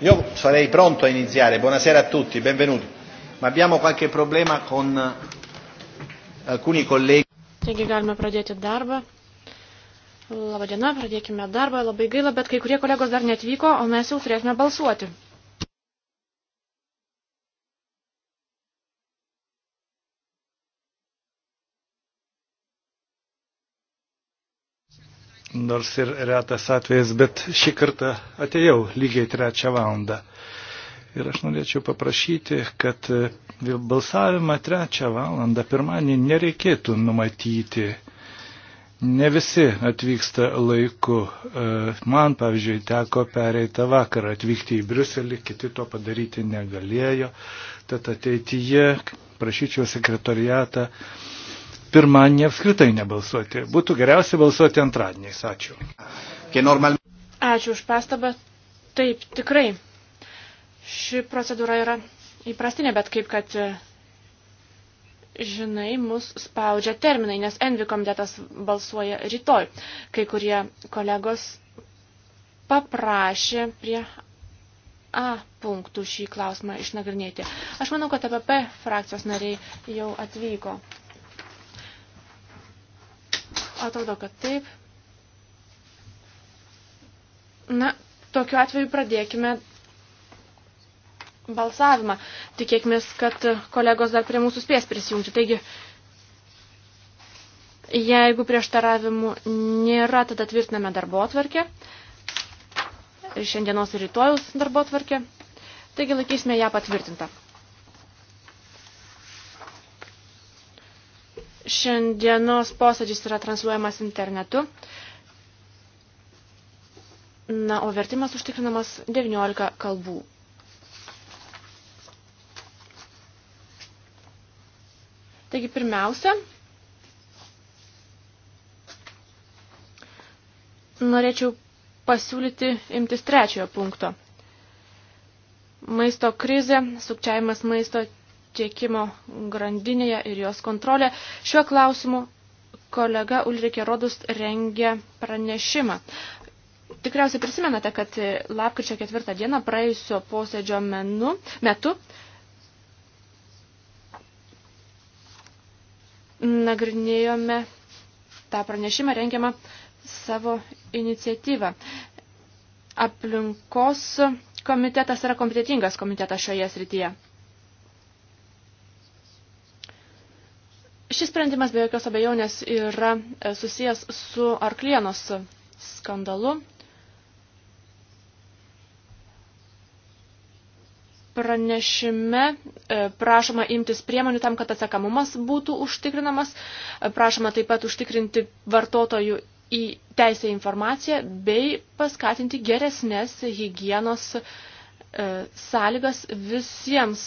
Io sarei pronto a iniziare. Buonasera a tutti, benvenuti. Ma abbiamo qualche problema con eh, alcuni colleghi. Taigi galime pradėti darbą. Labadiena, pradėkime darbą. Labai gaila, bet kai kurie kolegos dar netvyko, o mes jau turėsime balsuoti. nors ir retas atvejas, bet šį kartą atėjau lygiai trečią valandą. Ir aš norėčiau paprašyti, kad e, balsavimą trečią valandą pirmąjį nereikėtų numatyti. Ne visi atvyksta laiku. E, man, pavyzdžiui, teko pereitą vakarą atvykti į Briuselį, kiti to padaryti negalėjo. Tad ateityje prašyčiau sekretoriatą pirmadienį apskritai nebalsuoti. Būtų geriausia balsuoti antradieniais. Ačiū. Ačiū už pastabą. Taip, tikrai. Ši procedūra yra įprastinė, bet kaip kad e, žinai, mus spaudžia terminai, nes Envi komitetas balsuoja rytoj. Kai kurie kolegos paprašė prie A punktų šį klausimą išnagrinėti. Aš manau, kad APP e frakcijos nariai jau atvyko. Atrodo, kad taip. Na, tokiu atveju pradėkime balsavimą. Tikėkime, kad kolegos dar prie mūsų spės prisijungti. Taigi, jeigu prieštaravimų nėra, tada tvirtiname darbo atvarkę. Šiandienos ir rytojus darbo atvarkę. Taigi, laikysime ją patvirtintą. Šiandienos posėdžis yra transliuojamas internetu. Na, o vertimas užtikrinamas 19 kalbų. Taigi pirmiausia, norėčiau pasiūlyti imtis trečiojo punkto. Maisto krizė, sukčiavimas maisto tiekimo grandinėje ir jos kontrolė. Šiuo klausimu kolega Ulrike Rodus rengia pranešimą. Tikriausiai prisimenate, kad lapkričio ketvirtą dieną praėjusio posėdžio menu, metu nagrinėjome tą pranešimą rengiamą savo iniciatyvą. Aplinkos komitetas yra kompetitingas komitetas šioje srityje. Šis sprendimas be jokios abejonės yra e, susijęs su Arklienos skandalu. Pranešime e, prašoma imtis priemonių tam, kad atsakamumas būtų užtikrinamas. E, prašoma taip pat užtikrinti vartotojų į teisę informaciją bei paskatinti geresnės hygienos sąlygas visiems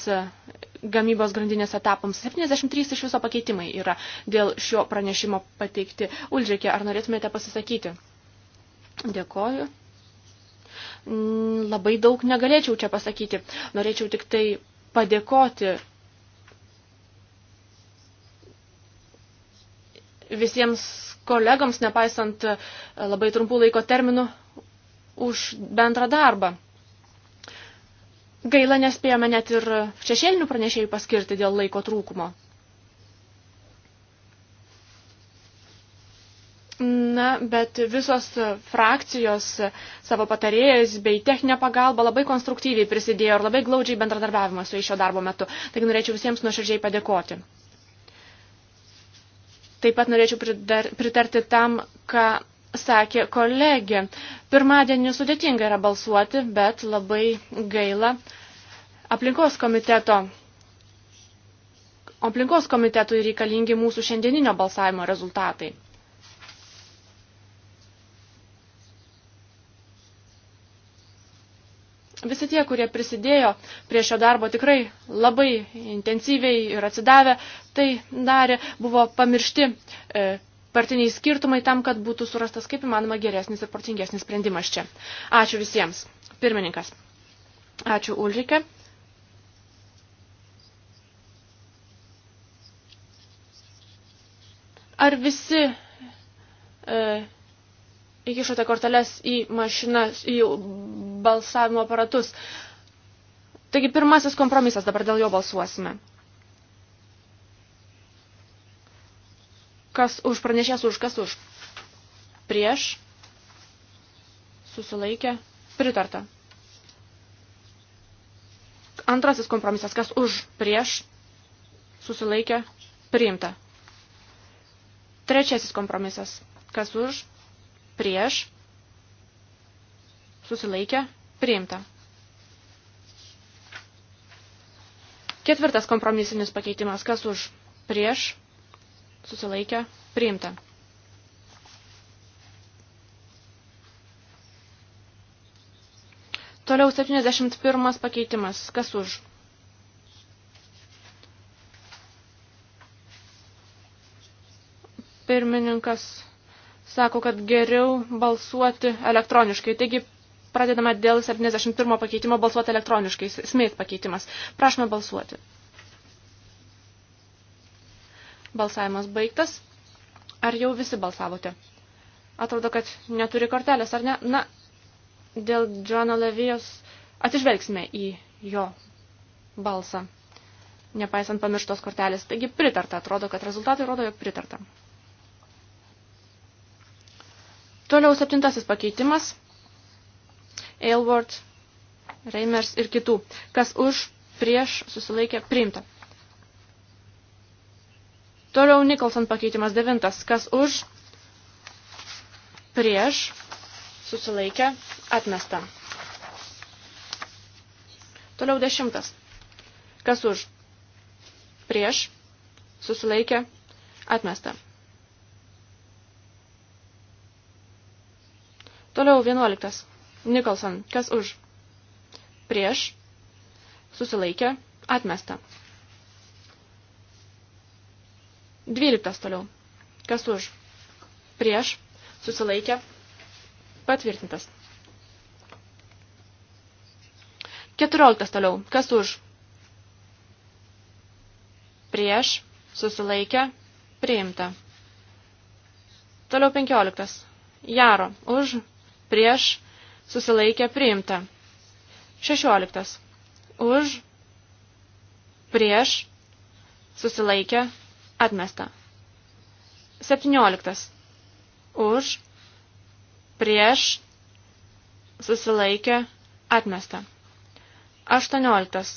gamybos grandinės etapams. 73 iš viso pakeitimai yra dėl šio pranešimo pateikti. Uldžekė, ar norėtumėte pasisakyti? Dėkoju. Mm, labai daug negalėčiau čia pasakyti. Norėčiau tik tai padėkoti visiems kolegams, nepaisant e, labai trumpų laiko terminų, už bendrą darbą. Gaila nespėjome net ir šešėlinių pranešėjų paskirti dėl laiko trūkumo. Na, bet visos frakcijos savo patarėjais bei techninę pagalbą labai konstruktyviai prisidėjo ir labai glaudžiai bendradarbiavimo su šio darbo metu. Taigi norėčiau visiems nuoširdžiai padėkoti. Taip pat norėčiau pritarti tam, ką sakė kolegė. Pirmadienį sudėtinga yra balsuoti, bet labai gaila aplinkos komiteto. Aplinkos komitetui reikalingi mūsų šiandieninio balsavimo rezultatai. Visi tie, kurie prisidėjo prie šio darbo tikrai labai intensyviai ir atsidavę, tai darė, buvo pamiršti e, partiniai skirtumai tam, kad būtų surastas kaip įmanoma geresnis ir protingesnis sprendimas čia. Ačiū visiems. Pirmininkas. Ačiū Ulrike. Ar visi e, įkišote korteles į mašinas, į balsavimo aparatus? Taigi pirmasis kompromisas, dabar dėl jo balsuosime. Kas už pranešęs už, kas už? Prieš. Susilaikė. Pritarta. Antrasis kompromisas. Kas už, prieš. Susilaikė. Priimta. Trečiasis kompromisas. Kas už, prieš. Susilaikė. Priimta. Ketvirtas kompromisinis pakeitimas. Kas už, prieš. Prieš susilaikę, priimta. Toliau 71 pakeitimas. Kas už? Pirmininkas sako, kad geriau balsuoti elektroniškai. Taigi pradedame dėl 71 pakeitimo balsuoti elektroniškai. Smith pakeitimas. Prašome balsuoti. Balsavimas baigtas. Ar jau visi balsavote? Atrodo, kad neturi kortelės, ar ne? Na, dėl Džono Levijos atsižvelgsime į jo balsą, nepaisant pamirštos kortelės. Taigi pritarta, atrodo, kad rezultatai rodo, jog pritarta. Toliau septintasis pakeitimas. Aylward, Reimers ir kitų. Kas už, prieš, susilaikė, priimta. Toliau Nikolson pakeitimas devintas. Kas už? Prieš. Susilaikę. Atmesta. Toliau dešimtas. Kas už? Prieš. Susilaikę. Atmesta. Toliau vienuoliktas. Nikolson. Kas už? Prieš. Susilaikę. Atmesta. 12 toliau. Kas už? Prieš. Susilaikė. Patvirtintas. 14 toliau. Kas už? Prieš. Susilaikė. Priimta. Toliau 15. Jaro. Už. Prieš. Susilaikė. Priimta. 16. Už. Prieš. Susilaikė. Atmesta. 17. Už, prieš, susilaikė, atmesta. 18.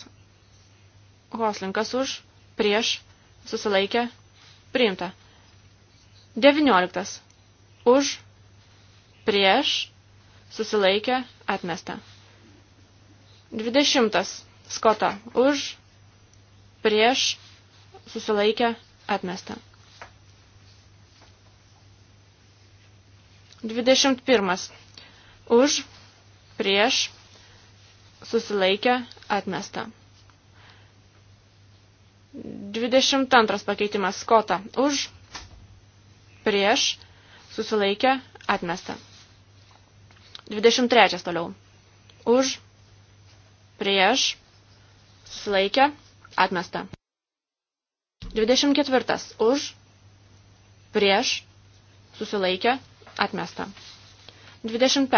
Hoslinkas už, prieš, susilaikė, priimta. 19. Už, prieš, susilaikė, atmesta. 20. Skota. Už, prieš, susilaikė, atmesta Atmesta. 21. Už, prieš, susilaikę, atmesta. 22 pakeitimas skota. Už, prieš, susilaikę, atmesta. 23 toliau. Už, prieš, susilaikę, atmesta. 24. Už, prieš, susilaikė, atmesta. 25.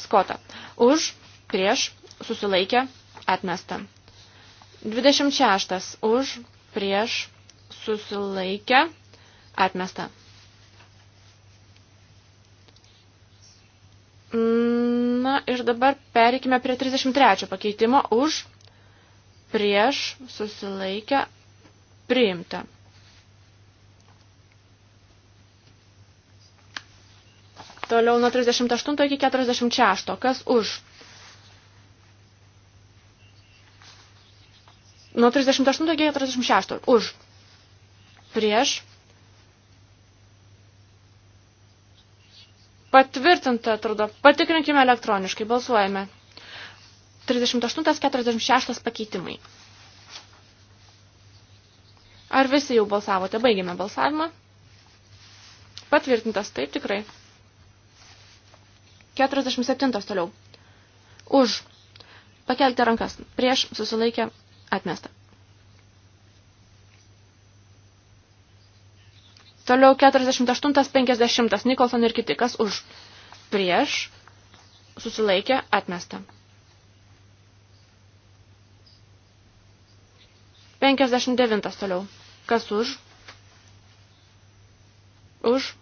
Skota. Už, prieš, susilaikė, atmesta. 26. Už, prieš, susilaikė, atmesta. Na ir dabar pereikime prie 33 pakeitimo už, prieš, susilaikę, priimta. Toliau nuo 38 iki 46. Kas už? Nuo 38 iki 46. Už. Prieš. Patvirtinta, atrodo. Patikrinkime elektroniškai. Balsuojame. 38-46 pakeitimai. Ar visi jau balsavote? Baigėme balsavimą. Patvirtintas, taip tikrai. 47 toliau. Už. Pakelkite rankas. Prieš susilaikę atmestą. Toliau 48-50 Nikolson ir kiti, kas už prieš susilaikė atmestą. 59 toliau. Kas už? Už.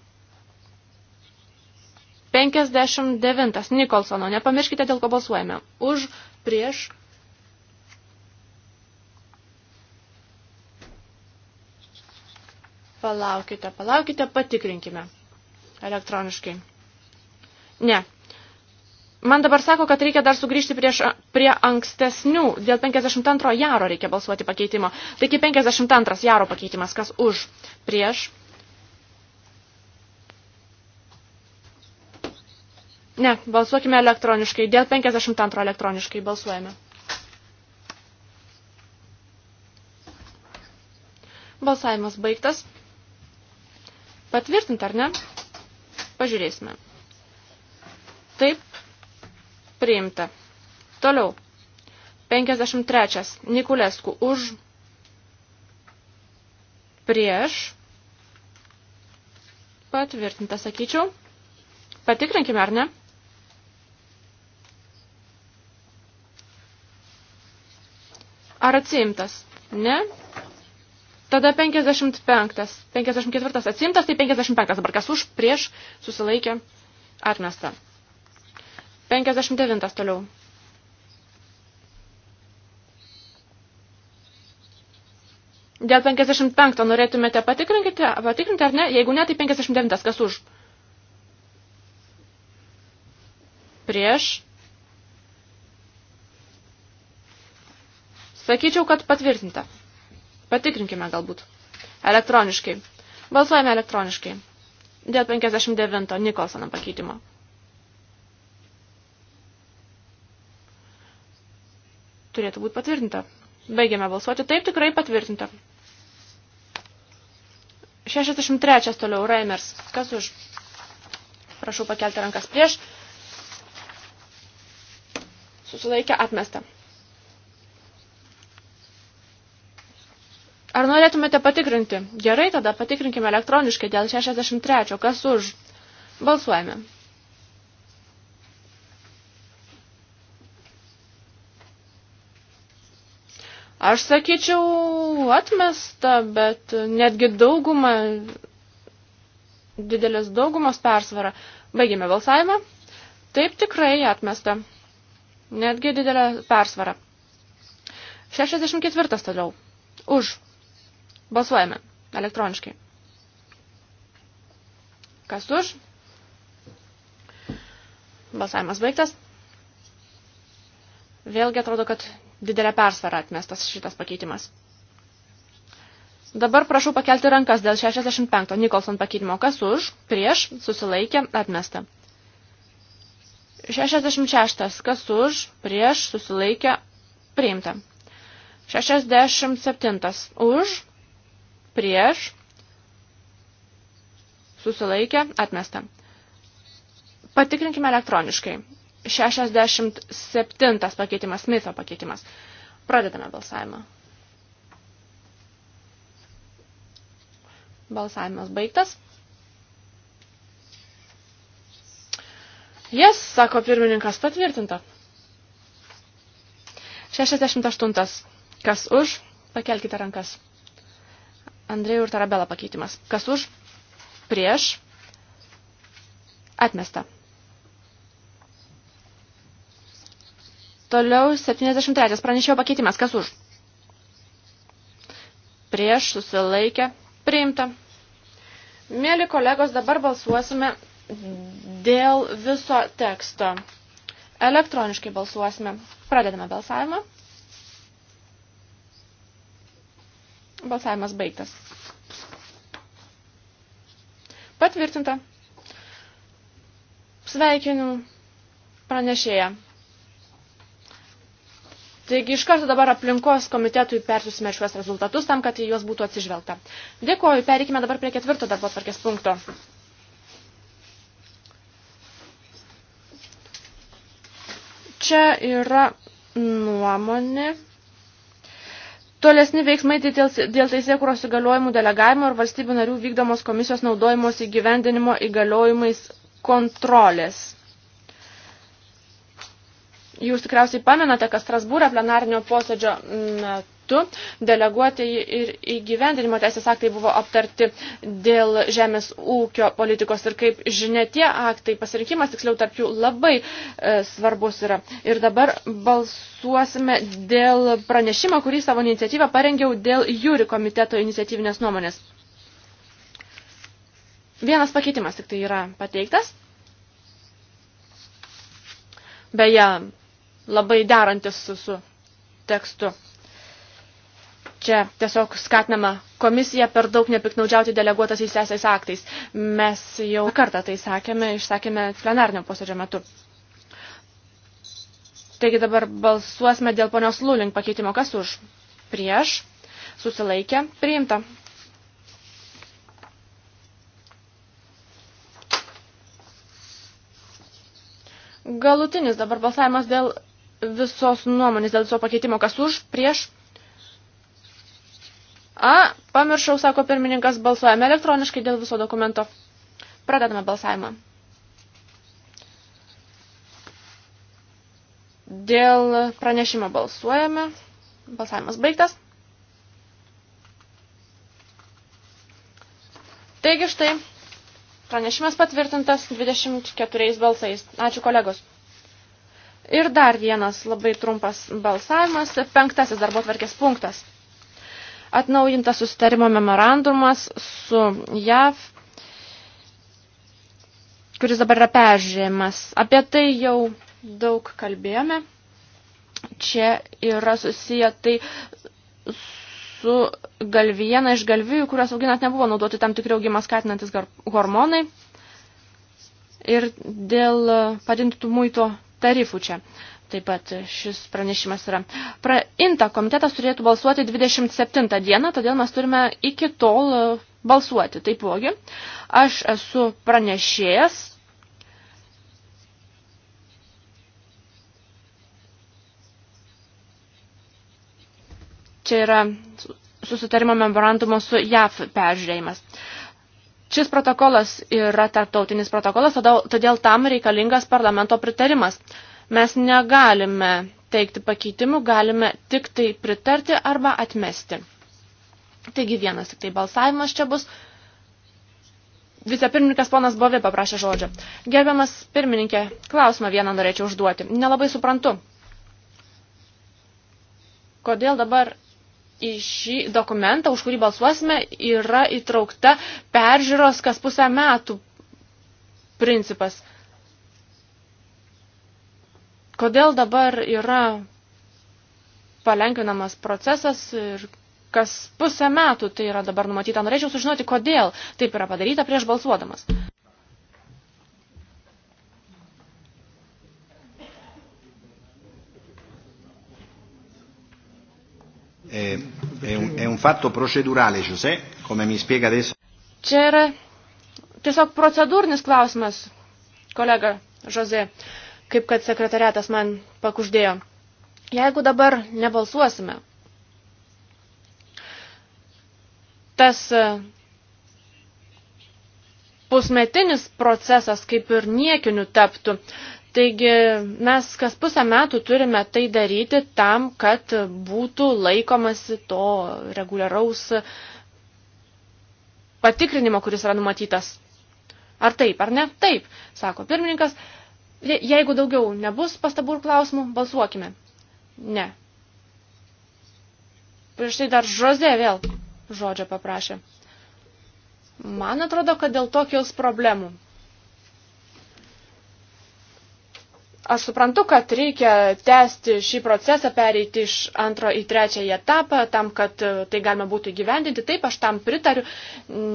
59. Nikolsono. Nepamirškite, dėl ko balsuojame. Už, prieš. Palaukite, palaukite, patikrinkime. Elektroniškai. Ne, Man dabar sako, kad reikia dar sugrįžti prieš, prie ankstesnių, dėl 52 jaro reikia balsuoti pakeitimo. Taigi 52 jaro pakeitimas, kas už, prieš. Ne, balsuokime elektroniškai, dėl 52 elektroniškai balsuojame. Balsavimas baigtas. Patvirtinti, ar ne? Pažiūrėsime. Taip, Priimta. Toliau. 53. Nikulesku už prieš patvirtinta, sakyčiau. Patikrinkime, ar ne? Ar atsiimtas? Ne? Tada 55. 54 atsimtas, tai 55 dabar kas už, prieš, susilaikė, atmesta. 59 toliau. Dėl 55 norėtumėte patikrinkite, patikrinti ar ne? Jeigu ne, tai 59. Kas už? Prieš. Sakyčiau, kad patvirtinta. Patikrinkime galbūt. Elektroniškai. Balsuojame elektroniškai. Dėl 59 Nikolsono pakeitimo. turėtų būti patvirtinta. Baigiame balsuoti. Taip, tikrai patvirtinta. 63 toliau Reimers. Kas už? Prašau pakelti rankas prieš. Susilaikę atmestą. Ar norėtumėte patikrinti? Gerai, tada patikrinkime elektroniškai dėl 63. Kas už? Balsuojame. Aš sakyčiau atmesta, bet netgi dauguma, didelės daugumos persvara. Baigėme balsavimą. Taip tikrai atmesta. Netgi didelė persvara. 64 toliau. Už. Balsuojame. Elektroniškai. Kas už? Balsavimas baigtas. Vėlgi atrodo, kad didelę persvarą atmestas šitas pakeitimas. Dabar prašau pakelti rankas dėl 65 Nikolson pakeitimo. Kas už, prieš, susilaikė, atmesta. 66. Kas už, prieš, susilaikė, priimta. 67. Už, prieš, susilaikė, atmesta. Patikrinkime elektroniškai. 67 pakeitimas, Smitho pakeitimas. Pradedame balsavimą. Balsavimas baigtas. Jas, yes, sako pirmininkas, patvirtinta. 68. Kas už? Pakelkite rankas. Andrėjų ir Tarabela pakeitimas. Kas už? Prieš. Atmesta. Toliau 73. Pranešėjo pakeitimas. Kas už? Prieš susilaikę. Priimta. Mėly kolegos, dabar balsuosime dėl viso teksto. Elektroniškai balsuosime. Pradedame balsavimą. Balsavimas baigtas. Patvirtinta. Sveikinu pranešėją. Taigi iš karto dabar aplinkos komitetui persiusime šiuos rezultatus tam, kad į juos būtų atsižvelgta. Dėkuoju, pereikime dabar prie ketvirto darbo tvarkės punkto. Čia yra nuomonė. Tolesni veiksmai dėl teisėkuros įgaliojimų delegavimo ir valstybių narių vykdomos komisijos naudojimos įgyvendinimo įgaliojimais kontrolės. Jūs tikriausiai pamenate, kad Strasbūrą plenarinio posėdžio metu deleguoti ir įgyvendinimo teisės aktai buvo aptarti dėl žemės ūkio politikos ir kaip žinia tie aktai pasirinkimas, tiksliau tarp jų labai e, svarbus yra. Ir dabar balsuosime dėl pranešimo, kurį savo iniciatyvą parengiau dėl jūri komiteto iniciatyvinės nuomonės. Vienas pakeitimas tik tai yra pateiktas. Beje, labai derantis su, su tekstu. Čia tiesiog skatinama komisija per daug nepiknaudžiauti deleguotas įsesiais aktais. Mes jau kartą tai sakėme, išsakėme plenarnio posėdžio metu. Taigi dabar balsuosime dėl ponios Lulink pakeitimo. Kas už? Prieš. Susilaikė. Priimta. Galutinis dabar balsavimas dėl visos nuomonės dėl viso pakeitimo. Kas už, prieš? A, pamiršau, sako pirmininkas, balsuojame elektroniškai dėl viso dokumento. Pradedame balsavimą. Dėl pranešimo balsuojame. Balsavimas baigtas. Taigi štai, pranešimas patvirtintas 24 balsais. Ačiū kolegos. Ir dar vienas labai trumpas balsavimas, penktasis darbo tvarkės punktas. Atnaujintas susitarimo memorandumas su JAV, kuris dabar yra peržiūrėjimas. Apie tai jau daug kalbėjome. Čia yra susiję tai su galviena iš galvijų, kurios auginant nebuvo naudoti tam tikri augimą skatinantis hormonai. Ir dėl padintų muito tarifų čia. Taip pat šis pranešimas yra. Prainta komitetas turėtų balsuoti 27 dieną, todėl mes turime iki tol e, balsuoti. Taipogi, aš esu pranešėjas. Čia yra susitarimo memorandumo su JAF peržiūrėjimas. Šis protokolas yra tarptautinis protokolas, todėl tam reikalingas parlamento pritarimas. Mes negalime teikti pakeitimų, galime tik tai pritarti arba atmesti. Taigi vienas tik tai balsavimas čia bus. Vicepirmininkas ponas Bovė paprašė žodžio. Gerbiamas pirmininkė, klausimą vieną norėčiau užduoti. Nelabai suprantu, kodėl dabar į šį dokumentą, už kurį balsuosime, yra įtraukta peržiūros kas pusę metų principas. Kodėl dabar yra palenkinamas procesas ir kas pusę metų tai yra dabar numatyta. Norėčiau sužinoti, kodėl taip yra padaryta prieš balsuodamas. è, è, un, è un fatto procedurale, Giuseppe, come mi spiega adesso. Čia yra tiesiog procedūrinis klausimas, kolega Žozė, kaip kad sekretariatas man pakuždėjo. Jeigu dabar nebalsuosime, tas pusmetinis procesas kaip ir niekiniu taptų. Taigi mes kas pusę metų turime tai daryti tam, kad būtų laikomasi to reguliaraus patikrinimo, kuris yra numatytas. Ar taip, ar ne? Taip, sako pirmininkas. Jeigu daugiau nebus pastabų ir klausimų, balsuokime. Ne. Prieš tai dar Žozė vėl žodžio paprašė. Man atrodo, kad dėl to kils problemų. Aš suprantu, kad reikia tęsti šį procesą, pereiti iš antro į trečiąją etapą, tam, kad e, tai galima būtų gyvendinti. Taip, aš tam pritariu,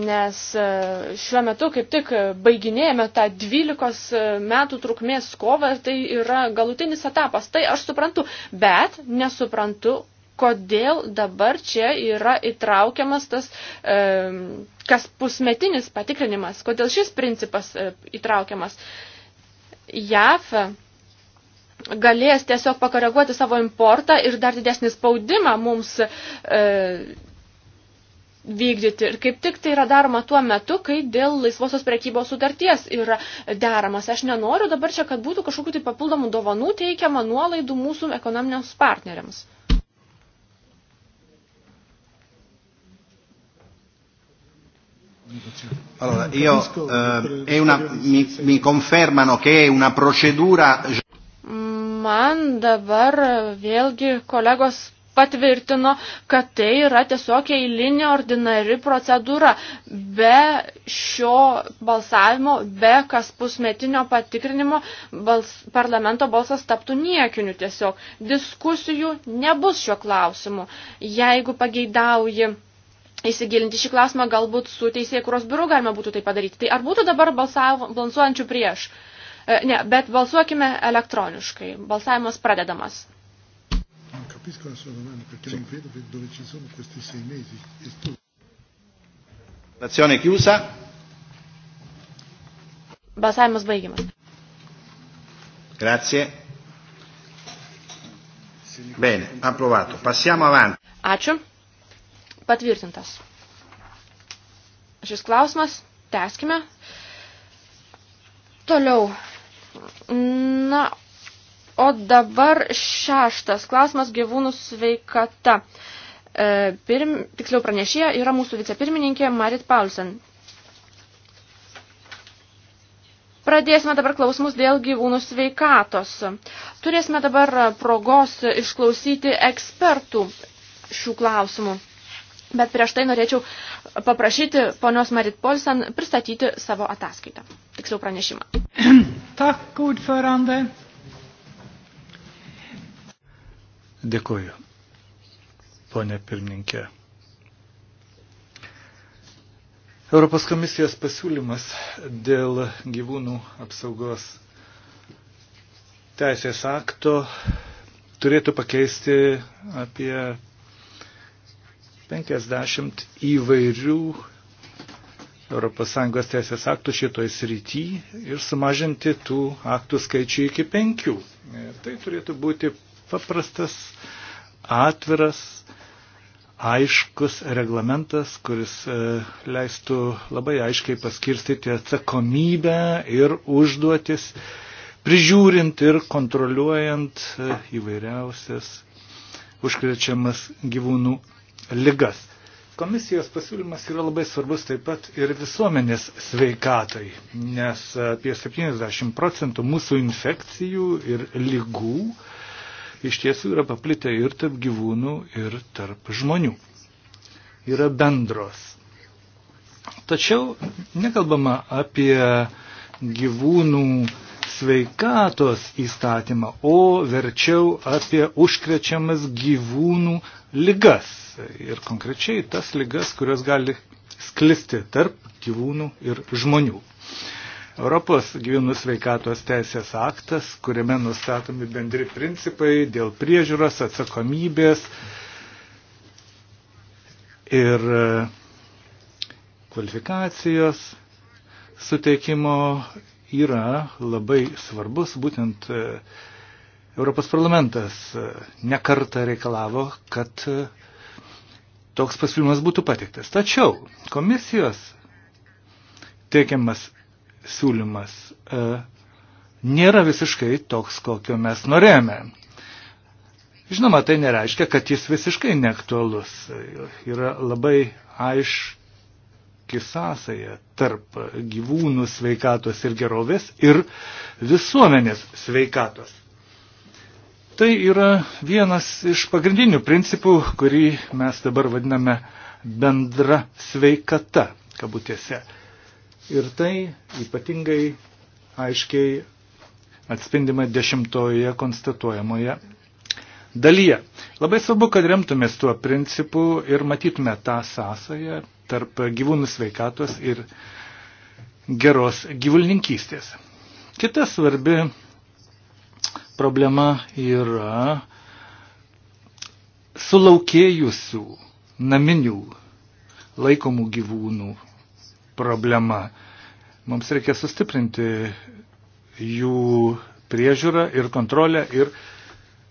nes e, šiuo metu kaip tik baiginėjame tą 12 e, metų trukmės kovą, tai yra galutinis etapas. Tai aš suprantu, bet nesuprantu, kodėl dabar čia yra įtraukiamas tas e, kas pusmetinis patikrinimas, kodėl šis principas e, įtraukiamas. JAF galės tiesiog pakoreguoti savo importą ir dar didesnį spaudimą mums e, vykdyti. Ir kaip tik tai yra daroma tuo metu, kai dėl laisvosios prekybos sutarties yra deramas. Aš nenoriu dabar čia, kad būtų kažkokiu tai papildomų dovanų teikiama nuolaidų mūsų ekonominiams partneriams. Allora, io, eh, è una, mi, mi confermano che è una procedura. Man dabar vėlgi kolegos patvirtino, kad tai yra tiesiog eilinė ordinari procedūra. Be šio balsavimo, be kas pusmetinio patikrinimo bals, parlamento balsas taptų niekiniu tiesiog. Diskusijų nebus šiuo klausimu. Jeigu pageidauji įsigilinti šį klausimą, galbūt su teisėjai, kurios biuru galima būtų tai padaryti. Tai ar būtų dabar balsav, balansuojančių prieš? E, ne, bet balsuokime elektroniškai. Balsavimas pradedamas. Capisco la sua domanda perché non vedo dove ci sono questi sei mesi. E Votazione chiusa. Balsavimas baigiamas. Grazie. Bene, approvato. Passiamo avanti. Ačiū patvirtintas. Šis klausimas, teskime. Toliau. Na, o dabar šeštas klausimas gyvūnų sveikata. E, pirm, tiksliau pranešėja yra mūsų vicepirmininkė Marit Paulsen. Pradėsime dabar klausimus dėl gyvūnų sveikatos. Turėsime dabar progos išklausyti ekspertų šių klausimų. Bet prieš tai norėčiau paprašyti ponios Marit Polsan pristatyti savo ataskaitą, tiksliau pranešimą. Tak, ordförande. Dėkuoju, ponė pirmininkė. Europos komisijos pasiūlymas dėl gyvūnų apsaugos teisės akto turėtų pakeisti apie 50 įvairių ES teisės aktų šitoj srity ir sumažinti tų aktų skaičių iki penkių. Tai turėtų būti paprastas, atviras, aiškus reglamentas, kuris e, leistų labai aiškiai paskirstyti atsakomybę ir užduotis, prižiūrint ir kontroliuojant e, įvairiausias užkrečiamas gyvūnų ligas. Komisijos pasiūlymas yra labai svarbus taip pat ir visuomenės sveikatai, nes apie 70 procentų mūsų infekcijų ir lygų iš tiesų yra paplitę ir tarp gyvūnų, ir tarp žmonių. Yra bendros. Tačiau nekalbama apie gyvūnų sveikatos įstatymą, o verčiau apie užkrečiamas gyvūnų ligas. Ir konkrečiai tas ligas, kurios gali sklisti tarp gyvūnų ir žmonių. Europos gyvūnų sveikatos teisės aktas, kuriame nustatomi bendri principai dėl priežiūros, atsakomybės ir e, kvalifikacijos suteikimo yra labai svarbus. Būtent e, Europos parlamentas e, nekarta reikalavo, kad e, toks pasiūlymas būtų patiktas. Tačiau komisijos teikiamas siūlymas e, nėra visiškai toks, kokio mes norėjome. Žinoma, tai nereiškia, kad jis visiškai neaktualus. Yra labai aiš, aiški sąsaja tarp gyvūnų sveikatos ir gerovės ir visuomenės sveikatos. Tai yra vienas iš pagrindinių principų, kurį mes dabar vadiname bendra sveikata, kabutėse. Ir tai ypatingai aiškiai atspindima dešimtoje konstatuojamoje dalyje. Labai svarbu, kad remtumės tuo principu ir matytume tą sąsąją tarp gyvūnų sveikatos ir geros gyvulininkystės. Kita svarbi problema yra sulaukėjusių naminių laikomų gyvūnų problema. Mums reikia sustiprinti jų priežiūrą ir kontrolę ir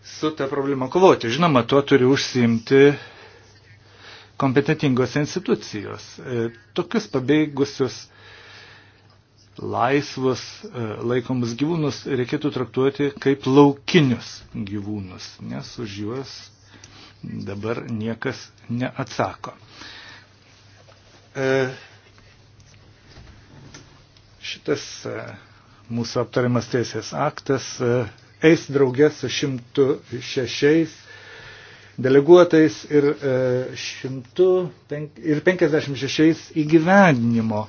su ta problema kovoti. Žinoma, tuo turi užsiimti kompetitingos institucijos. E, tokius pabėgusius laisvus e, laikomus gyvūnus reikėtų traktuoti kaip laukinius gyvūnus, nes už juos dabar niekas neatsako. E, šitas mūsų aptariamas teisės aktas eis draugės su 106 deleguotais ir, e, šimtu, ir 56 įgyvendinimo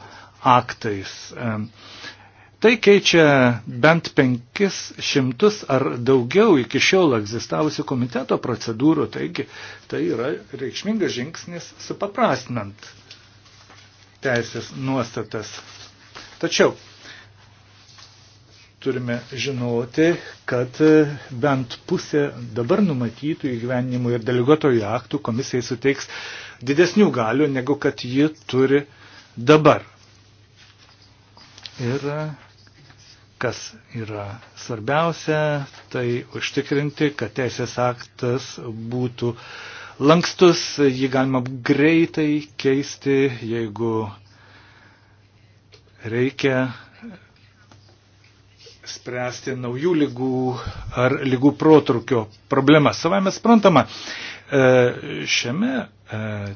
aktais. E, tai keičia bent 500 ar daugiau iki šiol egzistavusių komiteto procedūrų, taigi tai yra reikšmingas žingsnis supaprastinant teisės nuostatas. Tačiau turime žinoti, kad bent pusė dabar numatytų įgyvenimų ir deleguotojų aktų komisijai suteiks didesnių galių, negu kad ji turi dabar. Ir kas yra svarbiausia, tai užtikrinti, kad teisės aktas būtų lankstus, jį galima greitai keisti, jeigu reikia spręsti naujų lygų ar lygų protrukio problemas. Savai mes sprantama, e, šiame e,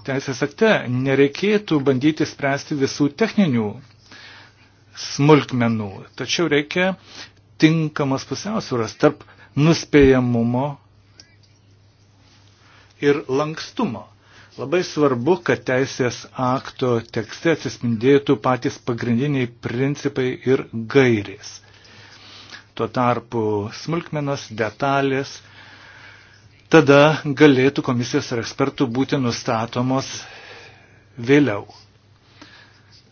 teisės akte nereikėtų bandyti spręsti visų techninių smulkmenų, tačiau reikia tinkamas pusiausvėras tarp nuspėjamumo ir lankstumo. Labai svarbu, kad teisės akto tekste atsispindėtų patys pagrindiniai principai ir gairės. Tuo tarpu smulkmenos, detalės, tada galėtų komisijos ar ekspertų būti nustatomos vėliau.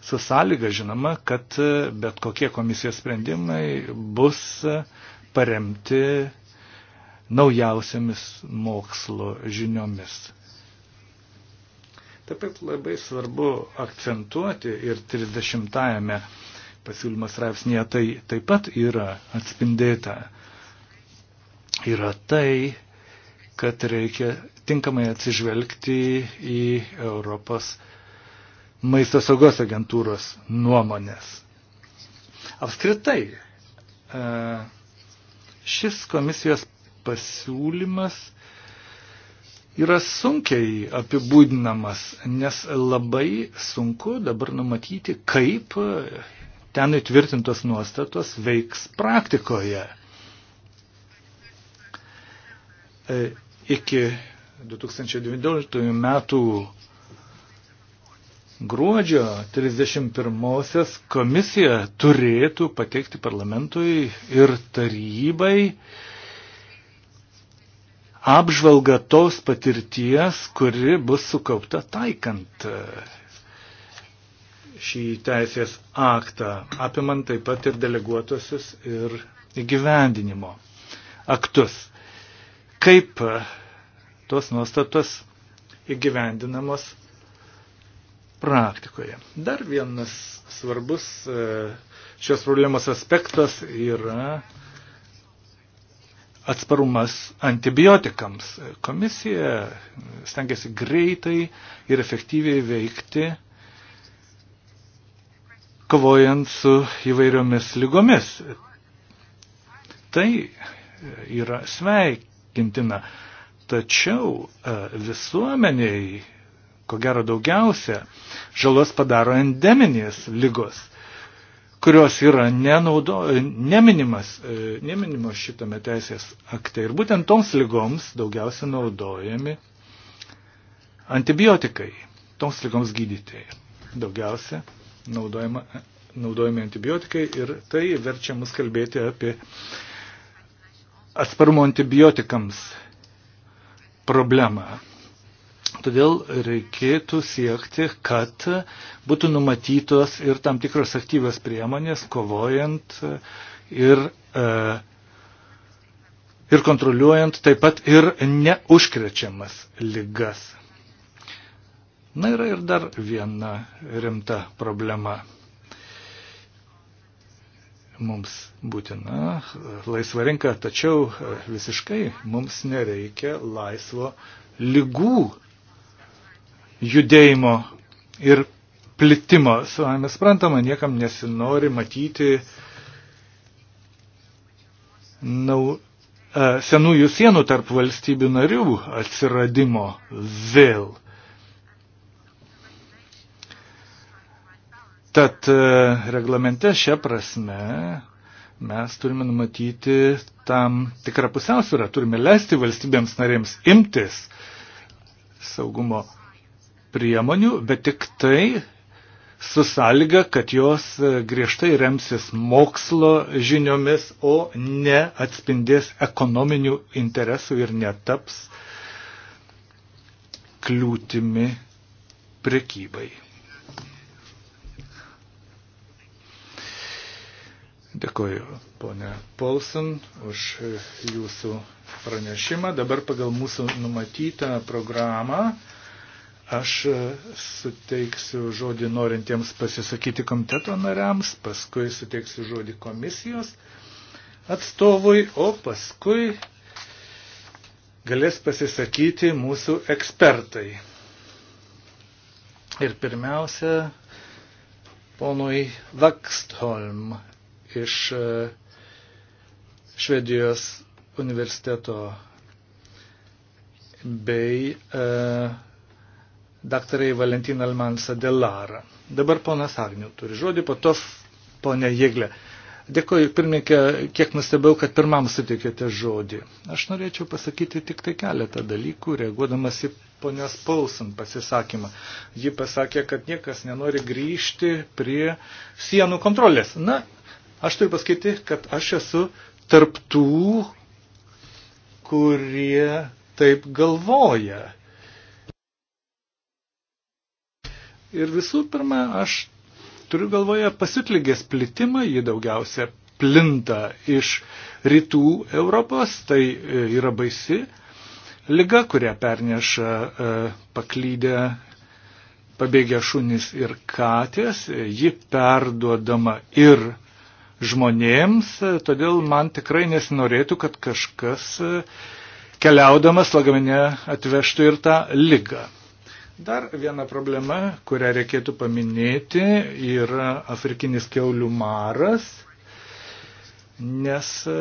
Su sąlyga žinoma, kad e, bet kokie komisijos sprendimai bus e, paremti naujausiamis mokslo žiniomis. Taip pat labai svarbu akcentuoti ir 30-ame pasiūlymas straipsnėje tai taip pat yra atspindėta, yra tai, kad reikia tinkamai atsižvelgti į Europos maisto saugos agentūros nuomonės. Apskritai, e, šis komisijos pasiūlymas yra sunkiai apibūdinamas, nes labai sunku dabar numatyti, kaip ten įtvirtintos nuostatos veiks praktikoje. E, iki 2019 metų gruodžio 31 komisija turėtų pateikti parlamentui ir tarybai apžvalgą tos patirties, kuri bus sukaupta taikant e, šį teisės aktą, apimant taip pat ir deleguotosius ir įgyvendinimo aktus. Kaip tos nuostatos įgyvendinamos praktikoje. Dar vienas svarbus e, šios problemos aspektas yra atsparumas antibiotikams. Komisija stengiasi greitai ir efektyviai veikti kovojant su įvairiomis lygomis. Tai yra sveikintina. Tačiau e, visuomeniai, ko gero daugiausia, žalos padaro endeminės lygos, kurios yra nenaudo, neminimas, e, neminimos šitame teisės akte. Ir būtent toms lygoms daugiausia naudojami antibiotikai, toms lygoms gydyti daugiausia naudojama, naudojami antibiotikai ir tai verčia mus kalbėti apie atsparumo antibiotikams problemą. Todėl reikėtų siekti, kad būtų numatytos ir tam tikros aktyvios priemonės, kovojant ir, e, ir kontroliuojant taip pat ir neužkrečiamas lygas. Na yra ir dar viena rimta problema. Mums būtina laisva rinka, tačiau e, visiškai mums nereikia laisvo lygų judėjimo ir plitimo. Savame sprantama, niekam nesinori matyti nau, e, senųjų sienų tarp valstybių narių atsiradimo vėl. Tad e, reglamente šią prasme mes turime numatyti tam tikrą pusiausvyrą, turime leisti valstybėms narėms imtis saugumo priemonių, bet tik tai su sąlyga, kad jos e, griežtai remsis mokslo žiniomis, o ne atspindės ekonominių interesų ir netaps kliūtimi prekybai. Dėkuoju, ponė Paulson, už jūsų pranešimą. Dabar pagal mūsų numatytą programą aš suteiksiu žodį norintiems pasisakyti komiteto nariams, paskui suteiksiu žodį komisijos atstovui, o paskui galės pasisakyti mūsų ekspertai. Ir pirmiausia, ponui Vakstholm iš e, Švedijos universiteto bei e, daktarai Valentina Almansa Delara. Dabar ponas Agnių turi žodį, po to ponė Jėglė. Dėkuoju, pirmininkė, kiek nustebau, kad pirmam sutikėte žodį. Aš norėčiau pasakyti tik tai keletą dalykų, reaguodamas į ponios Paulson pasisakymą. Ji pasakė, kad niekas nenori grįžti prie sienų kontrolės. Na, Aš turiu pasakyti, kad aš esu tarptų, kurie taip galvoja. Ir visų pirma, aš turiu galvoje pasitlygės plitimą, jį daugiausia plinta iš rytų Europos, tai e, yra baisi lyga, kurią perneša e, paklydę pabėgę šunys ir katės, ji perduodama ir žmonėms, todėl man tikrai nesinorėtų, kad kažkas e, keliaudamas lagamine atvežtų ir tą lygą. Dar viena problema, kurią reikėtų paminėti, yra afrikinis keulių maras, nes e,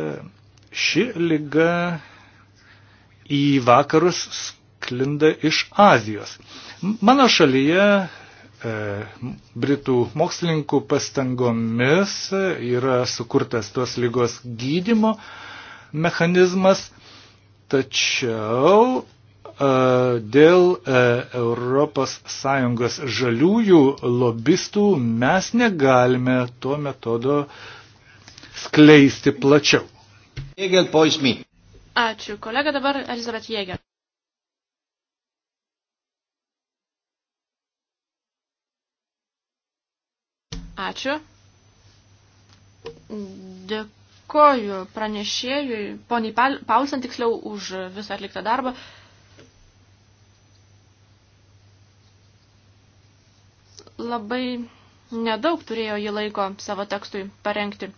ši lyga į vakarus sklinda iš Azijos. Mano šalyje E, Britų mokslininkų pastangomis yra sukurtas tos lygos gydimo mechanizmas, tačiau e, dėl ES žaliųjų lobistų mes negalime to metodo skleisti plačiau. Ačiū. Kolega dabar Elizabeth Jėger. Ačiū. Dėkoju pranešėjui, poniai Paulsen tiksliau, už visą atliktą darbą. Labai nedaug turėjo jį laiko savo tekstui parengti.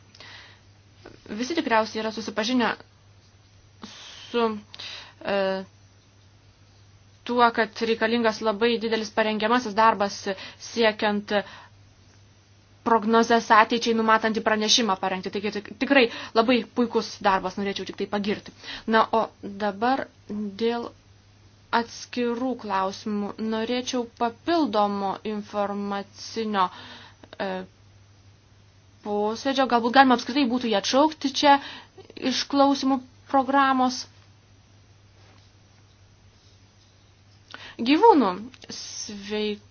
Visi tikriausiai yra susipažinę su e, tuo, kad reikalingas labai didelis parengiamasis darbas siekiant prognozes ateičiai numatantį pranešimą parengti. Taigi tikrai labai puikus darbas, norėčiau tik tai pagirti. Na, o dabar dėl atskirų klausimų norėčiau papildomo informacinio e, posėdžio. Galbūt galima apskritai būtų jį atšaukti čia iš klausimų programos. Gyvūnų sveik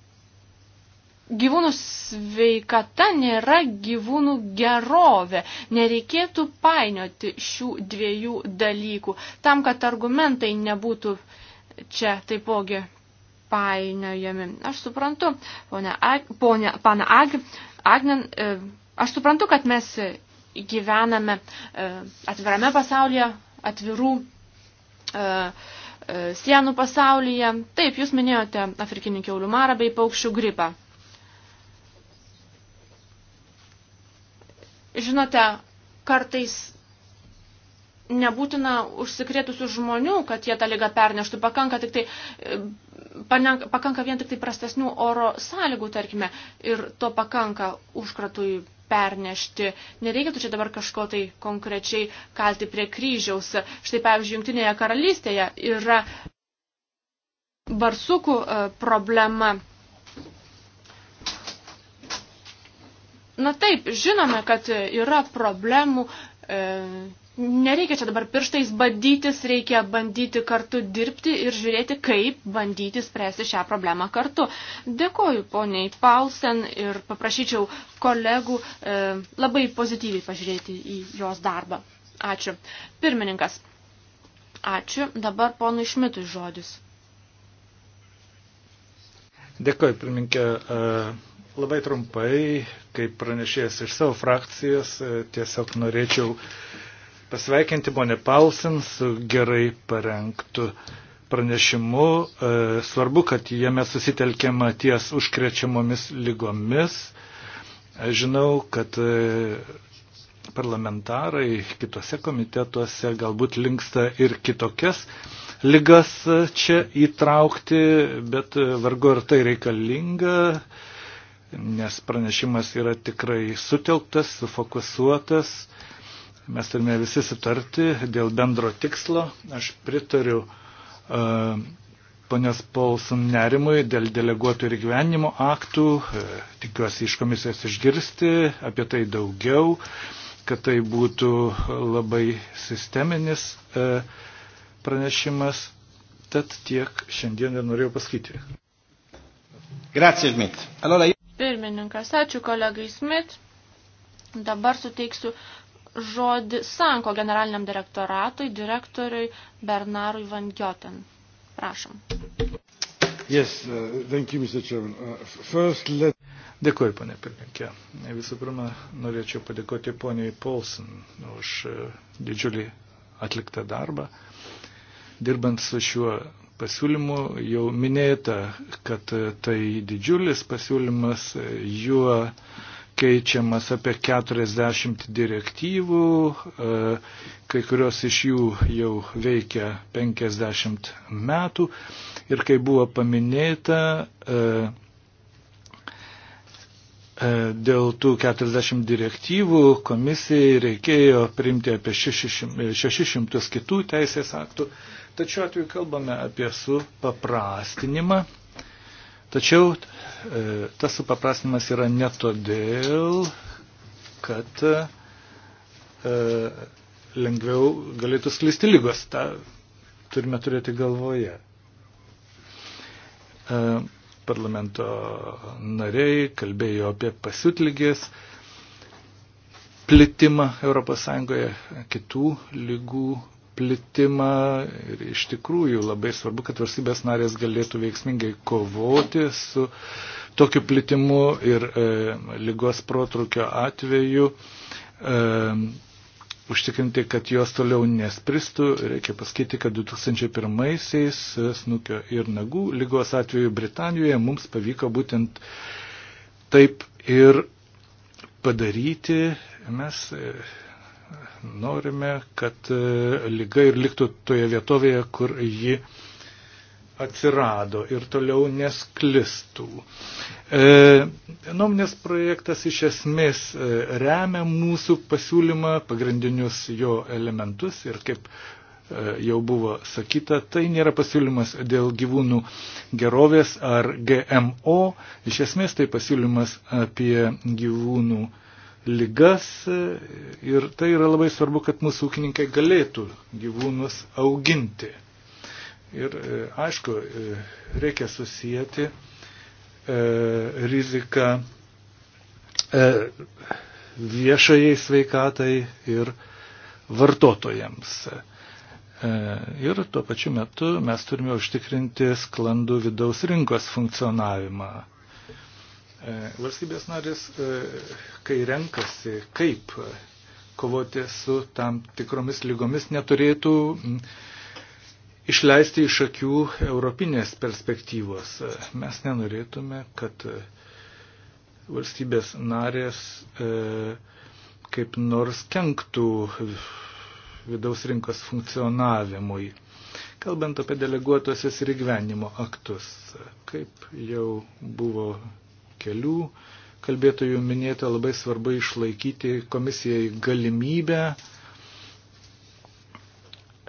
gyvūnų sveikata nėra gyvūnų gerovė. Nereikėtų painioti šių dviejų dalykų, tam, kad argumentai nebūtų čia taipogi painiojami. Aš suprantu, ponia, ponia, pana Ag, Agnen, e, aš suprantu, kad mes gyvename e, atvirame pasaulyje, atvirų e, sienų pasaulyje. Taip, jūs minėjote afrikinį keulių marą bei paukščių gripą. Žinote, kartais nebūtina užsikrėtusių žmonių, kad jie tą lygą perneštų, pakanka, tik tai, panenka, pakanka vien tik tai prastesnių oro sąlygų, tarkime, ir to pakanka užkratui pernešti. Nereikėtų čia dabar kažko tai konkrečiai kalti prie kryžiaus. Štai, pavyzdžiui, Junktinėje karalystėje yra barsukų e, problema. Na taip, žinome, kad yra problemų, e, nereikia čia dabar pirštais bandytis, reikia bandyti kartu dirbti ir žiūrėti, kaip bandyti spręsti šią problemą kartu. Dėkoju poniai Paulsen ir paprašyčiau kolegų e, labai pozityviai pažiūrėti į jos darbą. Ačiū. Pirmininkas. Ačiū. Dabar ponui Šmitui žodis. Dėkoju, pirmininkė. E Labai trumpai, kaip pranešėjas iš savo frakcijos, e, tiesiog norėčiau pasveikinti Bonė Palsin su gerai parengtu pranešimu. E, svarbu, kad jame susitelkiama ties užkrečiamomis lygomis. E, žinau, kad parlamentarai kitose komitetuose galbūt linksta ir kitokias lygas čia įtraukti, bet vargu ar tai reikalinga nes pranešimas yra tikrai sutelktas, sufokusuotas. Mes turime visi sutarti dėl bendro tikslo. Aš pritariu uh, ponios Paulson nerimui dėl deleguotų ir gyvenimo aktų. E, tikiuosi iš komisijos išgirsti apie tai daugiau, kad tai būtų labai sisteminis e, pranešimas. Tad tiek šiandien ir norėjau pasakyti. Grazie, Smith. Allora, Pirmininkas, ačiū kolegai Smith. Dabar suteiksiu žodį Sanko generaliniam direktoratui, direktoriui Bernarui Van Gioten. Prašom. Yes, uh, thank you, Mr. Chairman. Uh, first, let... Dėkuoju, ponė pirmininkė. Visų pirma, norėčiau padėkoti poniai Paulson už uh, didžiulį atliktą darbą. Dirbant su šiuo pasiūlymų jau minėta, kad tai didžiulis pasiūlymas, juo keičiamas apie 40 direktyvų, e, kai kurios iš jų jau veikia 50 metų ir kai buvo paminėta, e, e, dėl tų 40 direktyvų komisijai reikėjo priimti apie 600 kitų teisės aktų Tačiau atveju kalbame apie supaprastinimą. Tačiau e, tas supaprastinimas yra ne todėl, kad e, lengviau galėtų sklisti lygos. Ta turime turėti galvoje. E, parlamento nariai kalbėjo apie pasiutlygės plitimą ES kitų lygų plitimą ir iš tikrųjų labai svarbu, kad valstybės narės galėtų veiksmingai kovoti su tokiu plitimu ir e, lygos protrukio atveju. E, Užtikrinti, kad jos toliau nespristų, reikia pasakyti, kad 2001-aisiais e, snukio ir nagų lygos atveju Britanijoje mums pavyko būtent taip ir padaryti. Mes e, Norime, kad e, lyga ir liktų toje vietovėje, kur ji atsirado ir toliau nesklistų. E, nuomonės projektas iš esmės e, remia mūsų pasiūlymą, pagrindinius jo elementus ir kaip e, jau buvo sakyta, tai nėra pasiūlymas dėl gyvūnų gerovės ar GMO, iš esmės tai pasiūlymas apie gyvūnų e, lygas ir tai yra labai svarbu, kad mūsų ūkininkai galėtų gyvūnus auginti. Ir e, aišku, e, reikia susijęti e, riziką e, viešajai sveikatai ir vartotojams. E, ir tuo pačiu metu mes turime užtikrinti sklandų vidaus rinkos funkcionavimą. E, valstybės narės, e, kai renkasi, kaip e, kovoti su tam tikromis lygomis, neturėtų išleisti iš akių europinės perspektyvos. Mes nenorėtume, kad valstybės narės kaip nors kenktų vidaus rinkos funkcionavimui. Kalbant apie deleguotosius ir gyvenimo aktus, kaip jau buvo kelių kalbėtojų minėta, labai svarbu išlaikyti komisijai galimybę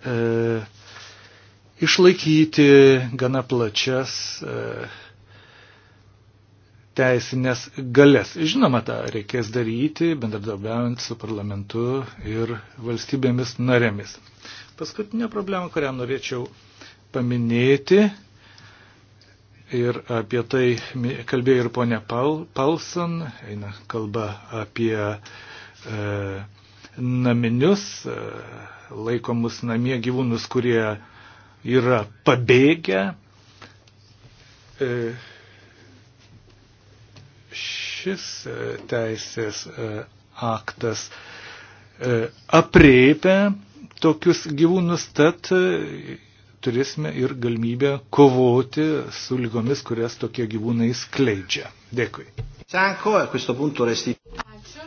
e, išlaikyti gana plačias e, teisinės galės. Žinoma, tą reikės daryti, bendradarbiaujant su parlamentu ir valstybėmis narėmis. Paskutinė problema, kurią norėčiau paminėti, Ir apie tai kalbėjo ir ponia Pal, Palson, eina kalba apie e, naminius, e, laikomus namie gyvūnus, kurie yra pabėgę. E, šis e, teisės e, aktas e, apriepia tokius gyvūnus, tad turėsime ir galimybę kovoti su lygomis, kurias tokie gyvūnai skleidžia. Dėkui. Ačiū.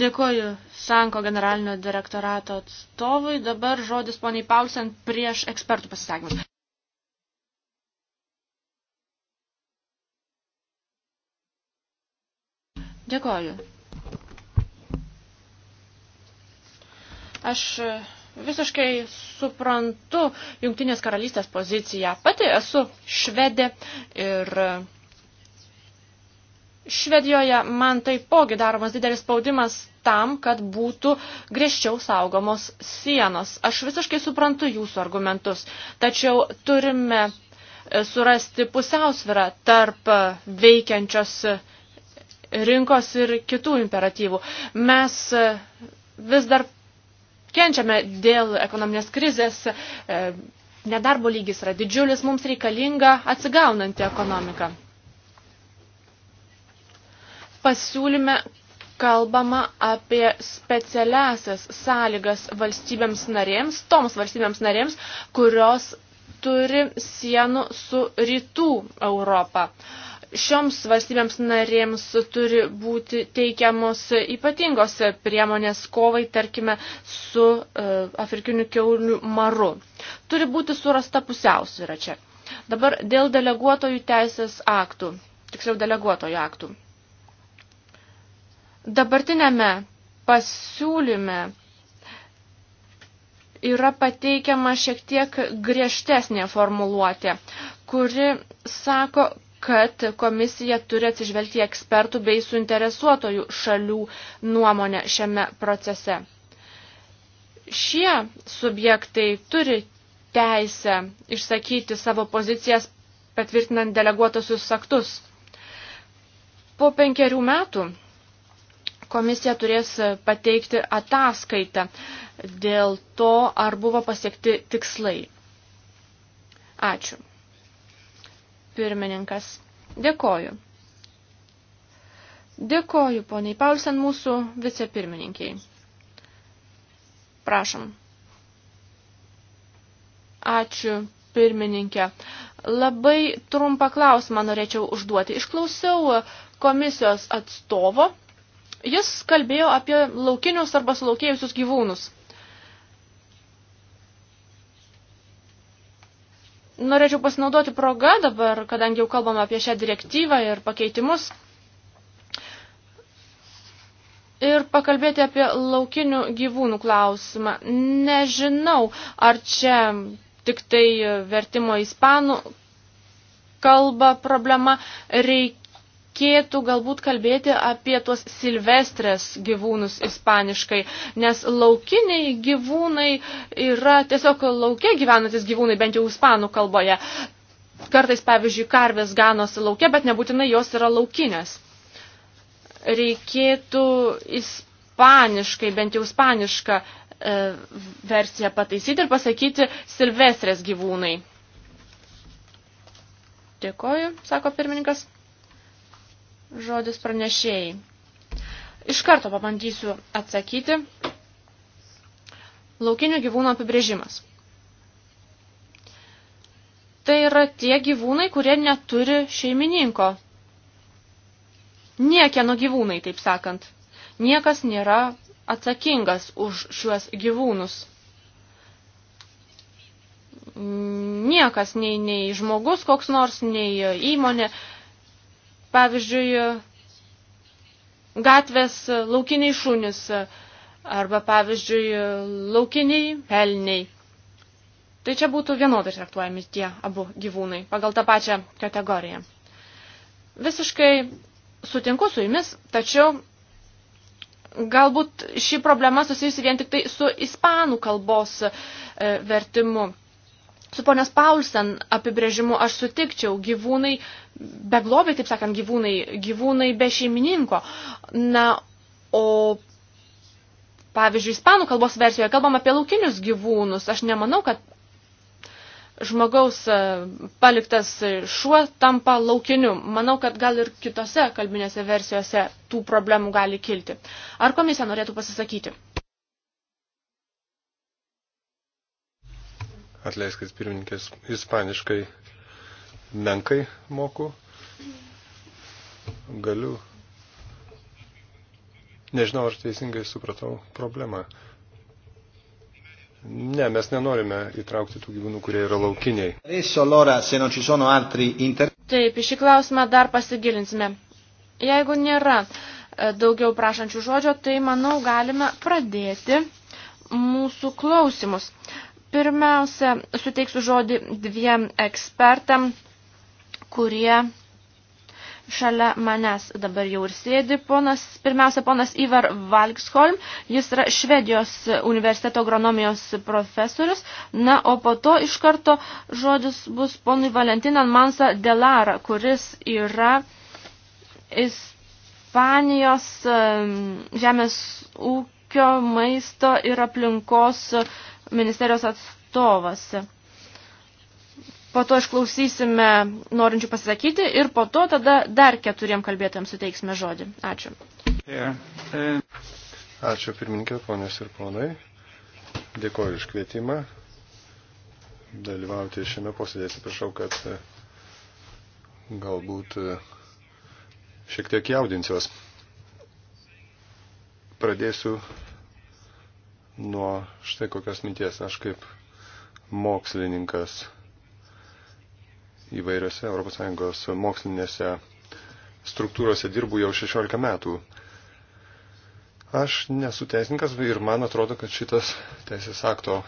Dėkoju Sanko generalinio direktorato atstovui. Dabar žodis poniai Paulsen prieš ekspertų pasisakymus. Dėkoju. Aš visiškai suprantu Jungtinės karalystės poziciją. Pati esu švedė ir Švedijoje man taipogi daromas didelis spaudimas tam, kad būtų griežčiau saugomos sienos. Aš visiškai suprantu jūsų argumentus, tačiau turime e, surasti pusiausvirą tarp e, veikiančios rinkos ir kitų imperatyvų. Mes e, vis dar kenčiame dėl ekonominės krizės, e, nedarbo lygis yra didžiulis, mums reikalinga atsigaunanti ekonomika. Pasiūlyme kalbama apie specialiasias sąlygas valstybėms narėms, toms valstybėms narėms, kurios turi sienų su rytų Europą. Uh, šioms valstybėms narėms turi būti teikiamos ypatingos priemonės kovai, tarkime, su e, afrikiniu keuliu maru. Turi būti surasta pusiausvyra čia. Dabar dėl deleguotojų teisės aktų, tiksliau deleguotojų aktų. Dabartinėme pasiūlyme yra pateikiama šiek tiek griežtesnė formuluotė, kuri sako, kad komisija turi atsižvelgti ekspertų bei suinteresuotojų šalių nuomonę šiame procese. Šie subjektai turi teisę išsakyti savo pozicijas patvirtinant deleguotosius aktus. Po penkerių metų komisija turės pateikti ataskaitą dėl to, ar buvo pasiekti tikslai. Ačiū. Pirmininkas, dėkoju. Dėkoju poniai Paulsen mūsų vicepirmininkiai. Prašom. Ačiū pirmininkė. Labai trumpą klausimą norėčiau užduoti. Išklausiau komisijos atstovo. Jis kalbėjo apie laukinius arba sulaukėjusius gyvūnus. Norėčiau pasinaudoti progą dabar, kadangi jau kalbame apie šią direktyvą ir pakeitimus, ir pakalbėti apie laukinių gyvūnų klausimą. Nežinau, ar čia tik tai vertimo ispanų kalba problema reikia reikėtų galbūt kalbėti apie tuos silvestrės gyvūnus ispaniškai, nes laukiniai gyvūnai yra tiesiog laukia gyvenantis gyvūnai, bent jau ispanų kalboje. Kartais, pavyzdžiui, karvės ganosi laukia, bet nebūtinai jos yra laukinės. Reikėtų ispaniškai, bent jau ispanišką e, versiją pataisyti ir pasakyti silvestrės gyvūnai. Dėkoju, sako pirmininkas žodis pranešėjai. Iš karto pabandysiu atsakyti. Laukinių gyvūnų apibrėžimas. Tai yra tie gyvūnai, kurie neturi šeimininko. Niekieno gyvūnai, taip sakant. Niekas nėra atsakingas už šiuos gyvūnus. Niekas, nei, nei žmogus koks nors, nei įmonė, pavyzdžiui, gatvės laukiniai šunis arba, pavyzdžiui, laukiniai pelniai. Tai čia būtų vienodai traktuojami tie abu gyvūnai pagal tą pačią kategoriją. Visiškai sutinku su jumis, tačiau galbūt ši problema susijusi vien tik tai su ispanų kalbos e, vertimu. Su ponios Paulsen apibrėžimu aš sutikčiau gyvūnai, beglobiai, taip sakant, gyvūnai, gyvūnai be šeimininko. Na, o pavyzdžiui, ispanų kalbos versijoje kalbam apie laukinius gyvūnus. Aš nemanau, kad žmogaus e, paliktas šuo tampa laukiniu. Manau, kad gal ir kitose kalbinėse versijose tų problemų gali kilti. Ar komisija norėtų pasisakyti? atleiskis pirmininkės, ispaniškai menkai moku. Galiu. Nežinau, ar teisingai supratau problemą. Ne, mes nenorime įtraukti tų gyvūnų, kurie yra laukiniai. Taip, į šį klausimą dar pasigilinsime. Jeigu nėra e, daugiau prašančių žodžio, tai manau galime pradėti mūsų klausimus. Pirmiausia, suteiksiu žodį dviem ekspertam, kurie šalia manęs dabar jau ir sėdi. Ponas, pirmiausia, ponas Ivar Valksholm, jis yra Švedijos universiteto agronomijos profesorius. Na, o po to iš karto žodis bus ponui Valentinan Mansa Delara, kuris yra Ispanijos žemės ūkio ūkio, maisto ir aplinkos ministerijos atstovas. Po to išklausysime norinčių pasisakyti ir po to tada dar keturiem kalbėtojams suteiksime žodį. Ačiū. Uh, Ačiū pirmininkė, ponės ir ponai. Dėkoju iš kvietimą dalyvauti šiame posėdėje. Atsiprašau, kad uh, galbūt uh, šiek tiek jaudinsiuos. Pradėsiu nuo štai kokios minties. Aš kaip mokslininkas įvairiose ES mokslinėse struktūrose dirbu jau 16 metų. Aš nesu teisininkas ir man atrodo, kad šitas teisės akto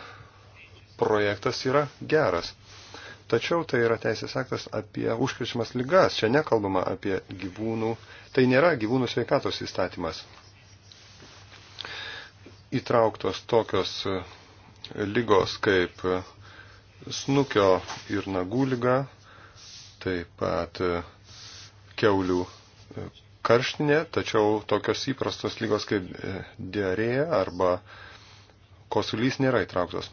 projektas yra geras. Tačiau tai yra teisės aktas apie užkrečiamas lygas. Čia nekalbama apie gyvūnų. Tai nėra gyvūnų sveikatos įstatymas įtrauktos tokios e, lygos kaip e, snukio ir nagų lyga, taip pat e, keulių karštinė, tačiau tokios įprastos lygos kaip diarėja arba kosulys nėra įtrauktos.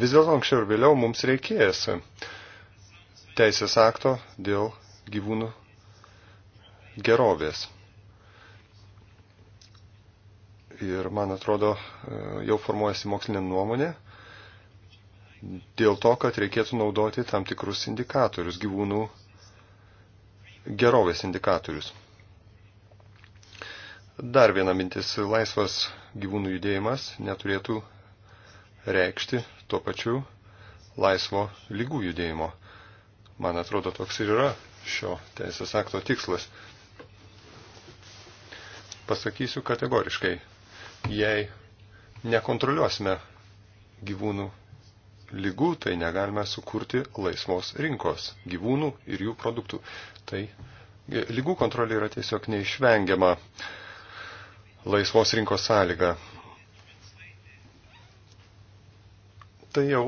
Vis dėlto anksčiau ir vėliau mums reikės teisės akto dėl gyvūnų gerovės ir, man atrodo, e, jau formuojasi mokslinė nuomonė dėl to, kad reikėtų naudoti tam tikrus indikatorius, gyvūnų gerovės indikatorius. Dar viena mintis - laisvas gyvūnų judėjimas neturėtų reikšti tuo pačiu laisvo lygų judėjimo. Man atrodo, toks ir yra šio teisės akto tikslas. Pasakysiu kategoriškai jei nekontroliuosime gyvūnų lygų, tai negalime sukurti laisvos rinkos gyvūnų ir jų produktų. Tai lygų kontrolė yra tiesiog neišvengiama laisvos rinkos sąlyga. Tai jau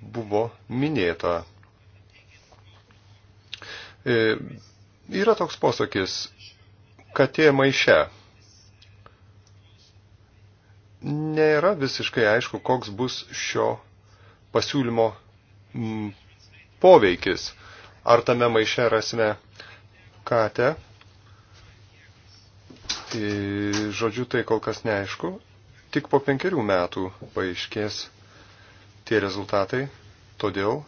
buvo minėta. E, yra toks posakis, katė maiše nėra visiškai aišku, koks bus šio pasiūlymo m, mm, poveikis. Ar tame maiše rasime katę? I, tai, žodžiu, tai kol kas neaišku. Tik po penkerių metų paaiškės tie rezultatai. Todėl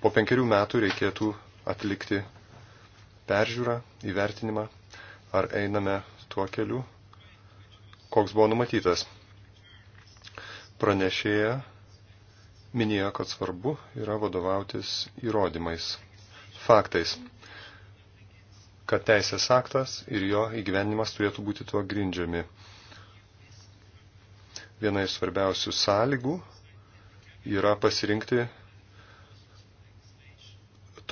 po penkerių metų reikėtų atlikti peržiūrą, įvertinimą, ar einame tuo keliu, koks buvo numatytas. Pranešėja minėjo, kad svarbu yra vadovautis įrodymais, faktais, kad teisės aktas ir jo įgyvenimas turėtų būti tuo grindžiami. Viena iš svarbiausių sąlygų yra pasirinkti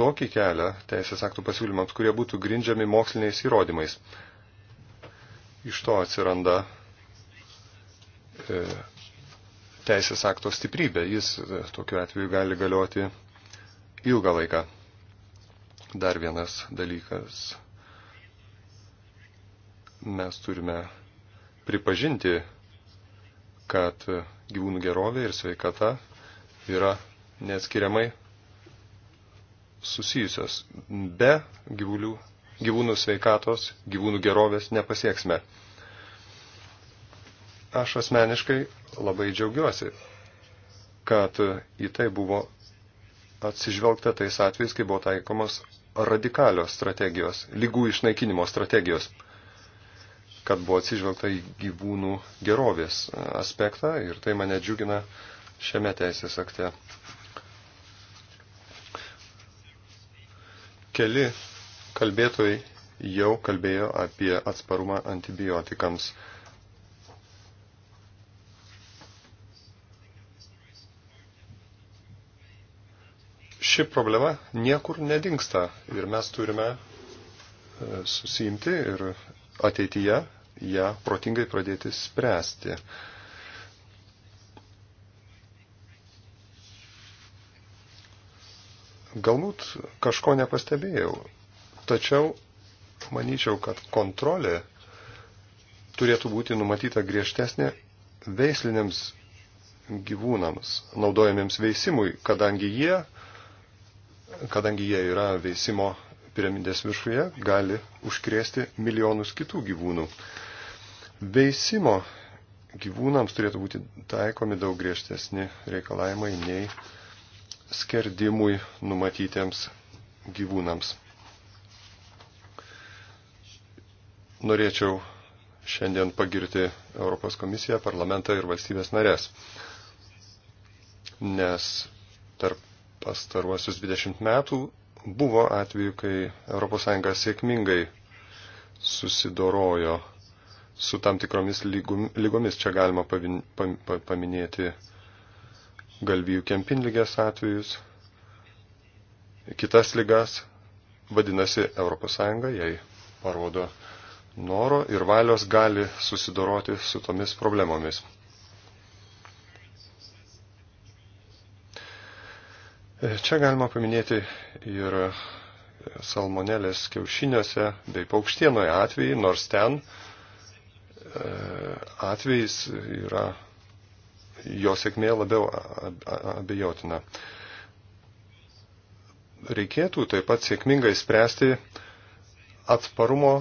tokį kelią teisės aktų pasiūlymams, kurie būtų grindžiami moksliniais įrodymais. Iš to atsiranda e, teisės akto stiprybę. Jis e, tokiu atveju gali galioti ilgą laiką. Dar vienas dalykas. Mes turime pripažinti, kad gyvūnų gerovė ir sveikata yra neatskiriamai susijusios. Be gyvulių, gyvūnų sveikatos, gyvūnų gerovės nepasieksime. Aš asmeniškai labai džiaugiuosi, kad į tai buvo atsižvelgta tais atvejais, kai buvo taikomos radikalios strategijos, lygų išnaikinimo strategijos, kad buvo atsižvelgta į gyvūnų gerovės aspektą ir tai mane džiugina šiame teisės akte. Keli kalbėtojai jau kalbėjo apie atsparumą antibiotikams. ši problema niekur nedingsta ir mes turime e, susimti ir ateityje ją protingai pradėti spręsti. Galbūt kažko nepastebėjau, tačiau manyčiau, kad kontrolė turėtų būti numatyta griežtesnė veisliniams gyvūnams, naudojamiems veisimui, kadangi jie kadangi jie yra veisimo piramidės viršuje, gali užkrėsti milijonus kitų gyvūnų. Veisimo gyvūnams turėtų būti taikomi daug griežtesni reikalavimai nei skerdimui numatytiems gyvūnams. Norėčiau šiandien pagirti Europos komisiją, parlamentą ir valstybės narės, nes tarp pastaruosius 20 metų buvo atveju, kai ES sėkmingai susidorojo su tam tikromis lygomis. Čia galima paminėti galvijų kempinlygės atvejus, kitas lygas. Vadinasi, ES jai parodo noro ir valios gali susidoroti su tomis problemomis. Čia galima paminėti ir salmonelės kiaušiniuose bei paukštienoje atvejai, nors ten e, atvejais yra jo sėkmė labiau abejotina. Reikėtų taip pat sėkmingai spręsti atsparumo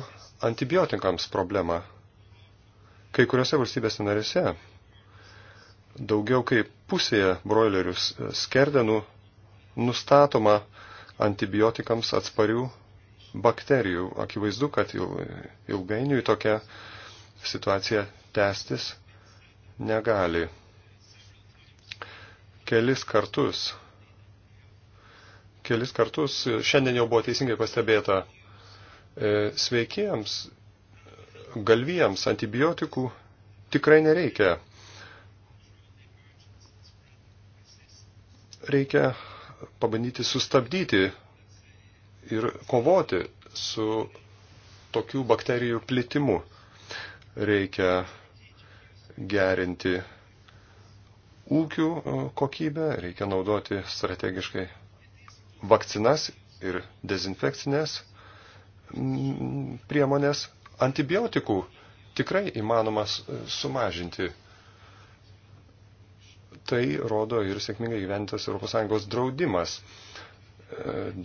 antibiotikams problemą. Kai kuriuose valstybėse narėse daugiau kaip pusėje broilerius skerdenų nustatoma antibiotikams atsparių bakterijų. Akivaizdu, kad ilgainiui tokia situacija tęstis negali. Kelis kartus, kelis kartus, šiandien jau buvo teisingai pastebėta, e, sveikiems galvijams antibiotikų tikrai nereikia. Reikia pabandyti sustabdyti ir kovoti su tokių bakterijų plitimu. Reikia gerinti ūkių e, kokybę, reikia naudoti strategiškai vakcinas ir dezinfekcinės priemonės. Antibiotikų tikrai įmanomas e, sumažinti Tai rodo ir sėkmingai gyventas ES draudimas e,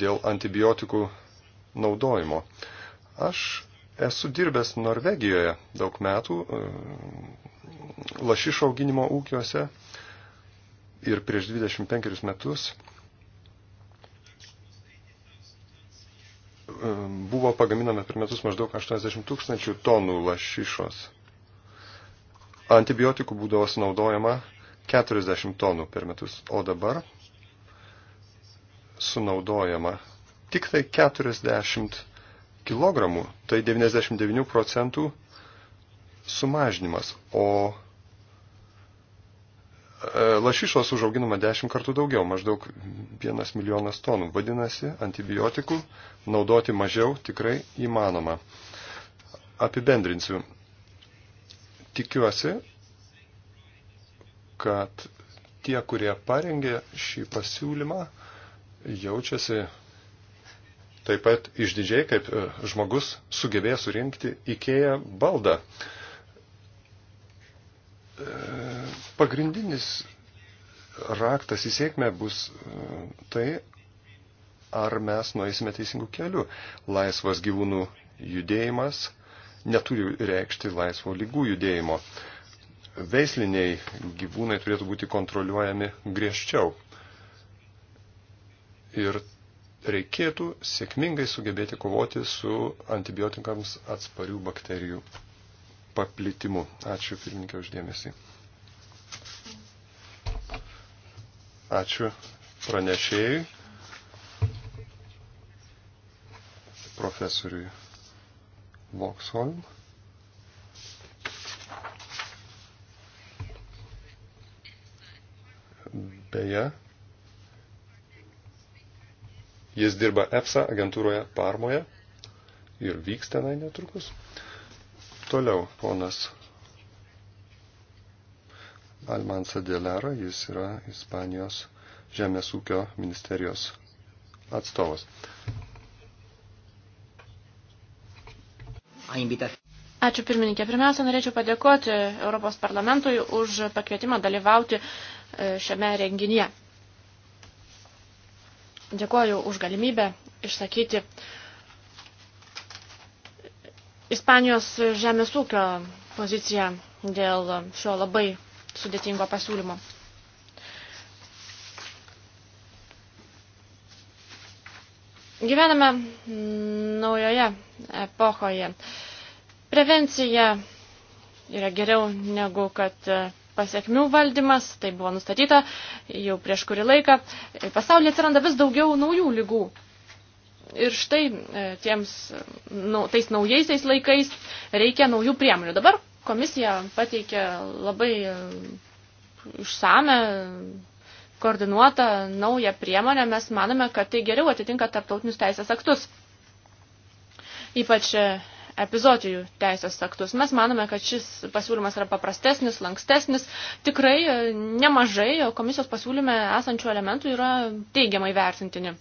dėl antibiotikų naudojimo. Aš esu dirbęs Norvegijoje daug metų e, lašišo auginimo ūkiuose ir prieš 25 metus e, buvo pagaminama per metus maždaug 80 tūkstančių tonų lašišos. Antibiotikų būdavo sunaudojama 40 tonų per metus, o dabar sunaudojama tik tai 40 kg, tai 99 procentų sumažinimas, o e, lašišos užauginama 10 kartų daugiau, maždaug 1 milijonas tonų. Vadinasi, antibiotikų naudoti mažiau tikrai įmanoma. Apibendrinsiu. Tikiuosi, kad tie, kurie parengė šį pasiūlymą, jaučiasi taip pat išdidžiai, kaip e, žmogus sugebėjo surinkti IKEA baldą. E, pagrindinis raktas į sėkmę bus e, tai, ar mes nueisime teisingų kelių. Laisvas gyvūnų judėjimas neturi reikšti laisvo lygų judėjimo veisliniai gyvūnai turėtų būti kontroliuojami griežčiau. Ir reikėtų sėkmingai sugebėti kovoti su antibiotikams atsparių bakterijų paplitimu. Ačiū pirmininkė uždėmesį. Ačiū pranešėjui, profesoriui Voxholm. Beje, jis dirba EPSA agentūroje Parmoje ir vyks tenai netrukus. Toliau ponas Almansa Dėlera, jis yra Ispanijos žemės ūkio ministerijos atstovas. Ačiū pirmininkė. Pirmiausia, norėčiau padėkoti Europos parlamentui už pakvietimą dalyvauti šiame renginyje. Dėkuoju už galimybę išsakyti Ispanijos žemės ūkio poziciją dėl šio labai sudėtingo pasiūlymo. Gyvename naujoje epochoje. Prevencija yra geriau negu kad pasiekmių valdymas, tai buvo nustatyta jau prieš kurį laiką. Pasaulyje atsiranda vis daugiau naujų lygų. Ir štai e, tiems, nu, tais naujaisiais laikais reikia naujų priemonių. Dabar komisija pateikė labai e, išsame, koordinuotą naują priemonę. Mes manome, kad tai geriau atitinka tarptautinius teisės aktus. Ypač e, epizodijų teisės aktus. Mes manome, kad šis pasiūlymas yra paprastesnis, lankstesnis. Tikrai e, nemažai komisijos pasiūlyme esančių elementų yra teigiamai vertintini.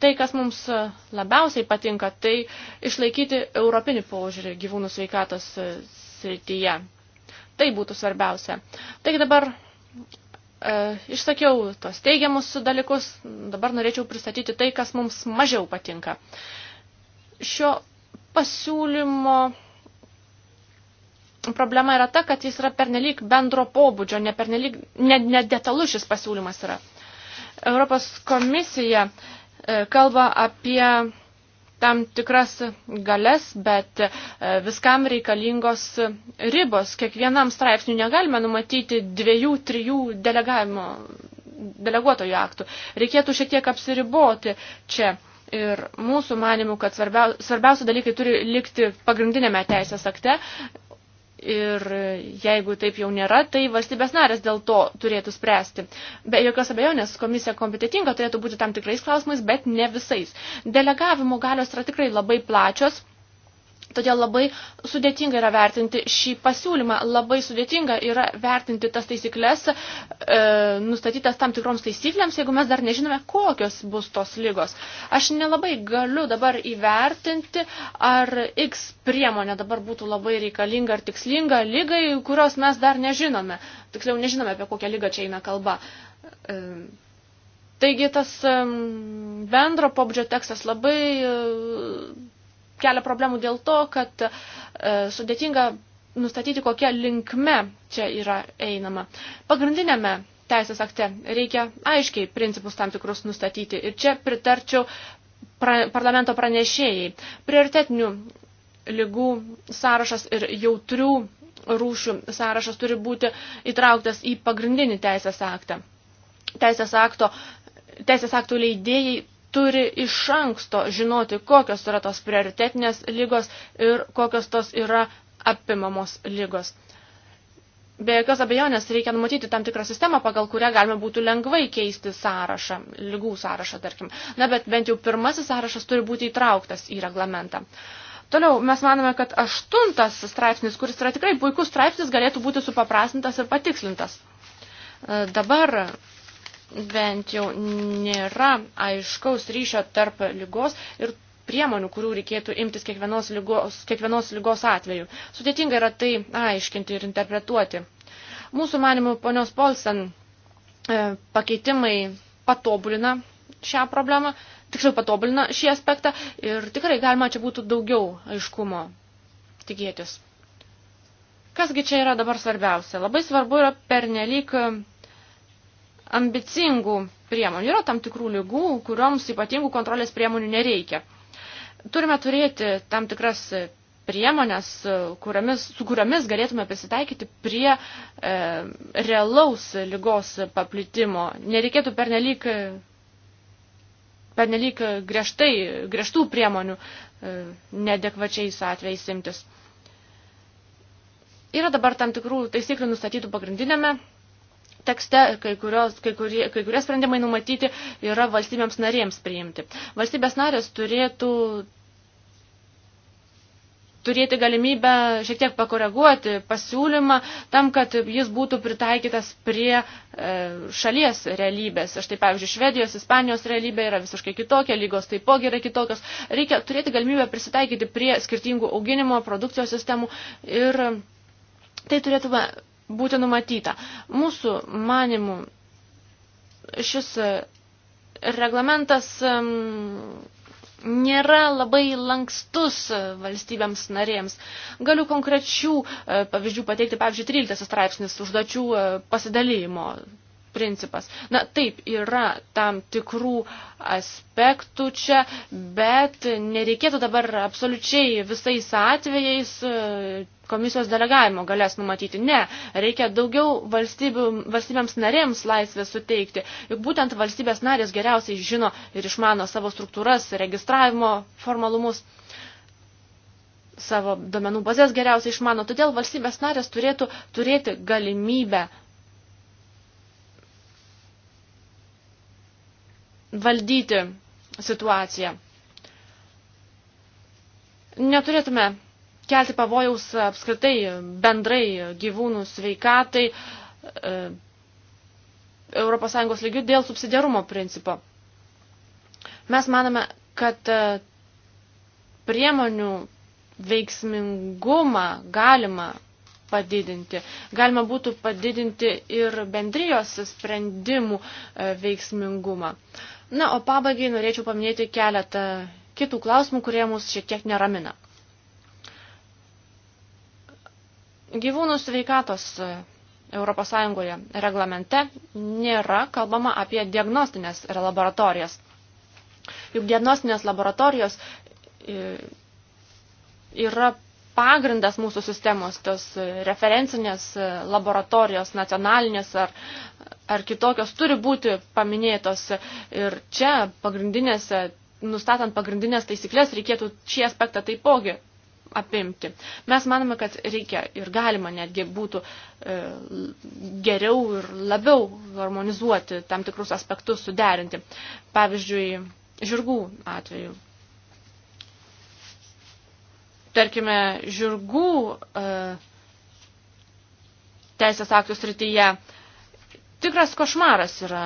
Tai, kas mums labiausiai patinka, tai išlaikyti europinį požiūrį gyvūnų sveikatos e, srityje. Tai būtų svarbiausia. Taigi dabar e, išsakiau tos teigiamus dalykus, dabar norėčiau pristatyti tai, kas mums mažiau patinka šio pasiūlymo problema yra ta, kad jis yra pernelyg bendro pobūdžio, ne pernelyg, ne, ne detalus šis pasiūlymas yra. Europos komisija e, kalba apie tam tikras galės, bet e, viskam reikalingos ribos. Kiekvienam straipsniui negalime numatyti dviejų, trijų delegavimo, deleguotojų aktų. Reikėtų šiek tiek apsiriboti čia. Ir mūsų manimų, kad svarbiausia dalykai turi likti pagrindinėme teisės akte. Ir jeigu taip jau nėra, tai valstybės narės dėl to turėtų spręsti. Be jokios abejonės, komisija kompetitinga turėtų būti tam tikrais klausimais, bet ne visais. Delegavimo galios yra tikrai labai plačios Todėl labai sudėtinga yra vertinti šį pasiūlymą, labai sudėtinga yra vertinti tas taisyklės, e, nustatytas tam tikroms taisyklėms, jeigu mes dar nežinome, kokios bus tos lygos. Aš nelabai galiu dabar įvertinti, ar X priemonė dabar būtų labai reikalinga ar tikslinga lygai, kurios mes dar nežinome. Tiksliau, nežinome, apie kokią lygą čia eina kalba. E, Taigi tas bendro pobūdžio tekstas labai kelia problemų dėl to, kad e, sudėtinga nustatyti, kokia linkme čia yra einama. Pagrindinėme teisės akte reikia aiškiai principus tam tikrus nustatyti. Ir čia pritarčiau pra, parlamento pranešėjai. Prioritetinių lygų sąrašas ir jautrių rūšių sąrašas turi būti įtrauktas į pagrindinį teisės aktą. Teisės, akto, teisės aktų leidėjai turi iš anksto žinoti, kokios yra tos prioritetinės lygos ir kokios tos yra apimamos lygos. Be jokios abejonės reikia numatyti tam tikrą sistemą, pagal kurią galima būtų lengvai keisti sąrašą, lygų sąrašą, tarkim. Na, bet bent jau pirmasis sąrašas turi būti įtrauktas į reglamentą. Toliau mes manome, kad aštuntas straipsnis, kuris yra tikrai puikus straipsnis, galėtų būti supaprastintas ir patikslintas. Dabar bent jau nėra aiškaus ryšio tarp lygos ir priemonių, kurių reikėtų imtis kiekvienos lygos, kiekvienos lygos atveju. Sudėtinga yra tai aiškinti ir interpretuoti. Mūsų manimų ponios Polsen e, pakeitimai patobulina šią problemą, tiksliau patobulina šį aspektą ir tikrai galima čia būtų daugiau aiškumo tikėtis. Kasgi čia yra dabar svarbiausia? Labai svarbu yra pernelyg ambicingų priemonių. Yra tam tikrų lygų, kurioms ypatingų kontrolės priemonių nereikia. Turime turėti tam tikras priemonės, kuriamis, su kuriomis galėtume prisitaikyti prie e, realaus lygos paplitimo. Nereikėtų pernelyg, pernelyg griežtai, griežtų priemonių e, nedekvačiais atvejais imtis. Yra dabar tam tikrų taisyklių nustatytų pagrindinėme tekste kai, kurios, kai, kurie, kai kurie sprendimai numatyti yra valstybėms narėms priimti. Valstybės narės turėtų turėti galimybę šiek tiek pakoreguoti pasiūlymą tam, kad jis būtų pritaikytas prie e, šalies realybės. Štai, pavyzdžiui, Švedijos, Ispanijos realybė yra visiškai kitokia, lygos taipogi yra kitokios. Reikia turėti galimybę prisitaikyti prie skirtingų auginimo, produkcijos sistemų ir tai turėtume būti numatyta. Mūsų manimų šis e, reglamentas nėra labai lankstus e, valstybėms narėms. Galiu konkrečių e, pavyzdžių pateikti, pavyzdžiui, 13 straipsnis užduočių pasidalymo principas. Na taip, yra tam tikrų aspektų čia, bet nereikėtų dabar absoliučiai visais atvejais e, komisijos delegavimo galės numatyti. Ne, reikia daugiau valstybėms narėms laisvės suteikti. Juk būtent valstybės narės geriausiai žino ir išmano savo struktūras, registravimo formalumus savo domenų bazės geriausiai išmano. Todėl valstybės narės turėtų turėti galimybę valdyti situaciją. Neturėtume kelti pavojaus apskritai bendrai gyvūnų sveikatai ES lygių dėl subsidiarumo principo. Mes manome, kad e, priemonių veiksmingumą galima padidinti. Galima būtų padidinti ir bendrijos sprendimų e, veiksmingumą. Uh, Na, o pabaigai norėčiau paminėti keletą kitų klausimų, kurie mus šiek tiek neramina. Gyvūnų sveikatos ES reglamente nėra kalbama apie diagnostinės laboratorijas. Juk diagnostinės laboratorijos e, yra pagrindas mūsų sistemos, tos referencinės laboratorijos, nacionalinės ar, ar kitokios, turi būti paminėtos. Ir čia pagrindinėse, nustatant pagrindinės taisyklės, reikėtų šį aspektą taipogi apimti. Mes manome, kad reikia ir galima netgi būtų e, geriau ir labiau harmonizuoti tam tikrus aspektus, suderinti. Pavyzdžiui, žirgų atveju tarkime, žirgų e, teisės aktų srityje tikras košmaras yra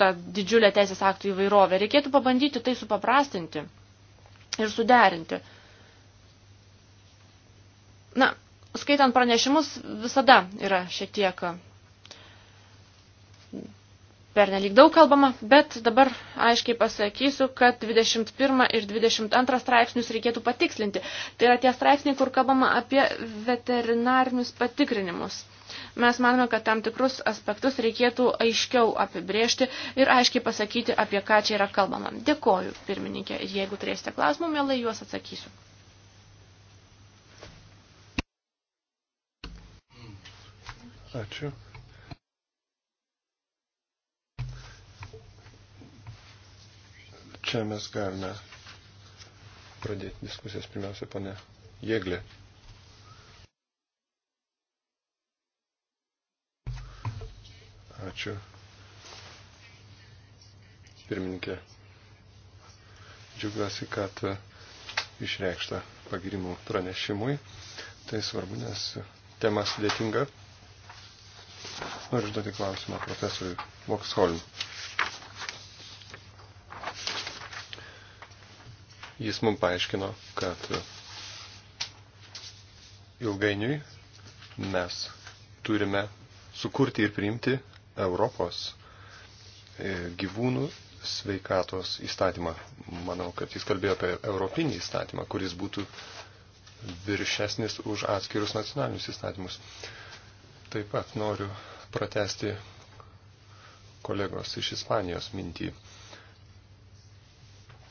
ta didžiulė teisės aktų įvairovė. Reikėtų pabandyti tai supaprastinti ir suderinti. Na, skaitant pranešimus visada yra šiek tiek per nelik daug kalbama, bet dabar aiškiai pasakysiu, kad 21 ir 22 straipsnius reikėtų patikslinti. Tai yra tie straipsniai, kur kalbama apie veterinarinius patikrinimus. Mes manome, kad tam tikrus aspektus reikėtų aiškiau apibrėžti ir aiškiai pasakyti, apie ką čia yra kalbama. Dėkoju, pirmininkė, ir jeigu turėsite klausimų, mielai juos atsakysiu. Ačiū. Čia mes galime pradėti diskusijas pirmiausia, pane Jėglė. Ačiū. Pirmininkė, džiaugiuosi, kad išreikšta pagirimų pranešimui. Tai svarbu, nes tema sudėtinga. Noriu užduoti klausimą profesoriui Voxholm. Jis mums paaiškino, kad ilgainiui mes turime sukurti ir priimti Europos e, gyvūnų sveikatos įstatymą. Manau, kad jis kalbėjo apie europinį įstatymą, kuris būtų viršesnis už atskirus nacionalinius įstatymus. Taip pat noriu pratesti kolegos iš Ispanijos mintį.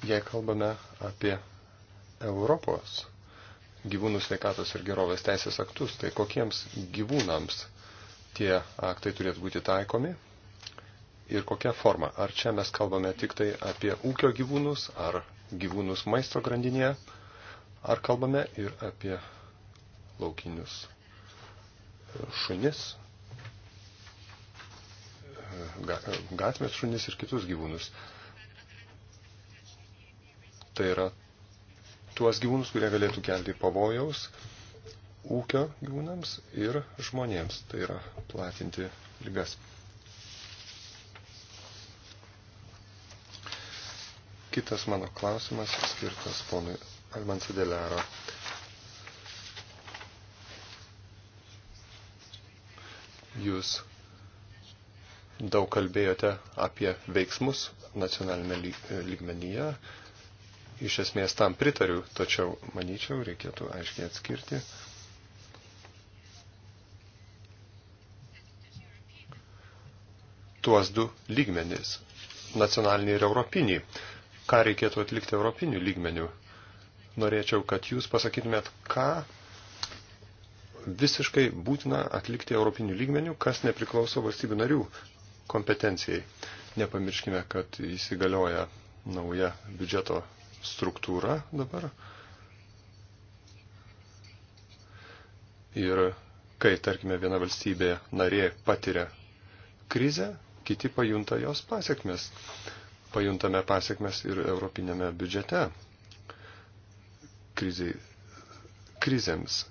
Jei kalbame apie Europos gyvūnų sveikatos ir gerovės teisės aktus, tai kokiems gyvūnams tie aktai turėtų būti taikomi ir kokia forma. Ar čia mes kalbame tik tai apie ūkio gyvūnus, ar gyvūnus maisto grandinėje, ar kalbame ir apie laukinius šunis, gatvės šunis ir kitus gyvūnus. Tai yra tuos gyvūnus, kurie galėtų kelti pavojaus ūkio gyvūnams ir žmonėms, tai yra platinti lygas. Kitas mano klausimas skirtas ponui Almansadelero. Jūs daug kalbėjote apie veiksmus nacionalinėme lygmenyje, lyg iš esmės tam pritariu, tačiau, manyčiau, reikėtų aiškiai atskirti. Tuos du lygmenys - nacionalinį ir europinį. Ką reikėtų atlikti europinių lygmenių? Norėčiau, kad jūs pasakytumėt, ką visiškai būtina atlikti europinių lygmenių, kas nepriklauso valstybių narių kompetencijai. Nepamirškime, kad įsigalioja nauja biudžeto struktūra dabar. Ir kai, tarkime, viena valstybė narė patiria krizę, kiti pajunta jos pasiekmes. Pajuntame pasiekmes ir europinėme biudžete krizai, krizėms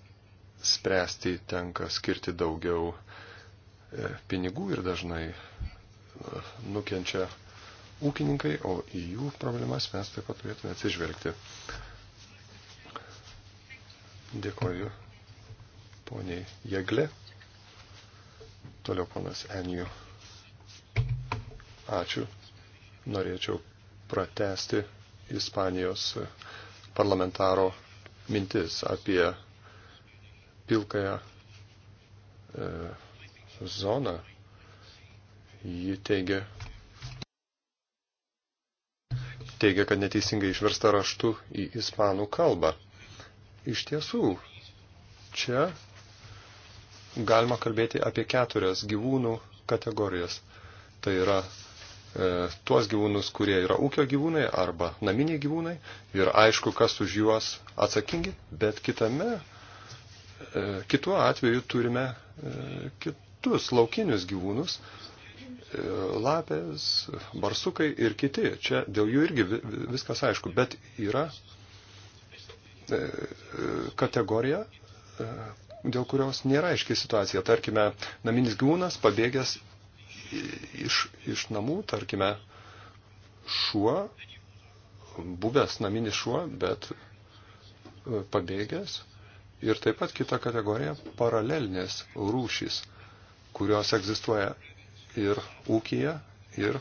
spręsti tenka skirti daugiau e, pinigų ir dažnai e, nukenčia ūkininkai, o į jų problemas mes taip pat turėtume atsižvelgti. Dėkoju poniai Jeglė. Toliau ponas Enijų. Ačiū. Norėčiau pratesti Ispanijos parlamentaro mintis apie pilkąją e, zoną. Ji teigia, teigia, kad neteisingai išversta raštu į ispanų kalbą. Iš tiesų, čia galima kalbėti apie keturias gyvūnų kategorijas. Tai yra e, tuos gyvūnus, kurie yra ūkio gyvūnai arba naminiai gyvūnai ir aišku, kas už juos atsakingi, bet kitame, e, kitu atveju turime e, kitus laukinius gyvūnus, e, lapės, barsukai ir kiti. Čia dėl jų irgi viskas aišku, bet yra e, kategorija, e, dėl kurios nėra aiški situacija. Tarkime, naminis gyvūnas pabėgęs iš, iš namų, tarkime, šuo, buvęs naminis šuo, bet e, pabėgęs. Ir taip pat kita kategorija - paralelinės rūšys, kurios egzistuoja ir ūkija, ir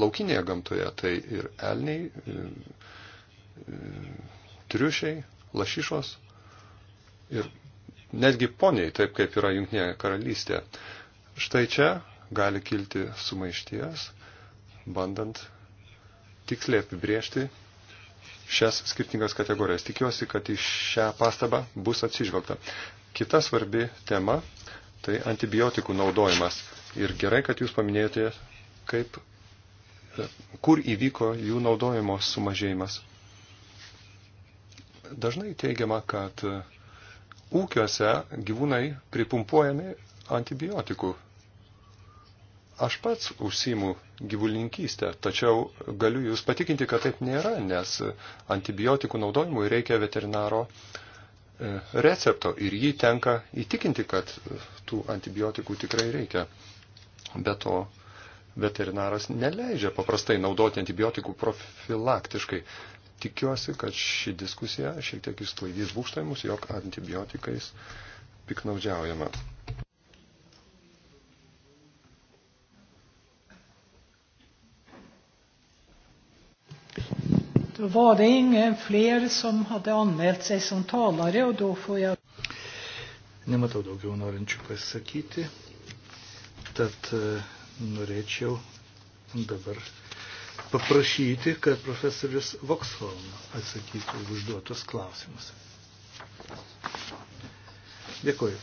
laukinėje gamtoje. Tai ir elniai, e, e, triušiai, lašišos ir netgi poniai, taip kaip yra jungtinė karalystė. Štai čia gali kilti sumaišties, bandant tiksliai apibriežti šias skirtingas kategorijas. Tikiuosi, kad į šią pastabą bus atsižvelgta. Kita svarbi tema - tai antibiotikų naudojimas. Ir gerai, kad jūs paminėjote, kaip, e, kur įvyko jų naudojimo sumažėjimas. Dažnai teigiama, kad e, ūkiuose gyvūnai pripumpuojami antibiotikų. Aš pats užsimu gyvulininkystę, tačiau galiu Jūs patikinti, kad taip nėra, nes antibiotikų naudojimui reikia veterinaro e, recepto ir jį tenka įtikinti, kad tų antibiotikų tikrai reikia. Be to, veterinaras neleidžia paprastai naudoti antibiotikų profilaktiškai. Tikiuosi, kad ši diskusija šiek tiek išsklaidys būkštavimus, jog antibiotikais piknaudžiaujama. Då var det ingen fler som hade anmält sig som talare och då får jag... Nematau daugiau norinčių pasakyti. Tad e, norėčiau dabar paprašyti, kad profesorius Voxholm atsakytų užduotus klausimus. Dėkuoju.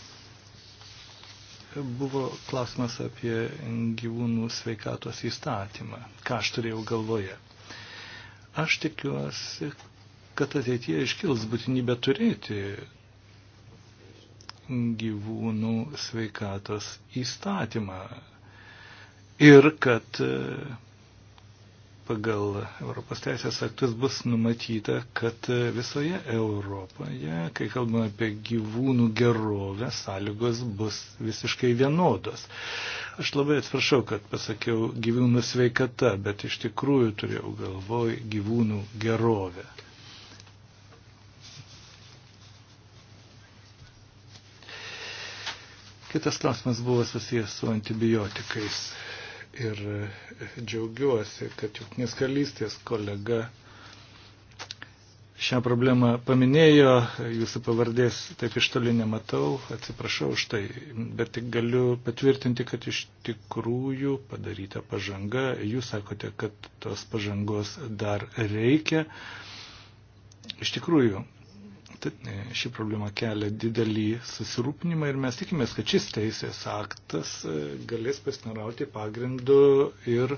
Buvo klausimas apie gyvūnų sveikatos įstatymą. Ką aš turėjau galvoje? Aš tikiuosi, kad ateityje iškils būtinybė turėti gyvūnų sveikatos įstatymą. Ir kad e, pagal Europos teisės aktus bus numatyta, kad e, visoje Europoje, kai kalbame apie gyvūnų gerovę, sąlygos bus visiškai vienodos. Aš labai atsiprašau, kad pasakiau gyvūnų sveikata, bet iš tikrųjų turėjau galvoj gyvūnų gerovę. Kitas klausimas buvo susijęs su antibiotikais. Ir e, džiaugiuosi, kad Junktinės karalystės kolega šią problemą paminėjo, jūsų pavardės taip iš toli nematau, atsiprašau už tai, bet tik galiu patvirtinti, kad iš tikrųjų padaryta pažanga, jūs sakote, kad tos pažangos dar reikia. Iš tikrųjų, E, ši problema kelia didelį susirūpinimą ir mes tikimės, kad šis teisės aktas e, galės pasinarauti pagrindu ir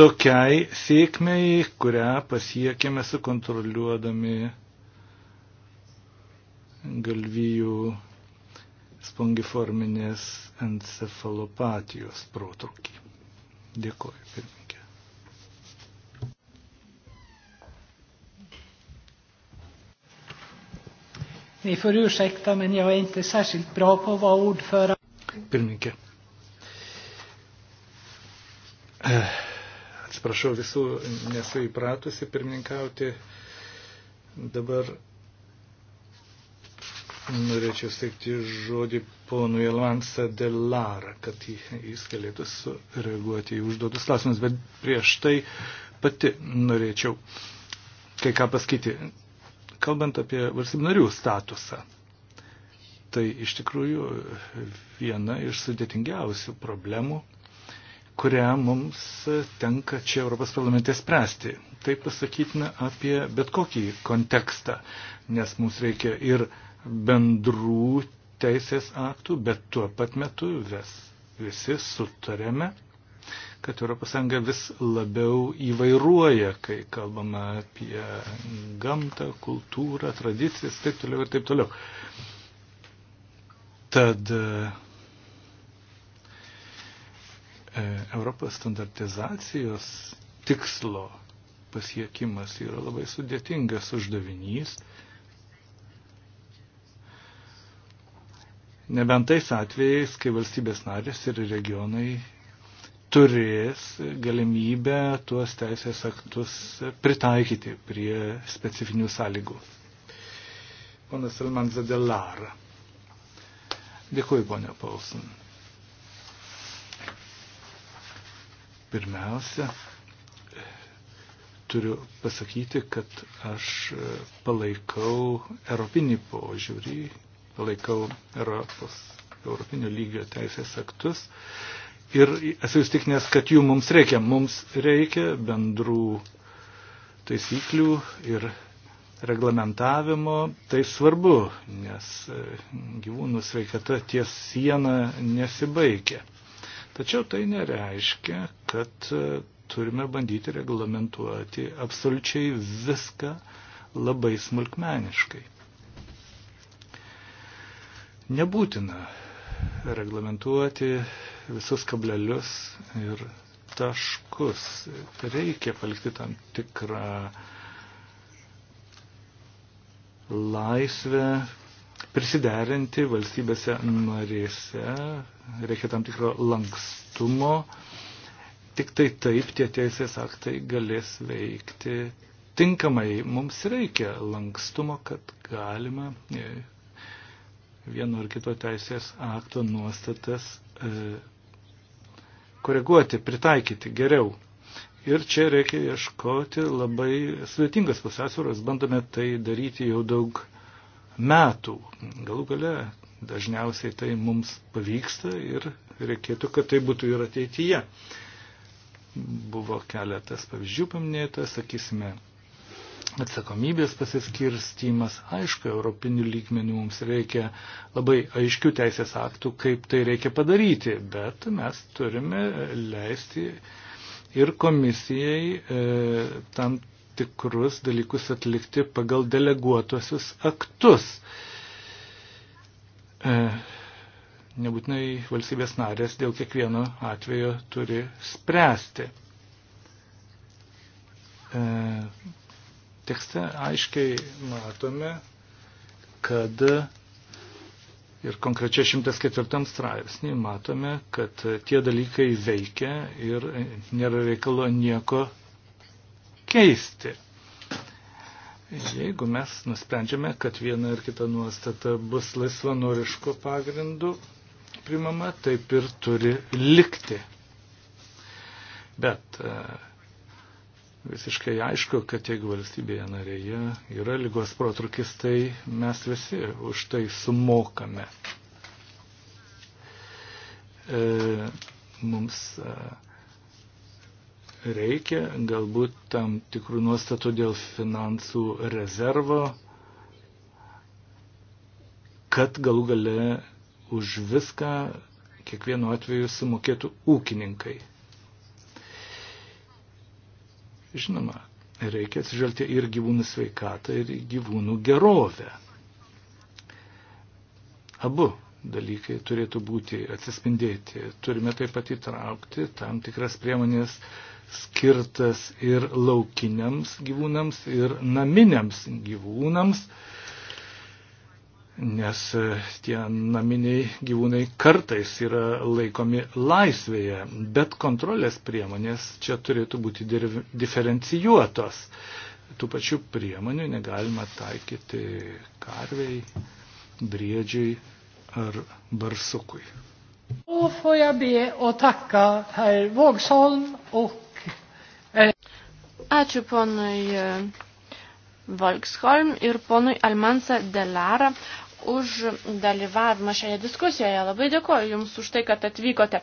tokiai sėkmei, kurią pasiekėme sukontroliuodami galvijų spongiforminės encefalopatijos protrukį. Dėkuoju. Ni får ursäkta, men jag är inte särskilt bra på att vara ordförande. Pirmininkė. Eh, atsiprašau visų, nesu įpratusi pirmininkauti. Dabar norėčiau steigti žodį ponui Alvansą Delara, kad jis galėtų sureaguoti į užduotus klausimus, bet prieš tai pati norėčiau kai ką pasakyti. Kalbant apie valstybinarių statusą, tai iš tikrųjų viena iš sudėtingiausių problemų, kurią mums tenka čia Europos parlamente spręsti. Tai pasakytina apie bet kokį kontekstą, nes mums reikia ir bendrų teisės aktų, bet tuo pat metu vis, visi sutarėme, kad ES vis labiau įvairuoja, kai kalbama apie gamtą, kultūrą, tradicijas, taip toliau ir taip toliau. Tad e, Europos standartizacijos tikslo pasiekimas yra labai sudėtingas uždavinys. Nebent tais atvejais, kai valstybės narės ir regionai turės galimybę tuos teisės aktus pritaikyti prie specifinių sąlygų. Ponas Salman Zadelara. Dėkuoju, ponia Paulson. Pirmiausia, turiu pasakyti, kad aš palaikau europinį požiūrį, palaikau Europos, europinio lygio teisės aktus ir esu įstikinęs, kad jų mums reikia. Mums reikia bendrų taisyklių ir reglamentavimo. Tai svarbu, nes e, gyvūnų sveikata ties siena nesibaigia. Tačiau tai nereiškia, kad e, turime bandyti reglamentuoti absoliučiai viską labai smulkmeniškai. Nebūtina reglamentuoti visus kablelius ir taškus. Reikia palikti tam tikrą laisvę prisiderinti valstybėse narėse, reikia tam tikro lankstumo, tik tai taip tie teisės aktai galės veikti tinkamai. Mums reikia lankstumo, kad galima e, vieno ar kito teisės akto nuostatas E, koreguoti, pritaikyti geriau. Ir čia reikia ieškoti labai sudėtingas pusiausvėros, bandome tai daryti jau daug metų. Galų gale dažniausiai tai mums pavyksta ir reikėtų, kad tai būtų ir ateityje. Buvo keletas pavyzdžių paminėta, sakysime, atsakomybės pasiskirstymas. Aišku, europinių lygmenių mums reikia labai aiškių teisės aktų, kaip tai reikia padaryti, bet mes turime leisti ir komisijai e, tam tikrus dalykus atlikti pagal deleguotuosius aktus. E, nebūtinai valstybės narės dėl kiekvieno atvejo turi spręsti. E, Tekste aiškiai matome, kad ir konkrečiai 104 straipsnį matome, kad tie dalykai veikia ir nėra reikalo nieko keisti. Jeigu mes nusprendžiame, kad viena ar kita nuostata bus laisvanoriško pagrindu primama, taip ir turi likti. Bet visiškai aišku, kad jeigu valstybėje narėje yra lygos protrukis, tai mes visi už tai sumokame. E, mums e, reikia galbūt tam tikrų nuostatų dėl finansų rezervo, kad galų gale už viską kiekvienu atveju sumokėtų ūkininkai. Žinoma, reikia atsižvelgti ir gyvūnų sveikatą, ir gyvūnų gerovę. Abu dalykai turėtų būti atsispindėti. Turime taip pat įtraukti tam tikras priemonės skirtas ir laukiniams gyvūnams, ir naminiams gyvūnams. E, nes e, tie naminiai gyvūnai kartais yra laikomi laisvėje, bet kontrolės priemonės čia turėtų būti diferencijuotos. Tų pačių priemonių negalima taikyti karvei, briedžiui ar barsukui. Då får jag be och tacka herr Vågsholm och... Eh, Ačiū ponui eh, Volksholm ir ponui Almansa Delara už dalyvavimą šioje diskusijoje. Labai dėkoju Jums už tai, kad atvykote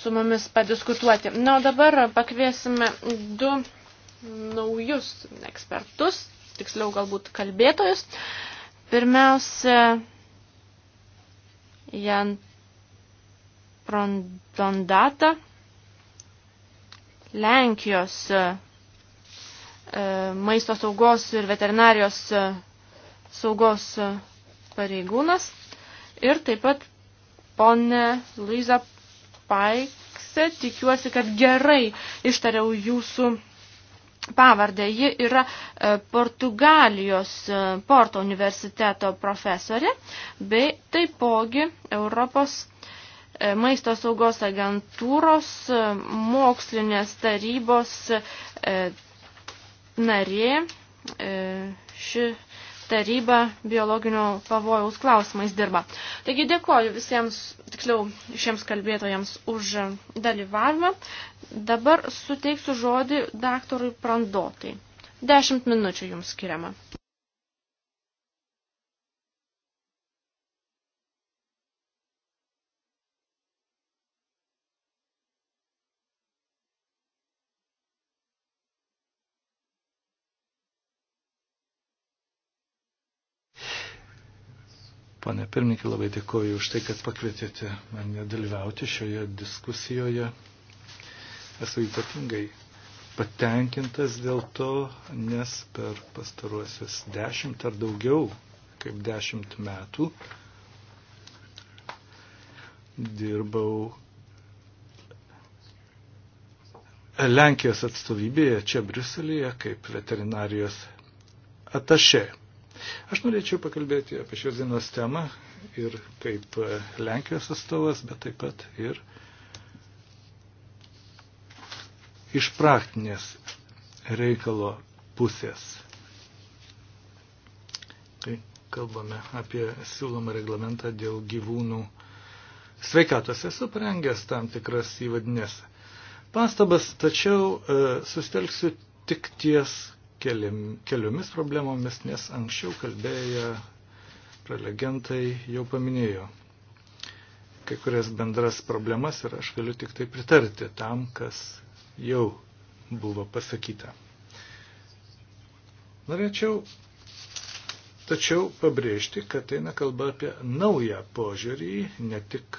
su mumis padiskutuoti. Na, o dabar pakviesime du naujus ekspertus, tiksliau galbūt kalbėtojus. Pirmiausia, Jan Prondata, Lenkijos e, maisto saugos ir veterinarijos e, saugos e, pareigūnas ir taip pat ponė Luiza Paikse, tikiuosi, kad gerai ištariau jūsų pavardę. Ji yra e, Portugalijos e, Porto universiteto profesorė, bei taipogi Europos e, maisto saugos agentūros mokslinės tarybos narė. Ši taryba biologinio pavojaus klausimais dirba. Taigi dėkoju visiems, tiksliau, šiems kalbėtojams už dalyvavimą. Dabar suteiksiu žodį daktarui Prandotai. Dešimt minučių jums skiriama. Pane pirmininkė, labai dėkoju už tai, kad pakvietėte mane dalyvauti šioje diskusijoje. Esu ypatingai patenkintas dėl to, nes per pastaruosius dešimt ar daugiau kaip dešimt metų dirbau Lenkijos atstovybėje čia Briuselėje kaip veterinarijos atašė. Aš norėčiau pakalbėti apie šios dienos temą ir kaip e, Lenkijos atstovas, bet taip pat ir iš praktinės reikalo pusės. Kai kalbame apie siūlomą reglamentą dėl gyvūnų sveikatos, esu parengęs tam tikras įvadinės pastabas, tačiau e, sustelksiu tik ties keliomis problemomis, nes anksčiau kalbėję prelegentai jau paminėjo kai kurias bendras problemas ir aš galiu tik tai pritarti tam, kas jau buvo pasakyta. Norėčiau tačiau pabrėžti, kad eina kalba apie naują požiūrį, ne tik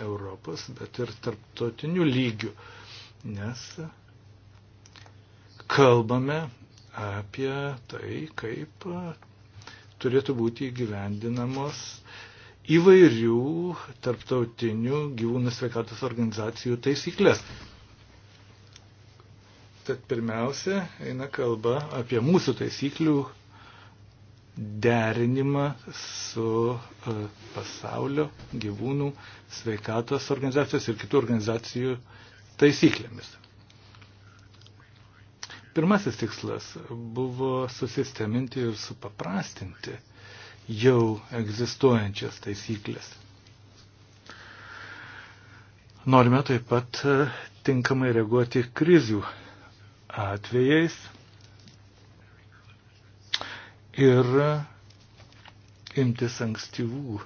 Europos, bet ir tarptautinių lygių, nes kalbame apie tai, kaip turėtų būti įgyvendinamos įvairių tarptautinių gyvūnų sveikatos organizacijų taisyklės. Tad pirmiausia, eina kalba apie mūsų taisyklių derinimą su e, pasaulio gyvūnų sveikatos organizacijos ir kitų organizacijų taisyklėmis. Pirmasis tikslas buvo susisteminti ir supaprastinti jau egzistuojančias taisyklės. Norime taip pat e, tinkamai reaguoti krizių atvejais ir imtis ankstyvų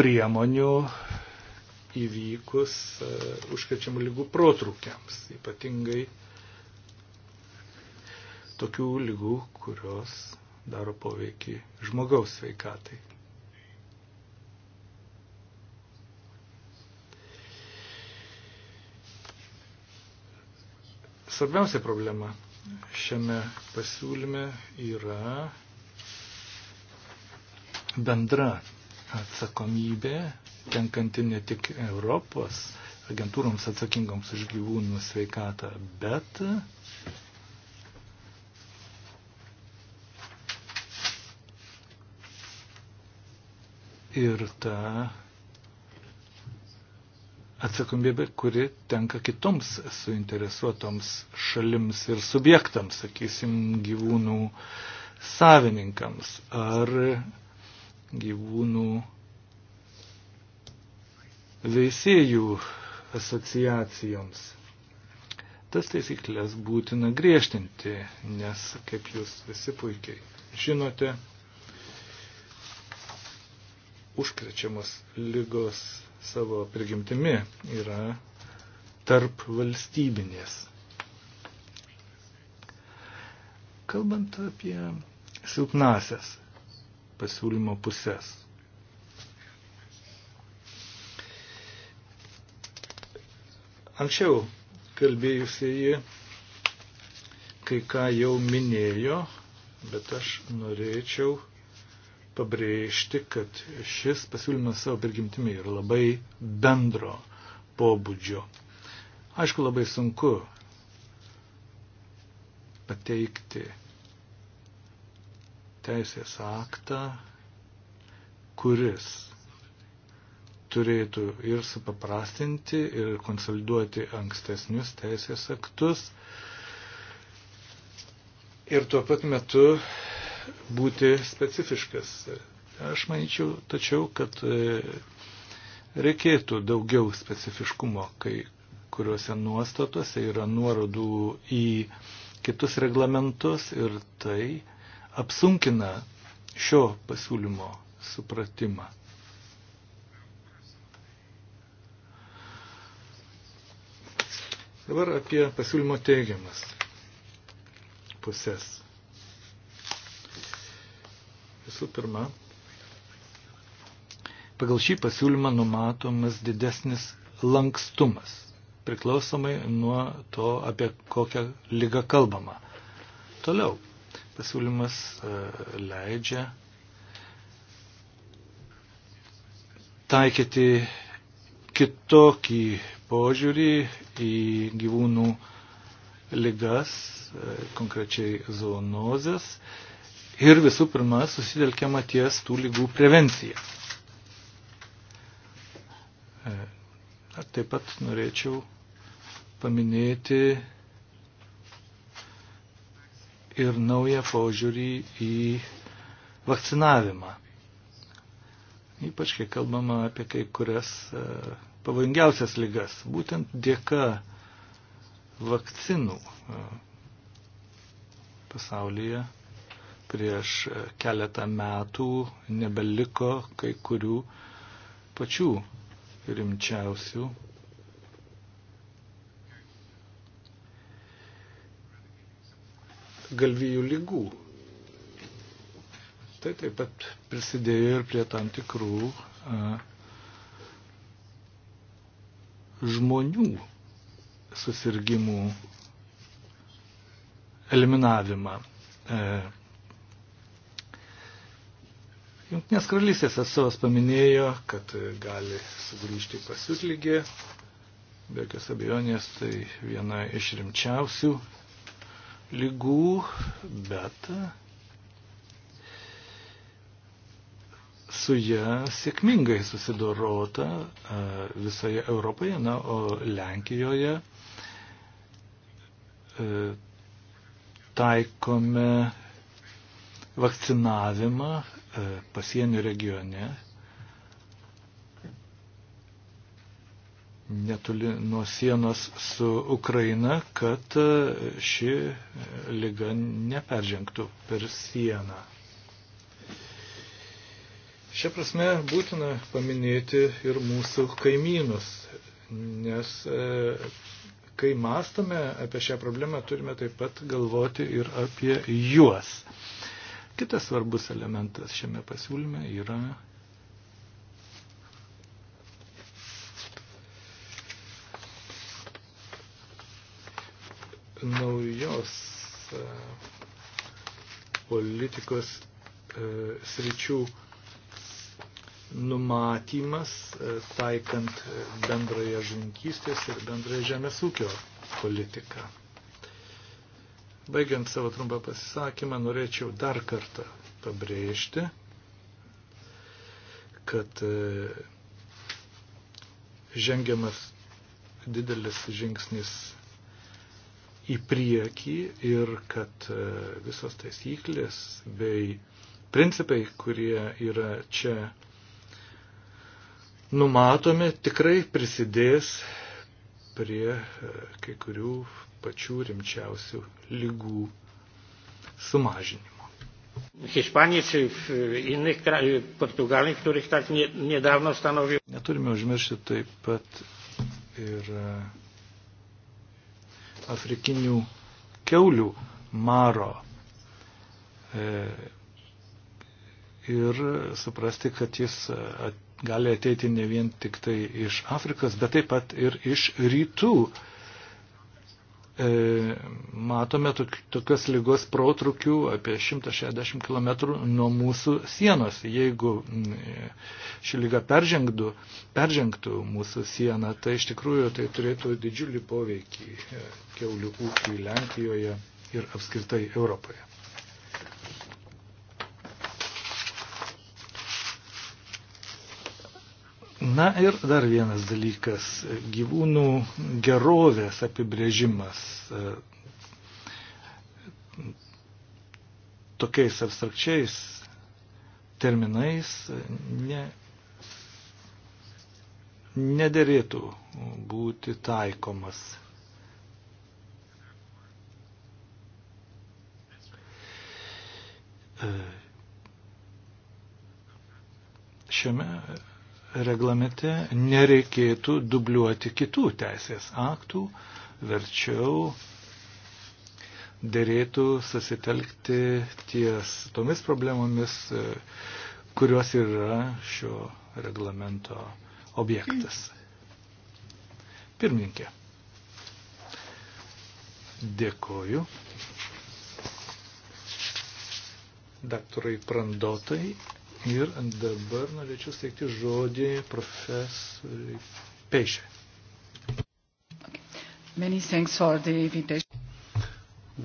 priemonių įvykus e, užkrečiamų lygų protrukiams, ypatingai tokių lygų, kurios daro poveikį žmogaus sveikatai. Svarbiausia problema šiame pasiūlyme yra bendra atsakomybė tenkanti ne tik Europos agentūroms atsakingoms už gyvūnų sveikatą, bet ir ta atsakomybė, kuri tenka kitoms suinteresuotoms šalims ir subjektams, sakysim, gyvūnų savininkams. Ar gyvūnų veisėjų asociacijoms. Tas taisyklės būtina griežtinti, nes, kaip jūs visi puikiai žinote, užkrečiamos lygos savo prigimtimi yra tarp valstybinės. Kalbant apie silpnasias pasiūlymo pusės. Anksčiau kalbėjusieji kai ką jau minėjo, bet aš norėčiau pabrėžti, kad šis pasiūlymas savo prigimtimi yra labai bendro pobūdžio. Aišku, labai sunku pateikti teisės aktą, kuris turėtų ir supaprastinti, ir konsoliduoti ankstesnius teisės aktus ir tuo pat metu būti specifiškas. Aš manyčiau, tačiau, kad e, reikėtų daugiau specifiškumo, kai kuriuose nuostatose yra nuorodų į kitus reglamentus ir tai, apsunkina šio pasiūlymo supratimą. Dabar apie pasiūlymo teigiamas pusės. Visų pirma, pagal šį pasiūlymą numatomas didesnis lankstumas, priklausomai nuo to, apie kokią lygą kalbama. Toliau, pasiūlymas e, leidžia taikyti kitokį požiūrį į gyvūnų ligas, e, konkrečiai zoonozės. Ir visų pirma, susitelkiama ties tų lygų prevencija. E, taip pat norėčiau paminėti ir naują požiūrį į vakcinavimą. Ypač, kai kalbama apie kai kurias e, pavojingiausias lygas. Būtent dėka vakcinų e, pasaulyje prieš e, keletą metų nebeliko kai kurių pačių rimčiausių galvijų lygų. Tai taip pat prisidėjo ir prie tam tikrų a, žmonių susirgymų eliminavimą. E, Junktinės karalystės atstovas paminėjo, kad gali sugrįžti pasiutlygė, be jokios abejonės tai viena iš rimčiausių lygų, bet su ją sėkmingai susidorota e, visoje Europoje, na, o Lenkijoje e, taikome vakcinavimą e, pasienio regione netoli nuo sienos su Ukraina, kad e, ši e, lyga neperžengtų per sieną. Šia prasme būtina paminėti ir mūsų kaimynus, nes e, kai mastome apie šią problemą, turime taip pat galvoti ir apie juos. Kitas svarbus elementas šiame pasiūlyme yra naujos e, politikos e, sričių numatymas, e, taikant bendrąją žininkystės ir bendrąją žemės ūkio politiką. Baigiant savo trumpą pasisakymą, norėčiau dar kartą pabrėžti, kad žengiamas didelis žingsnis į priekį ir kad e, visos taisyklės bei principai, kurie yra čia numatomi, tikrai prisidės prie e, kai kurių pačių rimčiausių lygų sumažinimo. Hiszpanii czy w e, innych krajach, Portugalii, w których tak nie, niedawno stanowił. Neturime užmiršti taip pat ir uh, afrikinių keulių maro. E, ir suprasti, kad jis e, gali ateiti ne vien tik tai iš Afrikos, bet taip pat ir iš rytų. E, E, matome tokios lygos protrukių apie 160 km nuo mūsų sienos. Jeigu ši lyga peržengtų, peržengtų mūsų sieną, tai iš tikrųjų tai turėtų didžiulį poveikį e, keulių ūkiui Lenkijoje ir apskritai Europoje. Na ir dar vienas dalykas - gyvūnų gerovės apibrėžimas. E, tokiais abstrakčiais terminais e, ne, nederėtų būti taikomas. E, šiame reglamente nereikėtų dubliuoti kitų teisės aktų, verčiau dėrėtų susitelkti ties tomis problemomis, e, kurios yra šio reglamento objektas. Pirmininkė. Dėkoju. Daktarai Prandotai Ir dabar norėčiau steigti žodį profesoriai Pešė.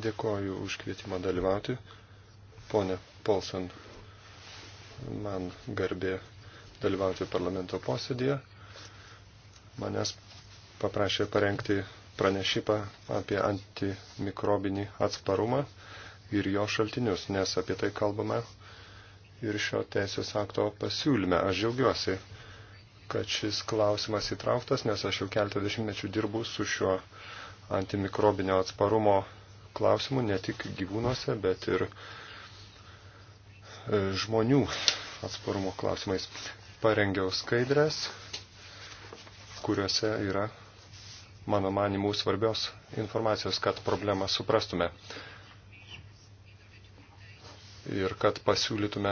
Dėkoju už kvietimą dalyvauti. Pone Polson, man garbė dalyvauti parlamento posėdėje. Manęs paprašė parengti pranešimą apie antimikrobinį atsparumą ir jo šaltinius, nes apie tai kalbame ir šio teisės akto pasiūlyme. Aš džiaugiuosi, kad šis klausimas įtrauktas, nes aš jau keltą dešimtmečių dirbu su šiuo antimikrobinio atsparumo klausimu, ne tik gyvūnuose, bet ir e, žmonių atsparumo klausimais. Parengiau skaidrės, kuriuose yra, mano manimų, svarbios informacijos, kad problemą suprastume ir kad pasiūlytume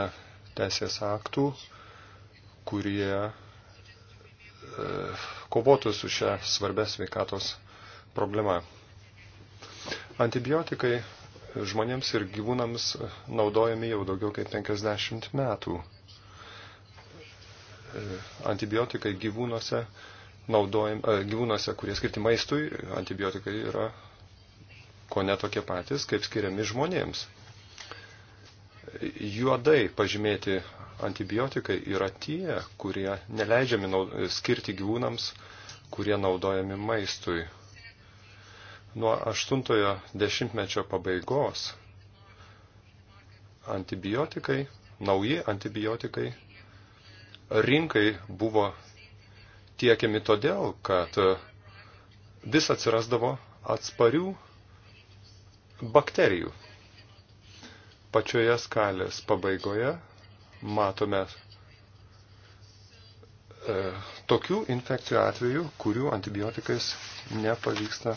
teisės aktų, kurie e, kovotų su šią svarbę sveikatos problema. Antibiotikai žmonėms ir gyvūnams naudojami jau daugiau kaip 50 metų. E, antibiotikai gyvūnuose, naudojami, e, gyvūnuose kurie skirti maistui, antibiotikai yra ko netokie patys, kaip skiriami žmonėms juodai pažymėti antibiotikai yra tie, kurie neleidžiami skirti gyvūnams, kurie naudojami maistui. Nuo 80-ojo dešimtmečio pabaigos antibiotikai, nauji antibiotikai rinkai buvo tiekiami todėl, kad vis atsirasdavo atsparių bakterijų. Pačioje skalės pabaigoje matome e, tokių infekcijų atvejų, kurių antibiotikais nepavyksta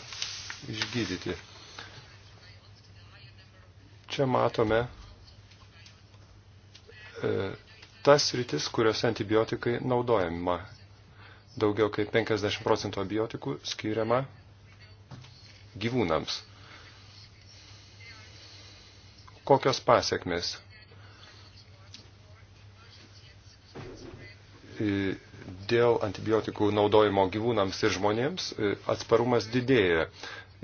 išgydyti. Čia matome e, tas rytis, kuriuose antibiotikai naudojama. Daugiau kaip 50 procentų antibiotikų skiriama gyvūnams kokios pasiekmes. Dėl antibiotikų naudojimo gyvūnams ir žmonėms atsparumas didėja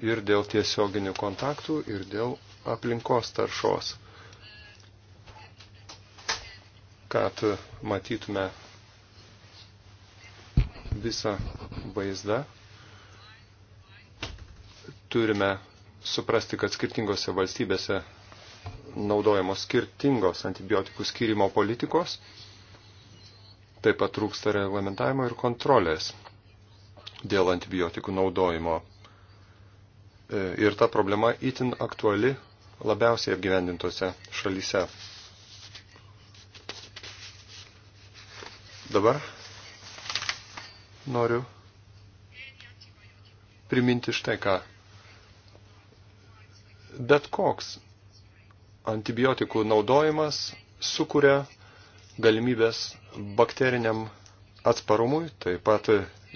ir dėl tiesioginių kontaktų, ir dėl aplinkos taršos. Kad e, matytume visą vaizdą, turime suprasti, kad skirtingose valstybėse naudojamos skirtingos antibiotikų skirimo politikos, taip pat trūksta reglamentavimo ir kontrolės dėl antibiotikų naudojimo. E, ir ta problema itin aktuali labiausiai apgyvendintose šalyse. Dabar noriu priminti štai ką. Bet koks antibiotikų naudojimas sukuria galimybės bakteriniam atsparumui, taip pat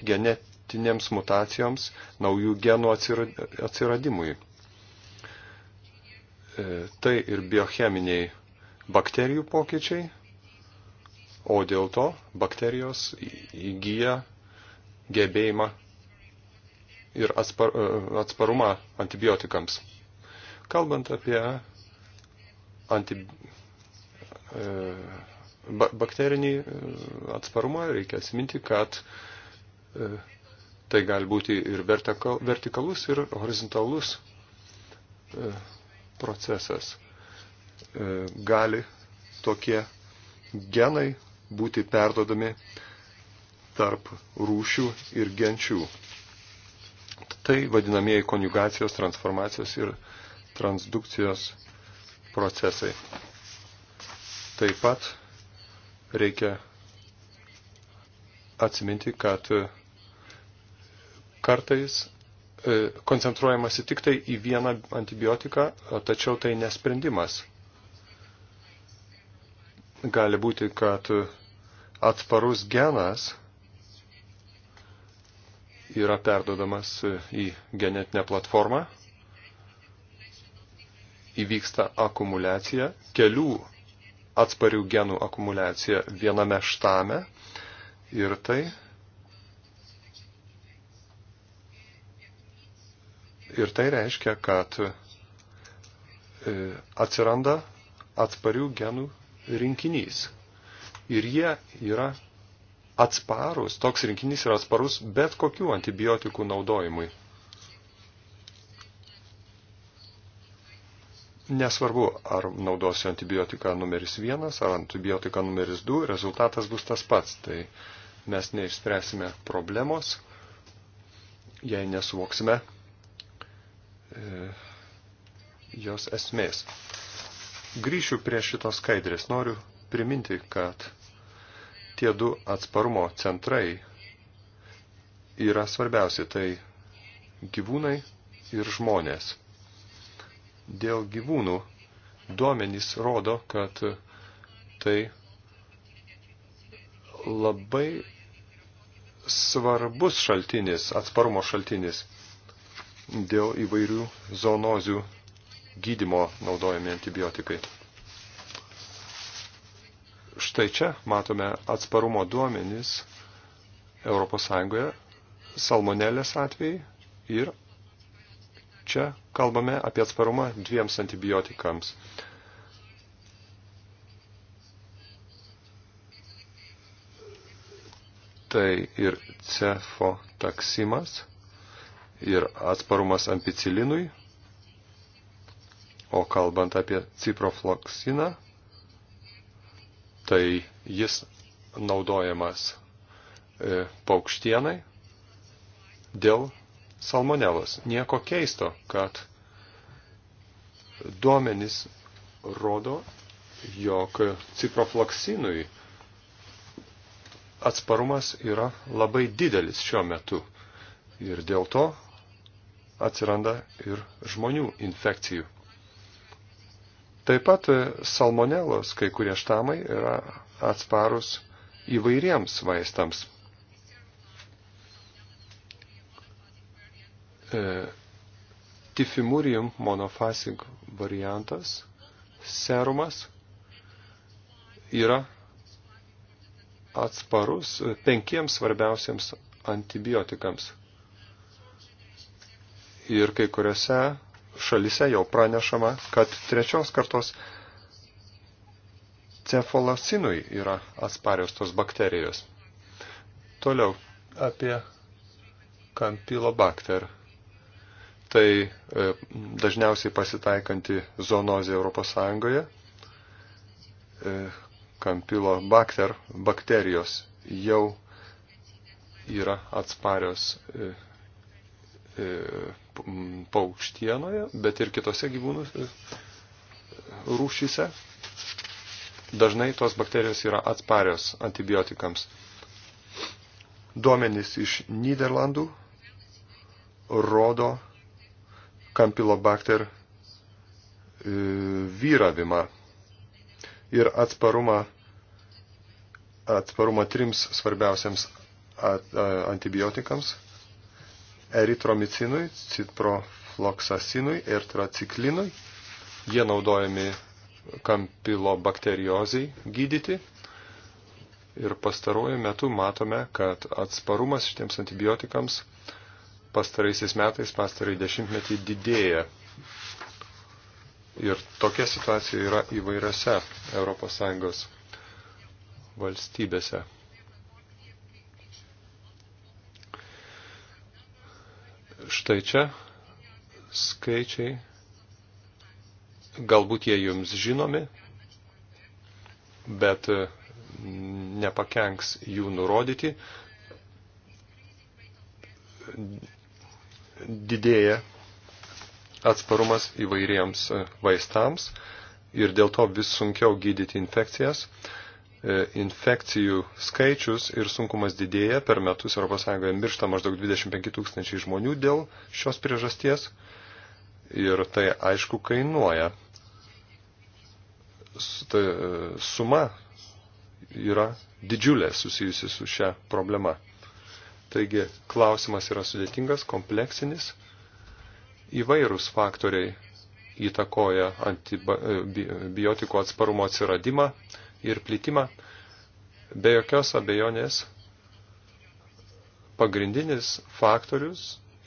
genetinėms mutacijoms, naujų genų atsiradimui. E, tai ir biocheminiai bakterijų pokyčiai, o dėl to bakterijos įgyja gebėjimą ir atspar, e, atsparumą antibiotikams. Kalbant apie anti, e, bakterinį e, atsparumą, reikia atsiminti, kad e, tai gali būti ir vertikal, vertikalus, ir horizontalus e, procesas. E, gali tokie genai būti perdodami tarp rūšių ir genčių. Tai vadinamieji konjugacijos, transformacijos ir transdukcijos procesai. Taip pat reikia atsiminti, kad kartais e, koncentruojamasi tik tai į vieną antibiotiką, tačiau tai nesprendimas. Gali būti, kad atsparus genas yra perdodamas į genetinę platformą įvyksta akumuliacija, kelių atsparių genų akumuliacija viename štame ir tai ir tai reiškia, kad e, atsiranda atsparių genų rinkinys. Ir jie yra atsparus, toks rinkinys yra atsparus bet kokių antibiotikų naudojimui. Nesvarbu, ar naudosiu antibiotiką numeris vienas, ar antibiotiką numeris du, rezultatas bus tas pats. Tai mes neišspręsime problemos, jei nesuvoksime e, jos esmės. Grįšiu prie šitos skaidrės. Noriu priminti, kad tie du atsparumo centrai yra svarbiausi. Tai gyvūnai ir žmonės dėl gyvūnų. Duomenys rodo, kad tai labai svarbus šaltinis, atsparumo šaltinis dėl įvairių zoonozių gydimo naudojami antibiotikai. Štai čia matome atsparumo duomenys ES salmonelės atvejai ir Čia kalbame apie atsparumą dviems antibiotikams. Tai ir cefotaksimas, ir atsparumas ampicilinui, o kalbant apie ciprofloksiną, tai jis naudojamas e, paukštienai dėl salmonelos. Nieko keisto, kad duomenys rodo, jog ciproflaksinui atsparumas yra labai didelis šiuo metu. Ir dėl to atsiranda ir žmonių infekcijų. Taip pat salmonelos kai kurie štamai yra atsparus įvairiems vaistams. E, tifimurium monofasig variantas, serumas yra atsparus penkiems svarbiausiems antibiotikams. Ir kai kuriuose šalise jau pranešama, kad trečios kartos cefalasinui yra atsparios tos bakterijos. Toliau apie kampilobakter tai e, dažniausiai pasitaikanti zoonozė Europos Sąjungoje, kampilo e, bakter bakterijos jau yra atsparios e, paukštienoje, bet ir kitose gyvūnų rūšyse. Dažnai tos bakterijos yra atsparios antibiotikams. Duomenys iš Niderlandų rodo, kampilobakter e, vyravimą ir atsparumą, atsparumą trims svarbiausiams antibiotikams – eritromicinui, ciprofloksasinui ir traciklinui. Jie naudojami kampilobakteriozai gydyti. Ir pastaruoju metu matome, kad atsparumas šitiems antibiotikams – pastaraisiais metais, pastarai dešimtmetį didėja. Ir tokia situacija yra įvairiose ES valstybėse. Štai čia skaičiai, galbūt jie jums žinomi, bet nepakenks jų nurodyti didėja atsparumas įvairiems e, vaistams ir dėl to vis sunkiau gydyti infekcijas. E, infekcijų skaičius ir sunkumas didėja. Per metus ES miršta maždaug 25 tūkstančiai žmonių dėl šios priežasties ir tai aišku kainuoja. Tai, e, suma yra didžiulė susijusi su šia problema. Taigi klausimas yra sudėtingas, kompleksinis. Įvairūs faktoriai įtakoja antibiotikų e, atsparumo atsiradimą ir plitimą. Be jokios abejonės pagrindinis faktorius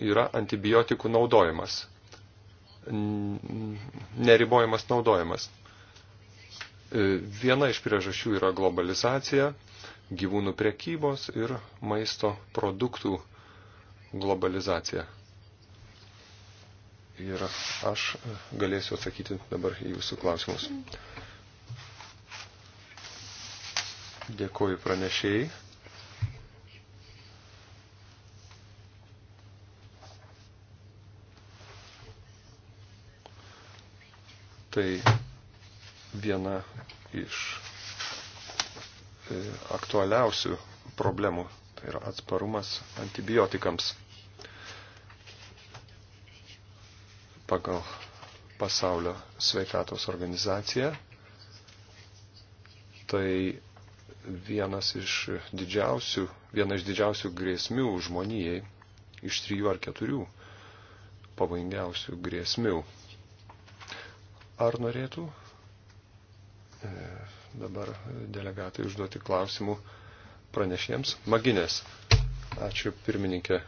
yra antibiotikų naudojimas, neribojamas naudojimas. E, viena iš priežasčių yra globalizacija, gyvūnų prekybos ir maisto produktų globalizacija. Ir aš galėsiu atsakyti dabar į jūsų klausimus. Dėkuoju pranešėjai. Tai viena iš E, aktualiausių problemų, tai yra atsparumas antibiotikams. Pagal pasaulio sveikatos organizaciją tai vienas iš didžiausių, viena iš didžiausių grėsmių žmonijai iš trijų ar keturių pavojingiausių grėsmių. Ar norėtų e, dabar delegatai užduoti klausimų pranešėjams. Maginės, ačiū pirmininkė.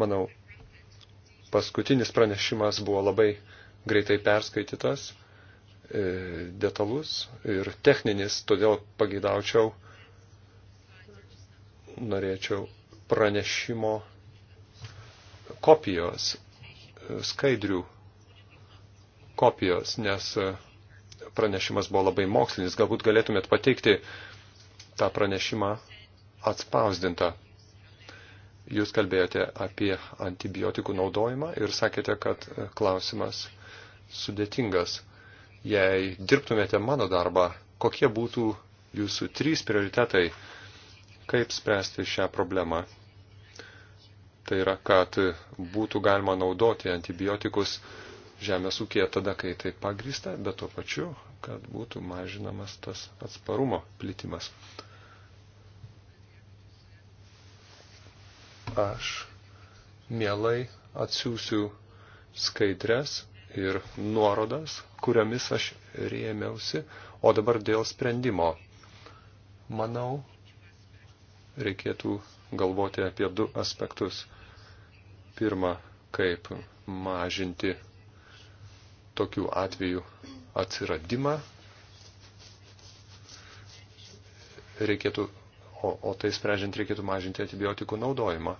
Manau, paskutinis pranešimas buvo labai greitai perskaitytas, e, detalus ir techninis, todėl pageidaučiau, norėčiau pranešimo kopijos, e, skaidrių kopijos, nes e, pranešimas buvo labai mokslinis. Galbūt galėtumėt pateikti tą pranešimą atspausdintą. Jūs kalbėjote apie antibiotikų naudojimą ir sakėte, kad klausimas sudėtingas. Jei dirbtumėte mano darbą, kokie būtų jūsų trys prioritetai, kaip spręsti šią problemą? Tai yra, kad būtų galima naudoti antibiotikus žemės ūkėje tada, kai tai pagrįsta, bet tuo pačiu, kad būtų mažinamas tas atsparumo plitimas. Aš mielai atsiųsiu skaidres ir nuorodas, kuriomis aš rėmiausi, o dabar dėl sprendimo. Manau, reikėtų galvoti apie du aspektus. Pirma, kaip mažinti tokių atvejų atsiradimą reikėtų, o, o tai sprendžiant reikėtų mažinti antibiotikų naudojimą.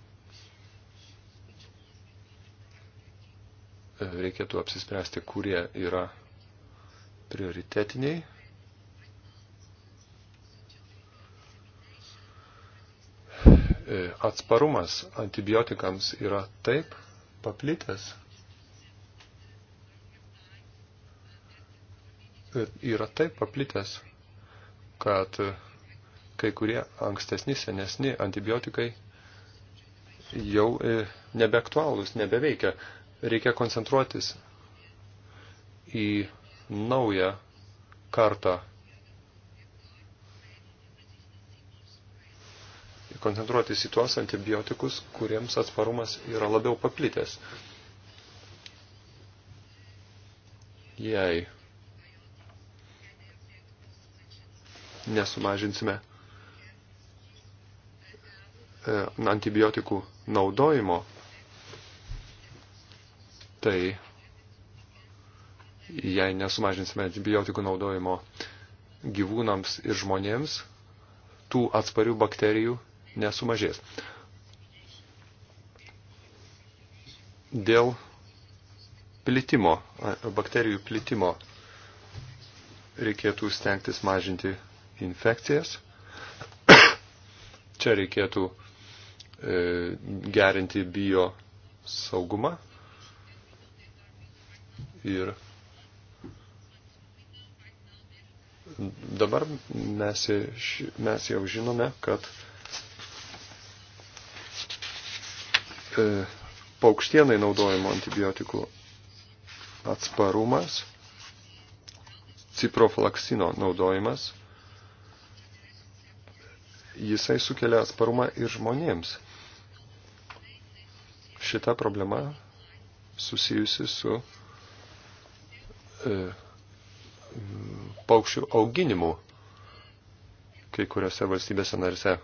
Reikėtų apsispręsti, kurie yra prioritetiniai. Atsparumas antibiotikams yra taip paplitęs yra taip paplitęs, kad kai kurie ankstesni, senesni antibiotikai jau e, nebeaktualūs, nebeveikia. Reikia koncentruotis į naują kartą. Koncentruotis į tuos antibiotikus, kuriems atsparumas yra labiau paplitęs. Jei nesumažinsime e, antibiotikų naudojimo, tai jei nesumažinsime antibiotikų naudojimo gyvūnams ir žmonėms, tų atsparių bakterijų nesumažės. Dėl plitimo, bakterijų plitimo reikėtų stengtis mažinti infekcijas. Čia reikėtų e, gerinti bio saugumą ir dabar mes, mes jau žinome, kad e, paukštienai naudojimo antibiotikų atsparumas, ciproflaksino naudojimas jisai sukelia atsparumą ir žmonėms. Šita problema susijusi su e, paukščių auginimu kai kuriuose valstybėse narise.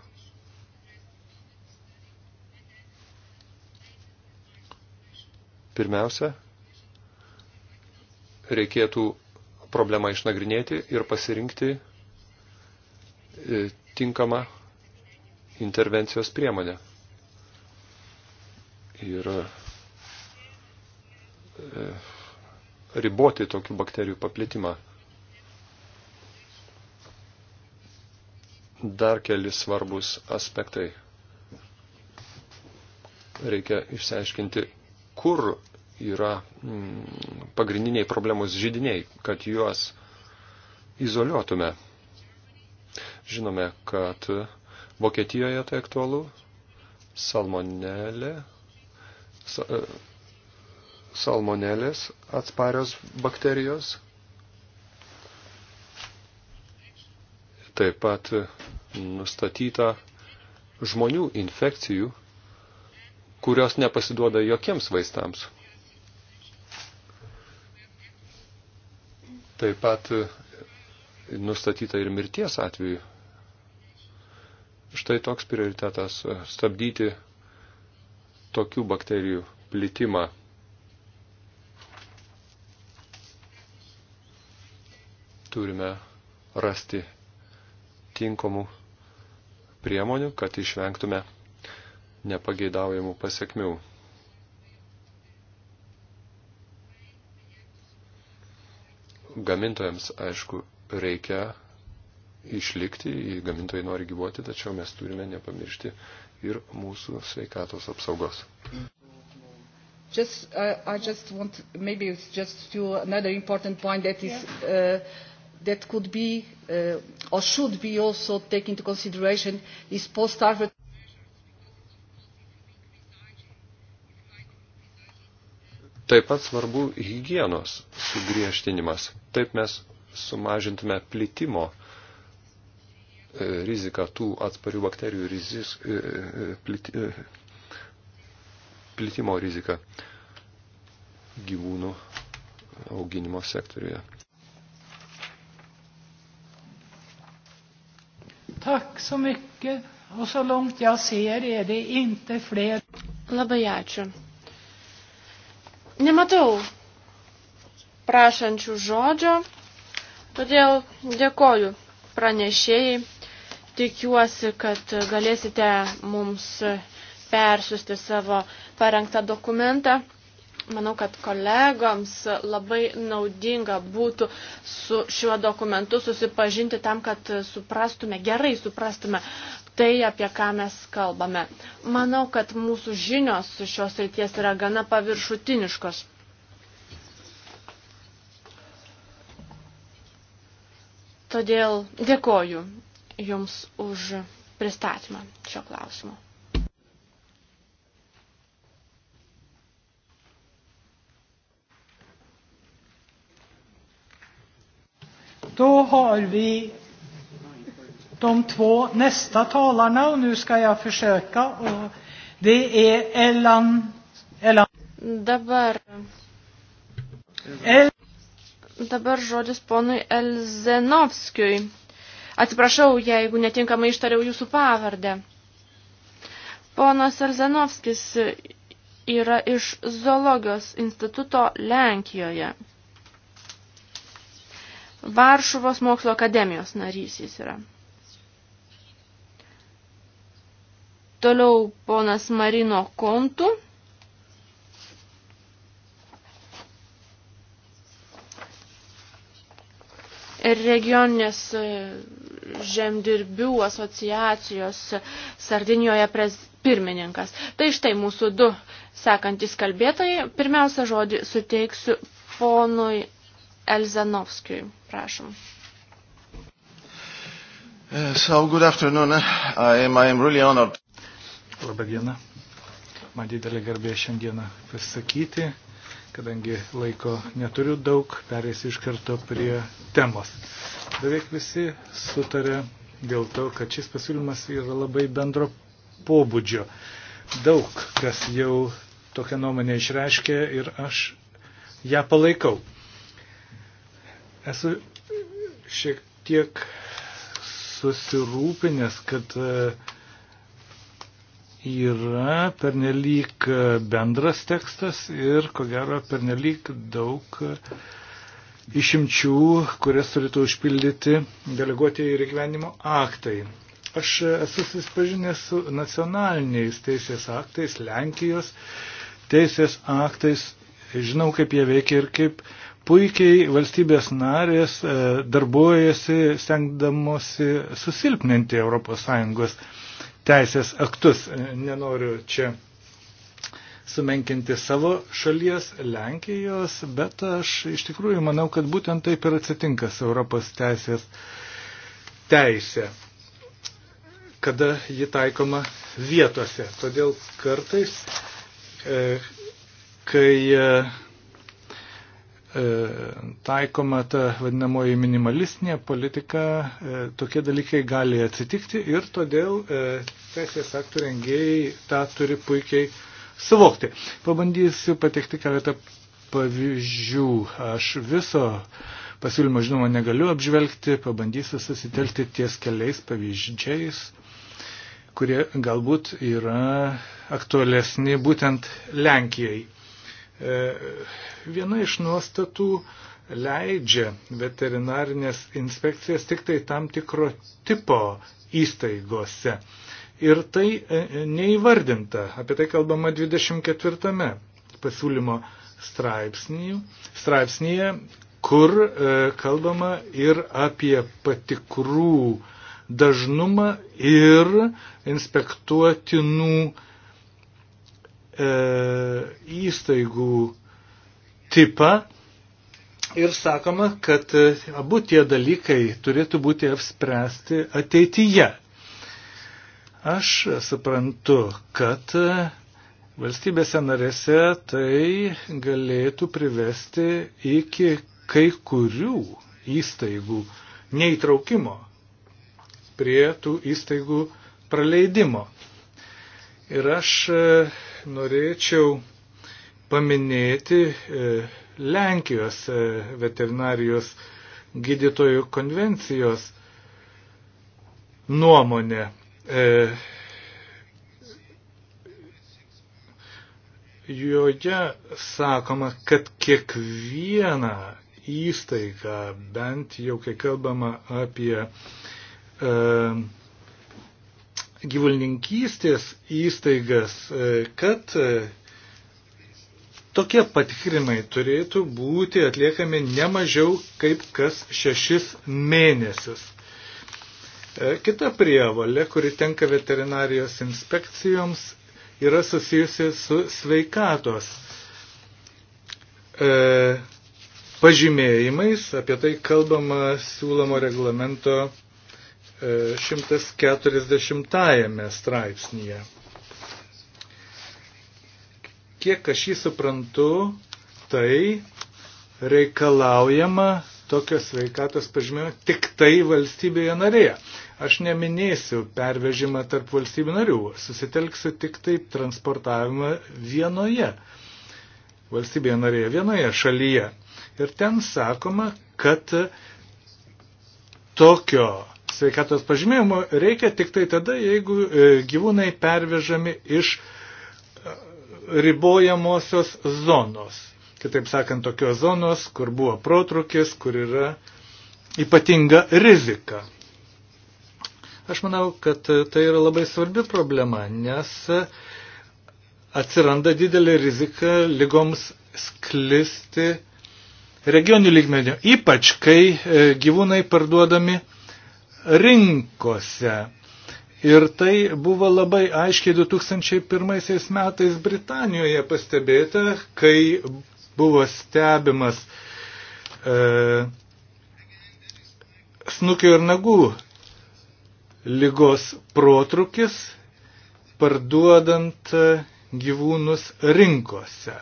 Pirmiausia, reikėtų problemą išnagrinėti ir pasirinkti e, tinkamą intervencijos priemonė. Ir e, riboti tokių bakterijų paplitimą. Dar keli svarbus aspektai. Reikia išsiaiškinti, kur yra mm, pagrindiniai problemos žydiniai, kad juos izoliuotume. Žinome, kad Vokietijoje tai aktualu, salmonelė, e, salmonelės atsparios bakterijos, taip pat nustatyta žmonių infekcijų, kurios nepasiduoda jokiems vaistams. Taip pat nustatyta ir mirties atveju Štai toks prioritetas e, - stabdyti tokių bakterijų plitimą. Turime rasti tinkamų priemonių, kad išvengtume nepageidaujamų pasiekmių. Gamintojams, aišku, reikia išlikti, gamintojai nori gyvuoti, tačiau mes turime nepamiršti ir mūsų sveikatos apsaugos. Just, uh, I just want maybe just to another important point that is yeah. uh, that could be uh, or should be also taken into consideration is post-harvest. Taip pat svarbu hygienos sugriežtinimas. Taip mes sumažintume plitimo E, rizika tų atsparių bakterijų rizis, e, e, pliti, plitimo rizika gyvūnų auginimo sektoriuje. Tack så mycket. Och så långt jag ser är det inte fler. Labai ačiū. Nematau prašančių žodžio, todėl dėkoju pranešėjai. Tikiuosi, kad galėsite mums persiusti savo parengtą dokumentą. Manau, kad kolegoms labai naudinga būtų su šiuo dokumentu susipažinti tam, kad suprastume, gerai suprastume tai, apie ką mes kalbame. Manau, kad mūsų žinios šios ryties yra gana paviršutiniškos. Todėl dėkoju Jums už pristatymą šio klausimo. Då har vi de två nästa talarna och nu ska jag försöka. Och det är Ellan... Ellan. Dabar. El... Dabar žodis ponui Elzenovskijui. Atsiprašau, jeigu netinkamai ištariau jūsų pavardę. Ponas Arzanovskis yra iš Zoologijos instituto Lenkijoje. Varšuvos mokslo akademijos narys jis yra. Toliau ponas Marino Kontų. Regioninės žemdirbių asociacijos Sardinijoje prez, pirmininkas. Tai štai mūsų du sekantis kalbėtojai. Pirmiausia žodį suteiksiu ponui Elzanovskijui. Prašom. So, good afternoon. I am, I am really honored. Labą dieną. Man didelė garbė šiandieną pasakyti, kadangi laiko neturiu daug, perėsiu iš karto prie temos. Beveik visi sutarė dėl to, kad šis pasiūlymas yra labai bendro pobūdžio. Daug kas jau tokią nuomonę išreiškė ir aš ją palaikau. Esu šiek tiek susirūpinęs, kad e, yra pernelyg e, bendras tekstas ir ko gero pernelyg daug uh, išimčių, kurias turėtų užpildyti deleguotieji ir gyvenimo aktai. Aš esu susipažinęs su nacionaliniais teisės aktais, Lenkijos teisės aktais, žinau, kaip jie veikia ir kaip puikiai valstybės narės e, darbuojasi, stengdamosi susilpninti ES teisės aktus. E, nenoriu čia sumenkinti savo šalies Lenkijos, bet aš iš tikrųjų manau, kad būtent taip ir atsitinka su Europos teisės teisė, kada ji taikoma vietose. Todėl kartais, e, kai e, e, taikoma ta vadinamoji minimalistinė politika, tokie dalykai gali atsitikti ir todėl teisės aktų rengėjai tą turi puikiai suvokti. Pabandysiu pateikti keletą pavyzdžių. Aš viso pasiūlymo, žinoma, negaliu apžvelgti, pabandysiu susitelti ties keliais pavyzdžiais, kurie galbūt yra aktualesni būtent Lenkijai. E, viena iš nuostatų leidžia veterinarinės inspekcijas tik tai tam tikro tipo įstaigose. Ir tai e, e, neįvardinta. Apie tai kalbama 24 pasiūlymo straipsnyje, straipsnyje kur e, kalbama ir apie patikrų dažnumą ir inspektuotinų e, įstaigų tipą. Ir sakoma, kad e, abu tie dalykai turėtų būti apspręsti ateityje. Aš suprantu, kad valstybėse narėse tai galėtų privesti iki kai kurių įstaigų neįtraukimo prie tų įstaigų praleidimo. Ir aš e, norėčiau paminėti e, Lenkijos e, veterinarijos gydytojų konvencijos nuomonę E, joje sakoma, kad kiekviena įstaiga, bent jau kai kalbama apie e, gyvulininkystės įstaigas, e, kad e, tokie patikrinimai turėtų būti atliekami ne mažiau kaip kas šešis mėnesius. E, kita prievalė, kuri tenka veterinarijos inspekcijoms, yra susijusi su sveikatos e, pažymėjimais, apie tai kalbama siūlomo reglamento 140 e, straipsnėje. Kiek aš jį suprantu, tai reikalaujama tokio sveikatos pažymėjimo tik tai valstybėje narėje. Aš neminėsiu pervežimą tarp valstybių narių, susitelksiu tik tai transportavimą vienoje valstybėje narėje, vienoje šalyje. Ir ten sakoma, kad tokio sveikatos pažymėjimo reikia tik tai tada, jeigu e, gyvūnai pervežami iš e, ribojamosios zonos kitaip sakant, tokios zonos, kur buvo protrukis, kur yra ypatinga rizika. Aš manau, kad tai yra labai svarbi problema, nes atsiranda didelė rizika lygoms sklisti regionių lygmenių, ypač kai e, gyvūnai parduodami rinkose. Ir tai buvo labai aiškiai 2001 metais Britanijoje pastebėta, kai buvo stebimas e, snukio ir nagų lygos protrukis parduodant e, gyvūnus rinkose.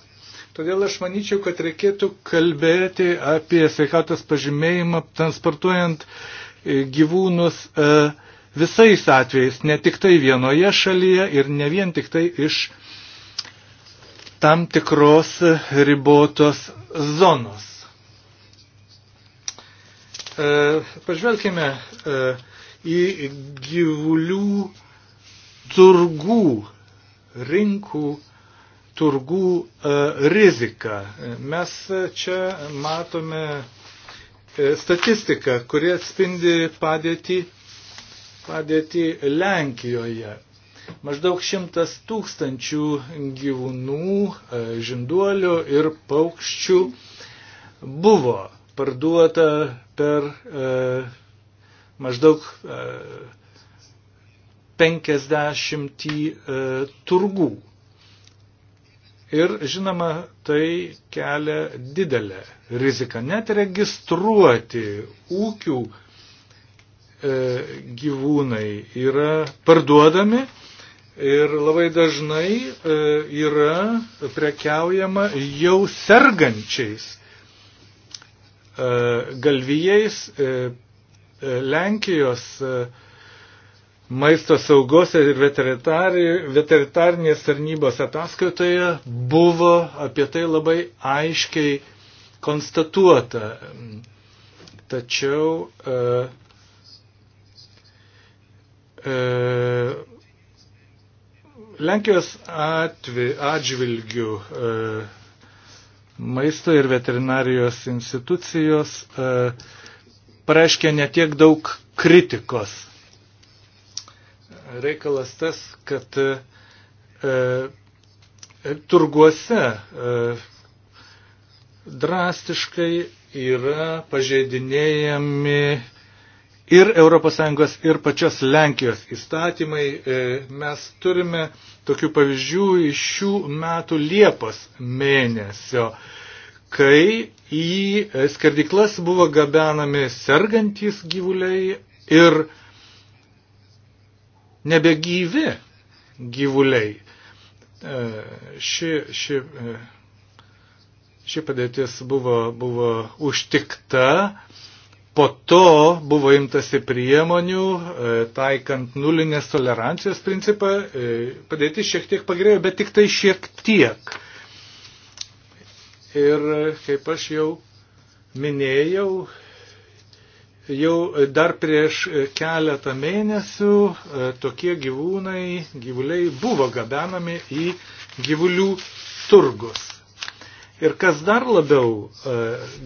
Todėl aš manyčiau, kad reikėtų kalbėti apie sveikatos pažymėjimą transportuojant e, gyvūnus e, visais atvejais, ne tik tai vienoje šalyje ir ne vien tik tai iš tam tikros ribotos zonos. E, pažvelkime e, į gyvulių turgų, rinkų turgų e, riziką. Mes čia matome statistiką, kurie atspindi padėtį, padėtį Lenkijoje. Maždaug šimtas tūkstančių gyvūnų, e, žinduolių ir paukščių buvo parduota per e, maždaug e, 50 e, turgų. Ir žinoma, tai kelia didelę riziką. Net registruoti ūkių e, gyvūnai yra parduodami Ir labai dažnai e, yra prekiaujama jau sergančiais e, galvijais e, Lenkijos maisto saugos ir veterinarinės tarnybos ataskaitoje buvo apie tai labai aiškiai konstatuota. Tačiau e, e, Lenkijos atvi, atžvilgių e, maisto ir veterinarijos institucijos e, pareiškė netiek daug kritikos. Reikalas tas, kad e, e turguose e, drastiškai yra pažeidinėjami e, ir ES, ir pačios Lenkijos įstatymai. E, mes turime tokių pavyzdžių iš šių metų Liepos mėnesio, kai į skerdiklas buvo gabenami sergantys gyvuliai ir nebegyvi gyvuliai. E, ši, ši, e, ši padėtis buvo, buvo užtikta Po to buvo imtasi priemonių, e, taikant nulinės tolerancijos principą, e, padėti šiek tiek pagerėjo, bet tik tai šiek tiek. Ir e, kaip aš jau minėjau, jau dar prieš keletą mėnesių tokie gyvūnai, gyvuliai buvo gabenami į gyvulių turgus. Ir kas dar labiau e,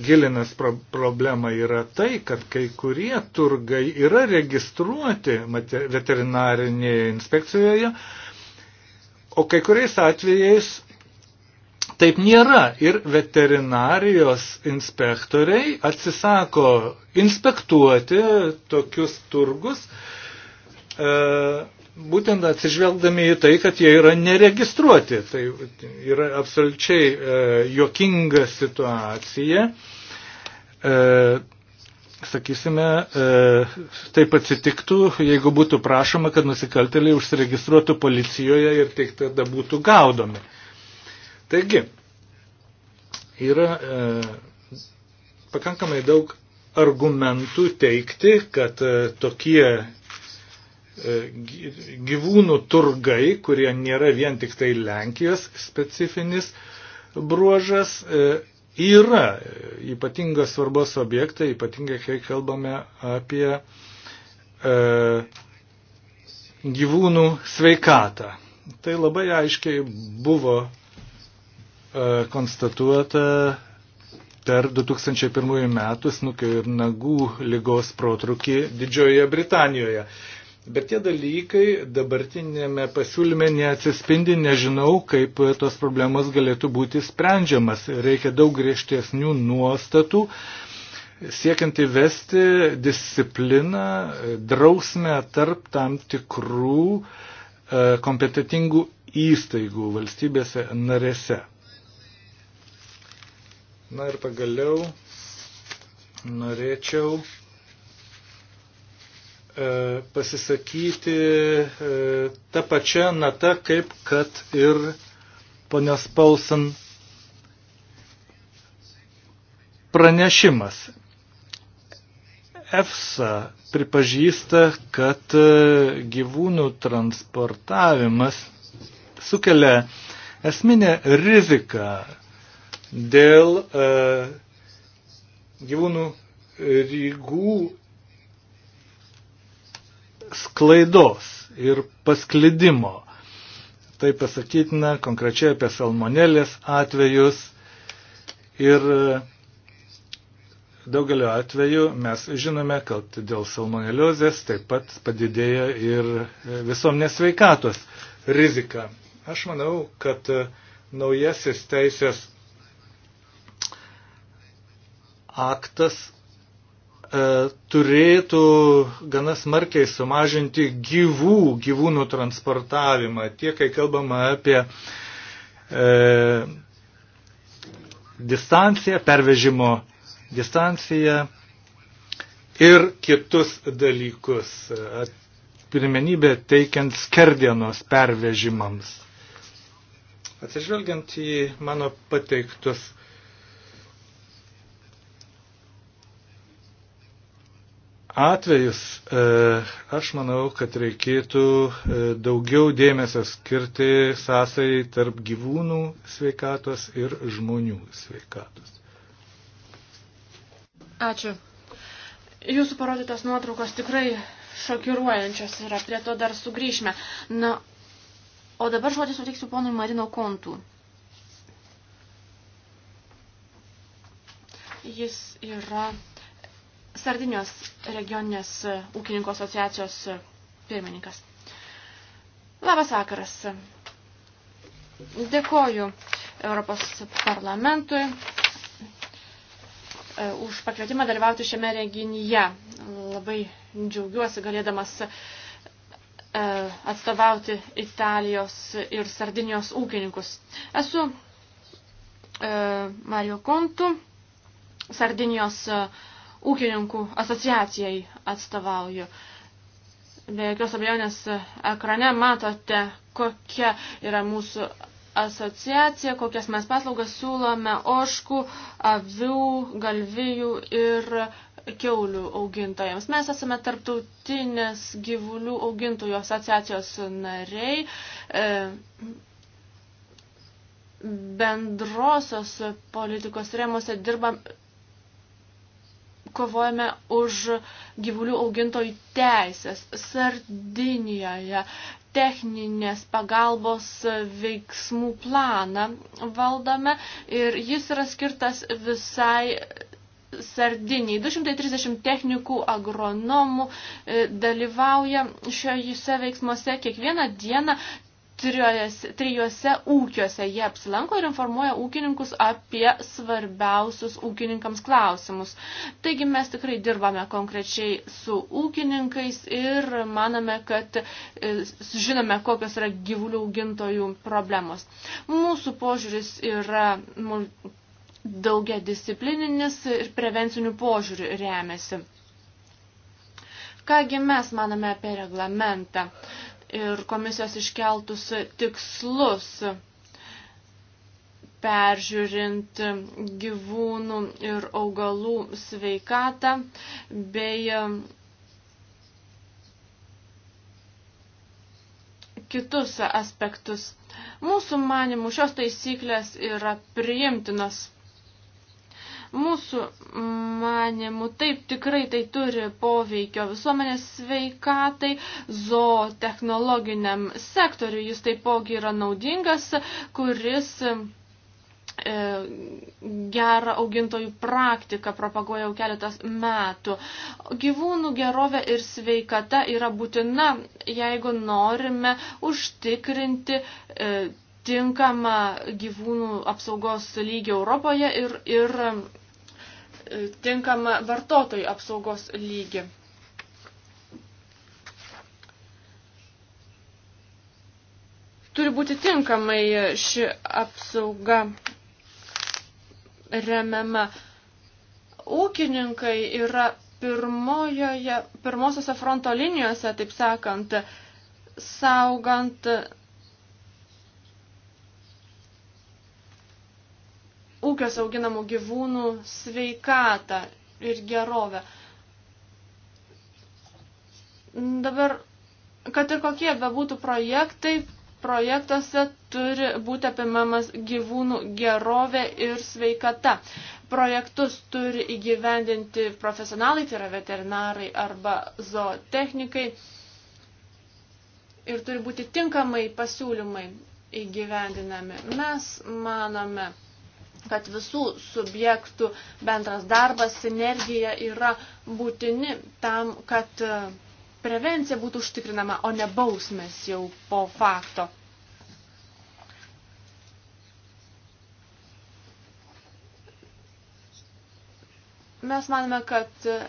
gilinas pro problemą yra tai, kad kai kurie turgai yra registruoti veterinarinėje inspekcijoje, o kai kuriais atvejais taip nėra. Ir veterinarijos inspektoriai atsisako inspektuoti tokius turgus. E, būtent atsižvelgdami į tai, kad jie yra neregistruoti. Tai yra absoliučiai e, jokinga situacija. E, sakysime, e, taip atsitiktų, jeigu būtų prašoma, kad nusikaltėliai užsiregistruotų policijoje ir tik tada būtų gaudomi. Taigi, yra e, pakankamai daug argumentų teikti, kad e, tokie E, gyvūnų turgai, kurie nėra vien tik tai Lenkijos specifinis bruožas, e, yra ypatingos svarbos objektai, ypatingai kai kalbame apie e, gyvūnų sveikatą. Tai labai aiškiai buvo konstatuota per 2001 metų snukio ir nagų lygos protrukį Didžiojoje Britanijoje. Bet tie dalykai dabartinėme pasiūlyme neatsispindi, nežinau, kaip tos problemos galėtų būti sprendžiamas. Reikia daug griežtesnių nuostatų, siekiant įvesti discipliną, drausmę tarp tam tikrų e, kompetitingų įstaigų valstybėse narėse. Na ir pagaliau norėčiau E, pasisakyti e, tą pačią natą, kaip kad ir ponios Paulson pranešimas. EFSA pripažįsta, kad e, gyvūnų transportavimas sukelia esminę riziką dėl gyvūnų rygų sklaidos ir pasklidimo. Tai pasakytina konkrečiai apie salmonelės atvejus ir e, daugeliu atveju mes žinome, kad dėl salmoneliozės taip pat padidėja ir e, visuomenės sveikatos rizika. Aš manau, kad e, naujasis teisės aktas E, turėtų gana smarkiai sumažinti gyvų gyvūnų transportavimą, tiek kai kalbama apie e, distanciją, pervežimo distanciją ir kitus dalykus, pirmenybė teikiant skerdienos pervežimams. Atsižvelgiant į mano pateiktus atvejis, e, aš manau, kad reikėtų e, daugiau dėmesio skirti sąsai tarp gyvūnų sveikatos ir žmonių sveikatos. Ačiū. Jūsų parodytos nuotraukos tikrai šokiruojančios yra, prie to dar sugrįžime. Na, o dabar žodį suteiksiu ponui Marino Kontų. Jis yra Sardinijos regioninės e, ūkininkų asociacijos e, pirmininkas. Labas vakaras. Dėkoju Europos parlamentui e, už pakvietimą dalyvauti šiame renginyje. Labai džiaugiuosi galėdamas atstovauti Italijos ir Sardinijos ūkininkus. Esu Mario Kontu, Sardinijos ūkininkas ūkininkų asociacijai atstovauju. Be jokios abejonės ekrane matote, kokia yra mūsų asociacija, kokias mes paslaugas siūlome oškų, avių, galvijų ir keulių augintojams. Mes esame tarptautinės gyvulių augintojų asociacijos nariai. E, bendrosios politikos rėmose dirbam kovojame už gyvulių augintojų teisės. Sardinijoje techninės pagalbos veiksmų planą valdome ir jis yra skirtas visai Sardiniai. 230 technikų, agronomų e, dalyvauja šiuose veiksmuose. Kiekvieną dieną trijuose, trijuose ūkiuose jie apsilanko ir informuoja ūkininkus apie svarbiausius ūkininkams klausimus. Taigi mes tikrai dirbame konkrečiai su ūkininkais ir manome, kad e, žinome, kokios yra gyvulių augintojų problemos. Mūsų požiūris yra daugia disciplininis ir prevencinių požiūrių remiasi. Kągi mes manome apie reglamentą? ir komisijos iškeltus tikslus peržiūrint gyvūnų ir augalų sveikatą bei e, kitus aspektus. Mūsų manimų šios taisyklės yra priimtinos Mūsų manimų taip tikrai tai turi poveikio visuomenės sveikatai, zootechnologiniam sektoriui. Jis taipogi yra naudingas, kuris e, gerą augintojų praktiką propaguoja jau keletas metų. Gyvūnų gerovė ir sveikata yra būtina, jeigu norime užtikrinti e, tinkamą gyvūnų apsaugos lygį Europoje ir, ir tinkamą vartotojų apsaugos lygį. Turi būti tinkamai ši apsauga remiama. Ūkininkai yra pirmojoje, pirmosiose fronto linijose, taip sakant, saugant ūkiuose auginamų gyvūnų sveikatą ir gerovę. Dabar, kad ir kokie bebūtų projektai, projektuose turi būti apimamas gyvūnų gerovė ir sveikata. Projektus turi įgyvendinti profesionalai, tai yra veterinarai arba zootechnikai. Ir turi būti tinkamai pasiūlymai įgyvendinami. Mes manome, kad visų subjektų bendras darbas, sinergija yra būtini tam, kad e, prevencija būtų užtikrinama, o ne bausmės jau po fakto. Mes manome, kad e,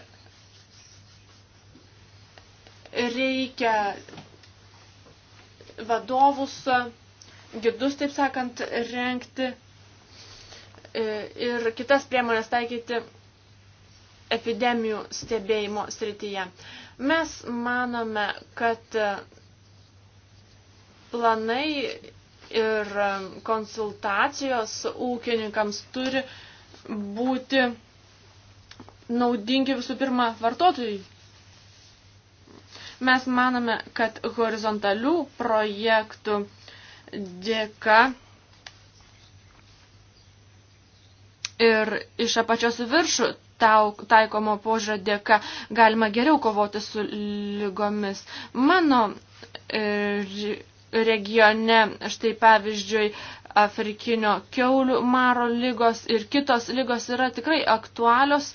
reikia vadovus, gidus, taip sakant, renkti E, ir kitas priemonės taikyti epidemijų stebėjimo srityje. Mes manome, kad e, planai ir konsultacijos ūkininkams turi būti naudingi visų pirma vartotojai. Mes manome, kad horizontalių projektų dėka ir iš apačios viršų tau, taikomo požiūrio dėka galima geriau kovoti su lygomis. Mano e, regione, štai pavyzdžiui, afrikinio keulių maro lygos ir kitos lygos yra tikrai aktualios.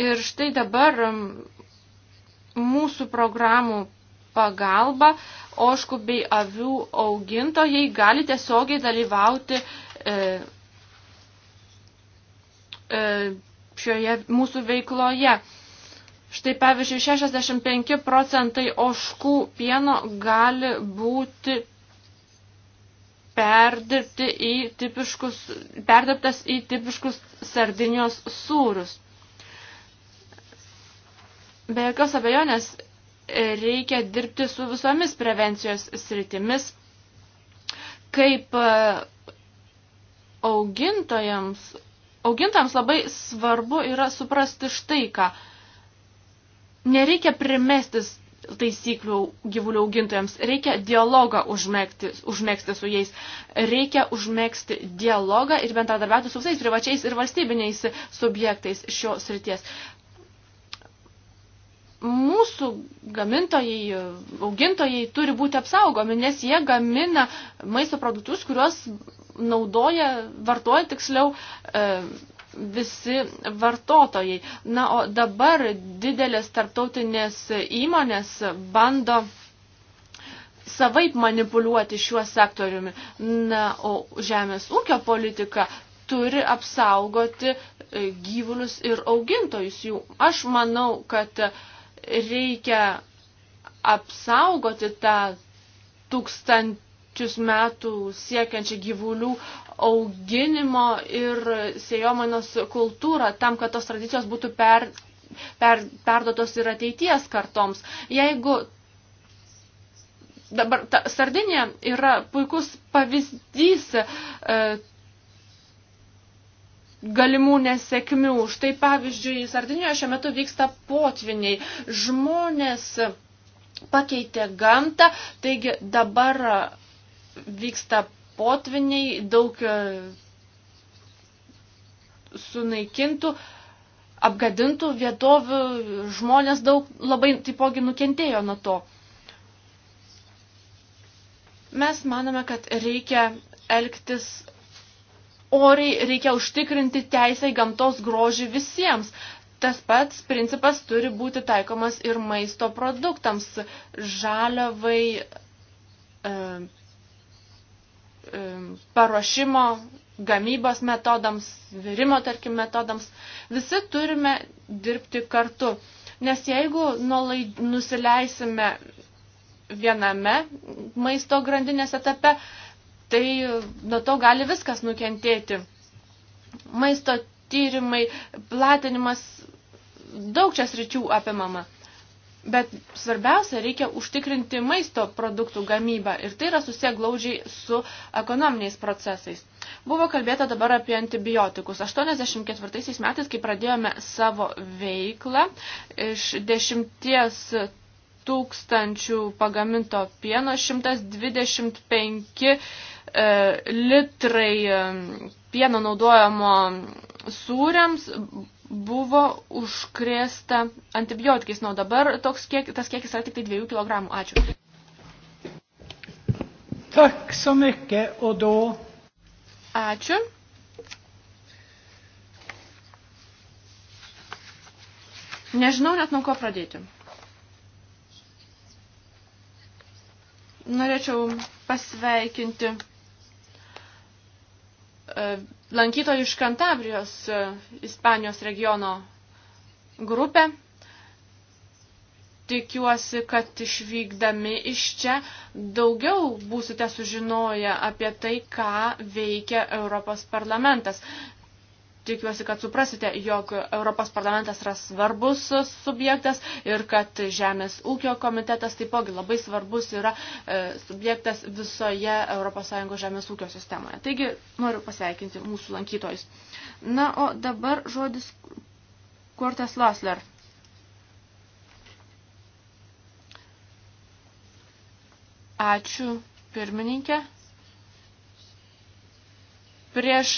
Ir štai dabar mūsų programų pagalba oškų bei avių augintojai gali tiesiogiai dalyvauti e, e, šioje mūsų veikloje. Štai pavyzdžiui, 65 procentai oškų pieno gali būti perdirbti į tipiškus, perdirbtas į tipiškus sardinios sūrus. Be jokios abejonės reikia dirbti su visomis prevencijos sritimis, kaip e, augintojams, augintams labai svarbu yra suprasti štai ką. Nereikia primestis taisyklių gyvulių augintojams. Reikia dialogą užmėgti, užmėgsti su jais. Reikia užmėgsti dialogą ir bendradarbiauti su visais privačiais ir valstybiniais subjektais šio srities mūsų gamintojai, augintojai turi būti apsaugomi, nes jie gamina maisto produktus, kuriuos naudoja, vartoja tiksliau e, visi vartotojai. Na, o dabar didelės tarptautinės įmonės bando savaip manipuliuoti šiuo sektoriumi. Na, o žemės ūkio politika turi apsaugoti e, gyvulius ir augintojus jų. Aš manau, kad uh, reikia apsaugoti tą tūkstančius metų siekiančią gyvulių auginimo ir sėjomainos kultūrą, tam, kad tos tradicijos būtų per, per, perdotos ir ateities kartoms. Jeigu dabar ta, Sardinija yra puikus pavyzdys e, galimų nesėkmių. Štai pavyzdžiui, Sardinijoje šiuo metu vyksta potviniai. Žmonės pakeitė gamtą, taigi dabar vyksta potviniai, daug e, sunaikintų, apgadintų vietovių, žmonės daug labai taipogi nukentėjo nuo to. Mes manome, kad reikia elgtis oriai reikia užtikrinti teisę į gamtos grožį visiems. Tas pats principas turi būti taikomas ir maisto produktams, žaliavai, e, e, paruošimo, gamybos metodams, virimo, tarkim, metodams. Visi turime dirbti kartu, nes jeigu nulai, nusileisime viename maisto grandinės etape, tai nuo to gali viskas nukentėti. Maisto tyrimai, platinimas, daug čia sričių apimama. Bet svarbiausia, reikia užtikrinti maisto produktų gamybą ir tai yra susiję glaudžiai su ekonominiais procesais. Buvo kalbėta dabar apie antibiotikus. 84 metais, kai pradėjome savo veiklą, iš dešimties tūkstančių pagaminto pieno, 125 e, litrai e, pieno naudojamo sūriams buvo užkrėsta antibiotikais. Na, dabar toks kiek, tas kiekis yra tik tai 2 kg. Ačiū. Tak så mycket och då... Ačiū. Nežinau net nuo ko pradėti. Norėčiau pasveikinti e, lankytojų iš Kantabrijos, e, Ispanijos regiono grupę. Tikiuosi, kad išvykdami iš čia daugiau būsite sužinoję apie tai, ką veikia Europos parlamentas tikiuosi, kad suprasite, jog Europos parlamentas yra svarbus subjektas ir kad Žemės ūkio komitetas taipogi labai svarbus yra e, subjektas visoje ES Žemės ūkio sistemoje. Taigi noriu pasveikinti mūsų lankytojus. Na, o dabar žodis Kortas Lasler. Ačiū, pirmininkė. Prieš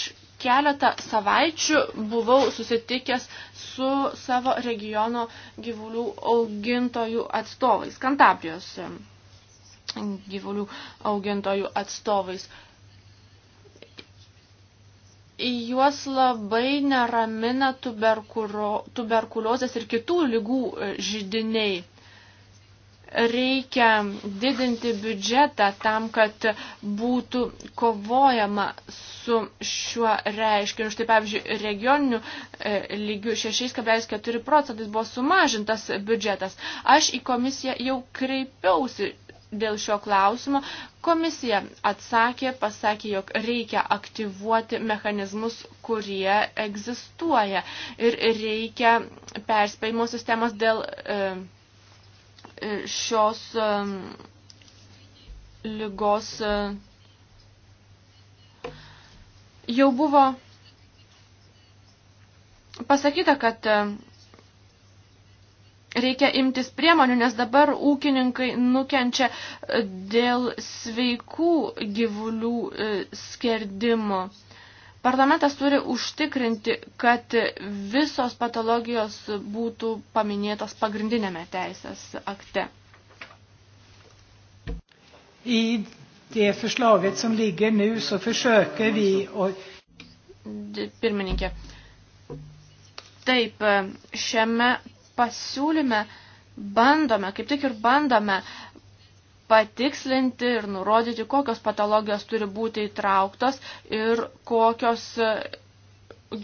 keletą savaičių buvau susitikęs su savo regiono gyvulių augintojų atstovais, Kantabrijos gyvulių augintojų atstovais. Juos labai neramina tuberkulo, tuberkuliozės ir kitų lygų e, žydiniai reikia didinti biudžetą tam, kad būtų kovojama su šiuo reiškiniu. Štai pavyzdžiui, regioninių e, lygių 6,4 procentais buvo sumažintas biudžetas. Aš į komisiją jau kreipiausi dėl šio klausimo. Komisija atsakė, pasakė, jog reikia aktyvuoti mechanizmus, kurie egzistuoja ir reikia perspėjimo sistemos dėl e, šios lygos e, jau buvo pasakyta, kad e, reikia imtis priemonių, nes dabar ūkininkai nukenčia e, dėl sveikų gyvulių skerdimo. Parlamentas turi užtikrinti, kad visos patologijos būtų paminėtos pagrindinėme teisės akte. I det förslaget som ligger nu så försöker vi och... Pirmininkė. Taip, šiame pasiūlyme bandome, kaip tik ir bandome uh, patikslinti ir nurodyti, kokios patologijos turi būti įtrauktos ir kokios e,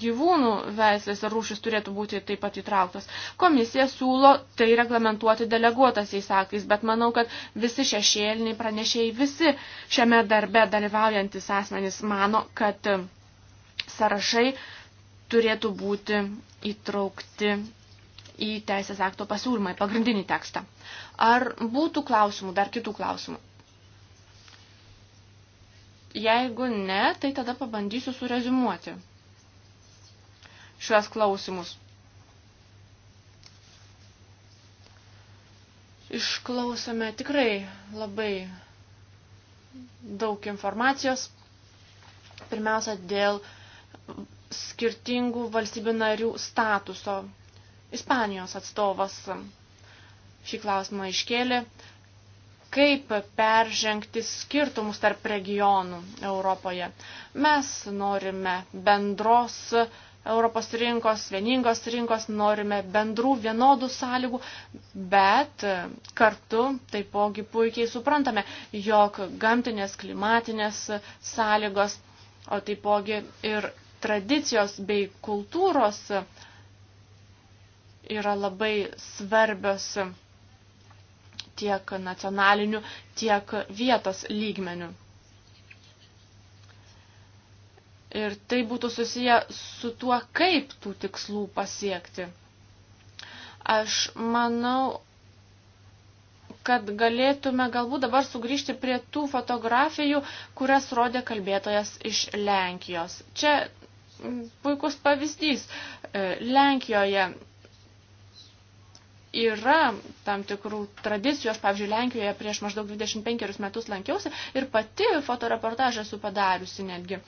gyvūnų veislės ar rūšis turėtų būti taip pat įtrauktos. Komisija siūlo tai reglamentuoti deleguotasiais aktais, bet manau, kad visi šešėliniai pranešėjai, visi šiame darbe dalyvaujantis asmenys mano, kad e, sąrašai turėtų būti įtraukti į teisės akto pasiūlymą, į pagrindinį tekstą. Ar būtų klausimų, dar kitų klausimų? Jeigu ne, tai tada pabandysiu surezimuoti šiuos klausimus. Išklausome tikrai labai daug informacijos. Pirmiausia, dėl skirtingų valstybių narių statuso Ispanijos atstovas šį klausimą iškėlė, kaip peržengti skirtumus tarp regionų Europoje. Mes norime bendros Europos rinkos, vieningos rinkos, norime bendrų vienodų sąlygų, bet kartu taipogi puikiai suprantame, jog gamtinės, klimatinės sąlygos, o taipogi ir tradicijos bei kultūros yra labai svarbios tiek nacionaliniu, tiek vietos lygmeniu. Ir tai būtų susiję su tuo, kaip tų tikslų pasiekti. Aš manau, kad galėtume galbūt dabar sugrįžti prie tų fotografijų, kurias rodė kalbėtojas iš Lenkijos. Čia puikus pavyzdys. Lenkijoje yra tam tikrų tradicijų. Aš, pavyzdžiui, Lenkijoje prieš maždaug 25 metus lankiausi ir pati fotoreportažą esu padariusi netgi.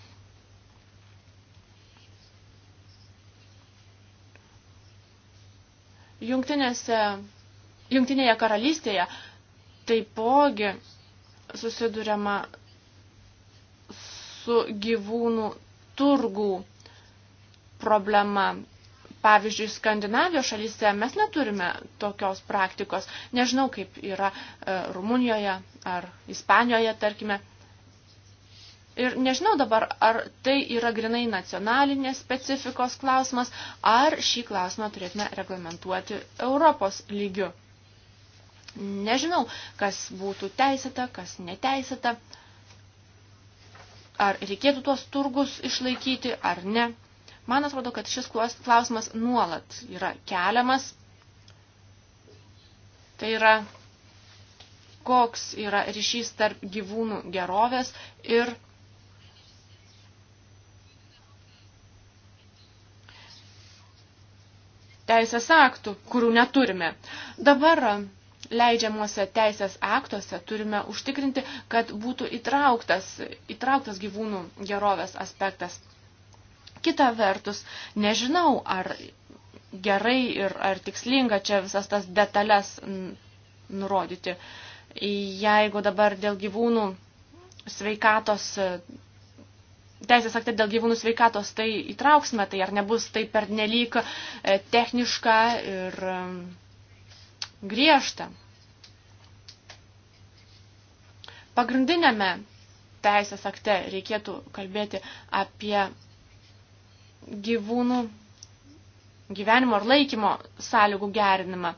Jungtinėse, jungtinėje karalystėje taipogi susiduriama su gyvūnų turgų problema Pavyzdžiui, Skandinavijos šalyse mes neturime tokios praktikos. Nežinau, kaip yra e, Rumunijoje ar Ispanijoje, tarkime. Ir nežinau dabar, ar tai yra grinai nacionalinės specifikos klausimas, ar šį klausimą turėtume reglamentuoti Europos lygiu. Nežinau, kas būtų teisėta, kas neteisėta, ar reikėtų tuos turgus išlaikyti, ar ne. Man atrodo, kad šis klausimas nuolat yra keliamas. Tai yra, koks yra ryšys tarp gyvūnų gerovės ir teisės aktų, kurių neturime. Dabar leidžiamuose teisės aktuose turime užtikrinti, kad būtų įtrauktas, įtrauktas gyvūnų gerovės aspektas Kita vertus, nežinau, ar gerai ir ar tikslinga čia visas tas detalės nurodyti. Jeigu dabar dėl gyvūnų sveikatos, teisės akte dėl gyvūnų sveikatos tai įtrauksime, tai ar nebus tai pernelyg e, techniška ir e, griežta. Pagrindinėme teisės akte reikėtų kalbėti apie gyvūnų gyvenimo ar laikymo sąlygų gerinimą.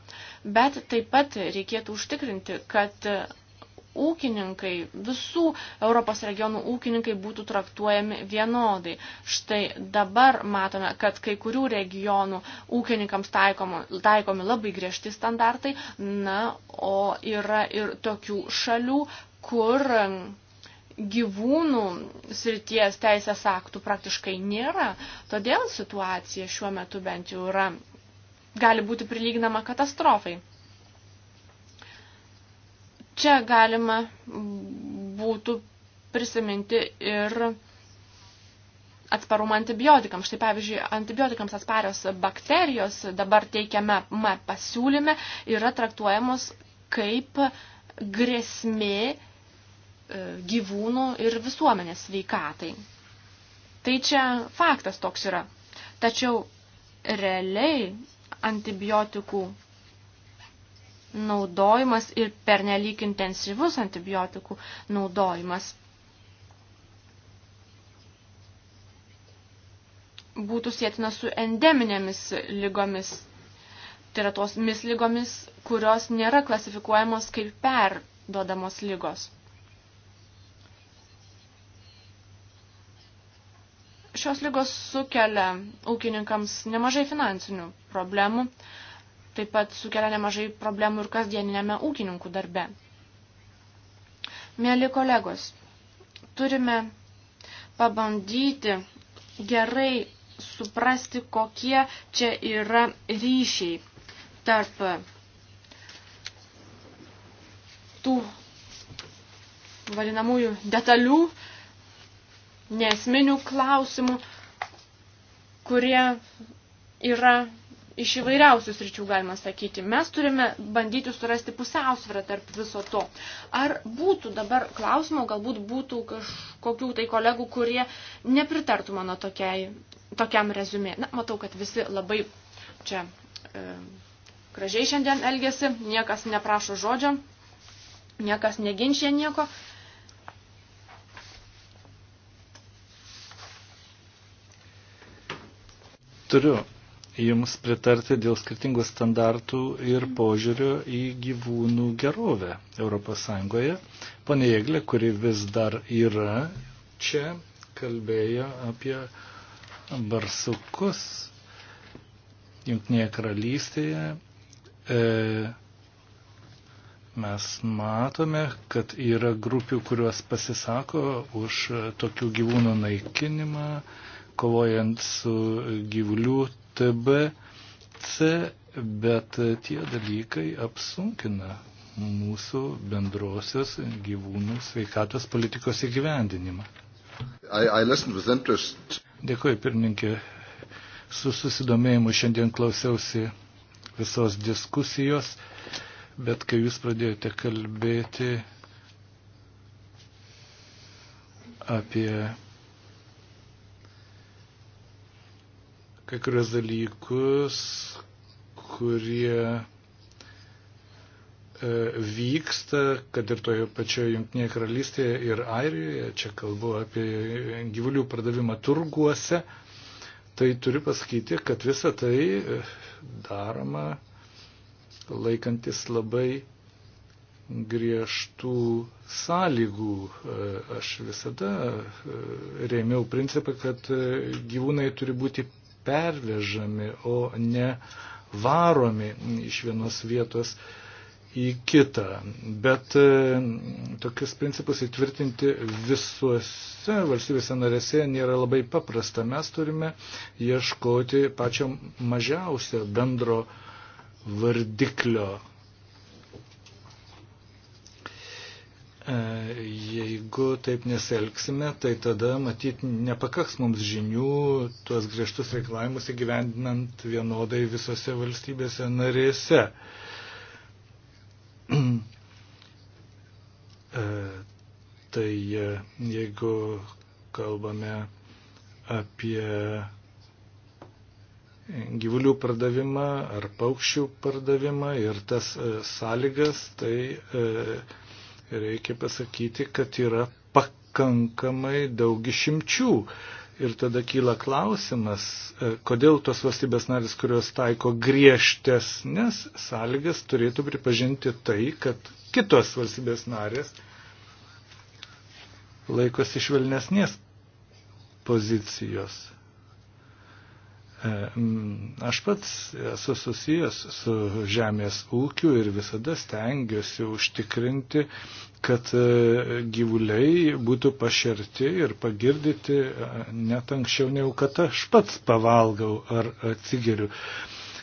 Bet taip pat reikėtų užtikrinti, kad ūkininkai, visų Europos regionų ūkininkai būtų traktuojami vienodai. Štai dabar matome, kad kai kurių regionų ūkininkams taikomi, taikomi labai griežti standartai, na, o yra ir tokių šalių, kur gyvūnų srities teisės aktų praktiškai nėra. Todėl situacija šiuo metu bent jau yra, gali būti prilyginama katastrofai. Čia galima būtų prisiminti ir atsparumą antibiotikams. Štai pavyzdžiui, antibiotikams atsparios bakterijos dabar teikiame pasiūlyme yra traktuojamos kaip grėsmė E, gyvūnų ir visuomenės sveikatai. Tai čia faktas toks yra. Tačiau realiai antibiotikų naudojimas ir pernelyg intensyvus antibiotikų naudojimas būtų sėtina su endeminėmis lygomis. Tai yra tos mislygomis, kurios nėra klasifikuojamos kaip perduodamos lygos. Šios lygos sukelia ūkininkams nemažai finansinių problemų, taip pat sukelia nemažai problemų ir kasdieninėme ūkininkų darbe. Mėly kolegos, turime pabandyti gerai suprasti, kokie čia yra ryšiai tarp tų vadinamųjų detalių nesminių klausimų, kurie yra iš įvairiausių sričių, galima sakyti. Mes turime bandyti surasti pusiausvyrą tarp viso to. Ar būtų dabar klausimo, galbūt būtų kažkokių tai kolegų, kurie nepritartų mano tokiai, tokiam rezumė. Na, matau, kad visi labai čia e, gražiai šiandien elgesi, niekas neprašo žodžio, niekas neginčia nieko. Turiu Jums pritarti dėl skirtingų standartų ir požiūrio į gyvūnų gerovę ES. Pane Jėglė, kuri vis dar yra čia, kalbėjo apie barsukus Junktinėje karalystėje. E, mes matome, kad yra grupių, kurios pasisako už tokių gyvūnų naikinimą. E, kovojant su gyvulių TBC, bet tie dalykai apsunkina mūsų bendrosios gyvūnų sveikatos politikos įgyvendinimą. I, I Dėkuoju, pirmininkė. Su susidomėjimu šiandien klausiausi visos diskusijos, bet kai jūs pradėjote kalbėti apie kai kurios dalykus, kurie e, vyksta, kad ir toje pačioje Junktinėje karalystėje ir Airijoje, čia kalbu apie gyvulių pardavimą turguose, tai turiu pasakyti, kad visa tai e, daroma laikantis labai griežtų sąlygų. E, aš visada rėmiau principą, kad gyvūnai turi būti pervežami, o ne varomi iš vienos vietos į kitą. Bet e, tokius principus įtvirtinti visuose valstybėse narėse nėra labai paprasta. Mes turime ieškoti pačio mažiausio bendro vardiklio E, jeigu taip neselgsime, tai tada matyt nepakaks mums žinių tuos griežtus reikalavimus įgyvendinant vienodai visose valstybėse narėse. E, tai e, jeigu kalbame apie gyvulių pardavimą ar paukščių pardavimą ir tas sąlygas, tai reikia pasakyti, kad yra pakankamai daug išimčių. Ir tada kyla klausimas, e, kodėl tos valstybės narės, kurios taiko griežtesnės sąlygas, turėtų pripažinti tai, kad kitos valstybės narės laikosi švelnesnės pozicijos. E, aš pats esu susijęs su žemės ūkiu ir visada stengiuosi užtikrinti, kad e, gyvuliai būtų pašerti ir pagirdyti e, net anksčiau, negu kad aš pats pavalgau ar atsigeriu.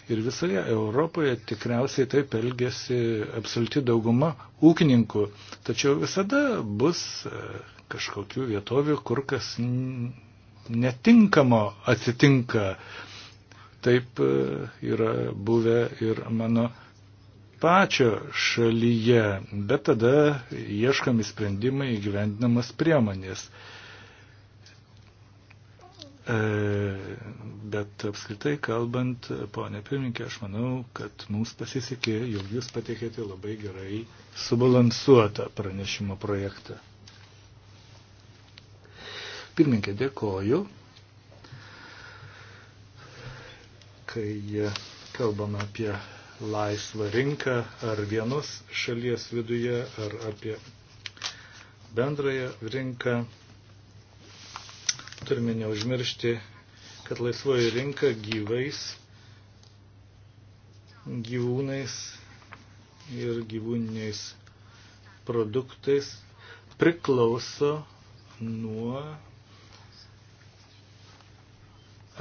Ir visoje Europoje tikriausiai taip elgesi absoliuti dauguma ūkininkų. Tačiau visada bus kažkokių vietovių, kur kas netinkamo atsitinka. Taip e, yra buvę ir mano pačio šalyje, bet tada ieškami sprendimai įgyvendinamas priemonės. E, bet apskritai kalbant, ponė pirmininkė, aš manau, kad mums pasisekė, jog jūs patikėte labai gerai subalansuotą pranešimo projektą. Pirminkė, dėkoju. Kai kalbame apie laisvą rinką ar vienos šalies viduje, ar apie bendrąją rinką, turime neužmiršti, kad laisvoji rinka gyvais gyvūnais ir gyvūniniais produktais priklauso nuo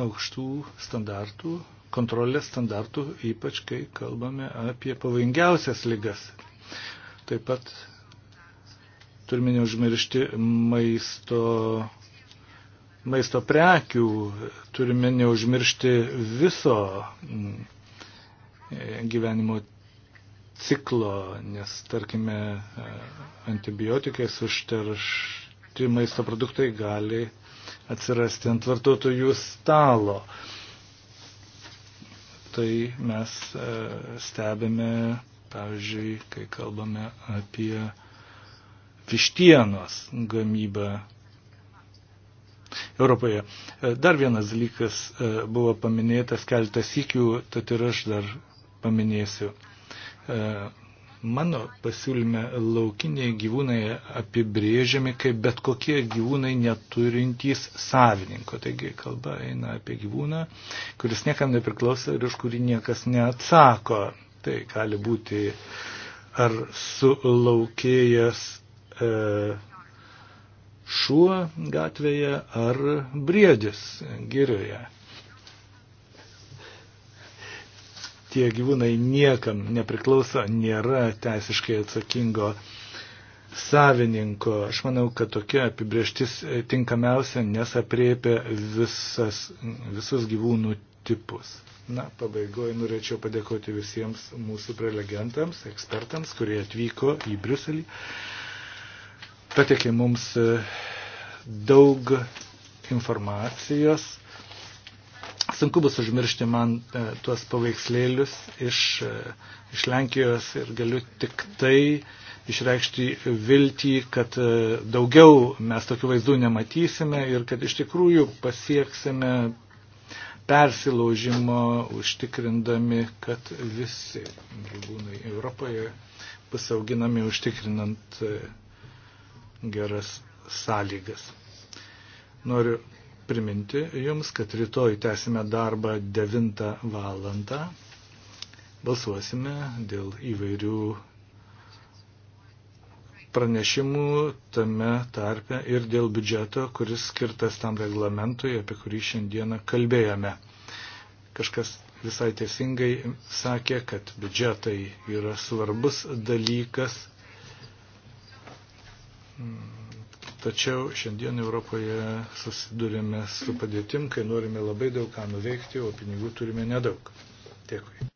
aukštų standartų, kontrolės standartų, ypač kai kalbame apie pavojingiausias lygas. Taip pat turime neužmiršti maisto, maisto prekių, turime neužmiršti viso mm, gyvenimo ciklo, nes tarkime antibiotikais užteršti maisto produktai gali atsirasti ant vartotojų stalo. Tai mes e, stebime, pavyzdžiui, kai kalbame apie vištienos gamybą Europoje. E, dar vienas dalykas e, buvo paminėtas keltas įkių, tad ir aš dar paminėsiu. Mano pasiūlyme laukiniai gyvūnai apibrėžiami kaip bet kokie gyvūnai neturintys savininko. Taigi kalba eina apie gyvūną, kuris niekam nepriklauso ir už kurį niekas neatsako. Tai gali būti ar sulaukėjęs e, šuo gatvėje ar briedis girioje. tie gyvūnai niekam nepriklauso, nėra teisiškai atsakingo savininko. Aš manau, kad tokia apibrieštis e, tinkamiausia, nes apriepia visas, visus gyvūnų tipus. Na, pabaigoje norėčiau padėkoti visiems mūsų prelegentams, ekspertams, kurie atvyko į Briuselį. Patekė mums e, daug informacijos sunku bus užmiršti man e, tuos paveikslėlius iš, e, iš Lenkijos ir galiu tik tai išreikšti viltį, kad e, daugiau mes tokių vaizdų nematysime ir kad iš tikrųjų pasieksime persilaužimo, užtikrindami, kad visi gyvūnai Europoje bus auginami užtikrinant e, geras sąlygas. Noriu priminti Jums, kad rytoj tęsime darbą 9 valandą. Balsuosime dėl įvairių pranešimų tame tarpe ir dėl biudžeto, kuris skirtas tam reglamentui, apie kurį šiandieną kalbėjome. Kažkas visai teisingai sakė, kad biudžetai yra svarbus dalykas. Hmm Tačiau šiandien Europoje susidurime su padėtim, kai norime labai daug ką nuveikti, o pinigų turime nedaug. Dėkui.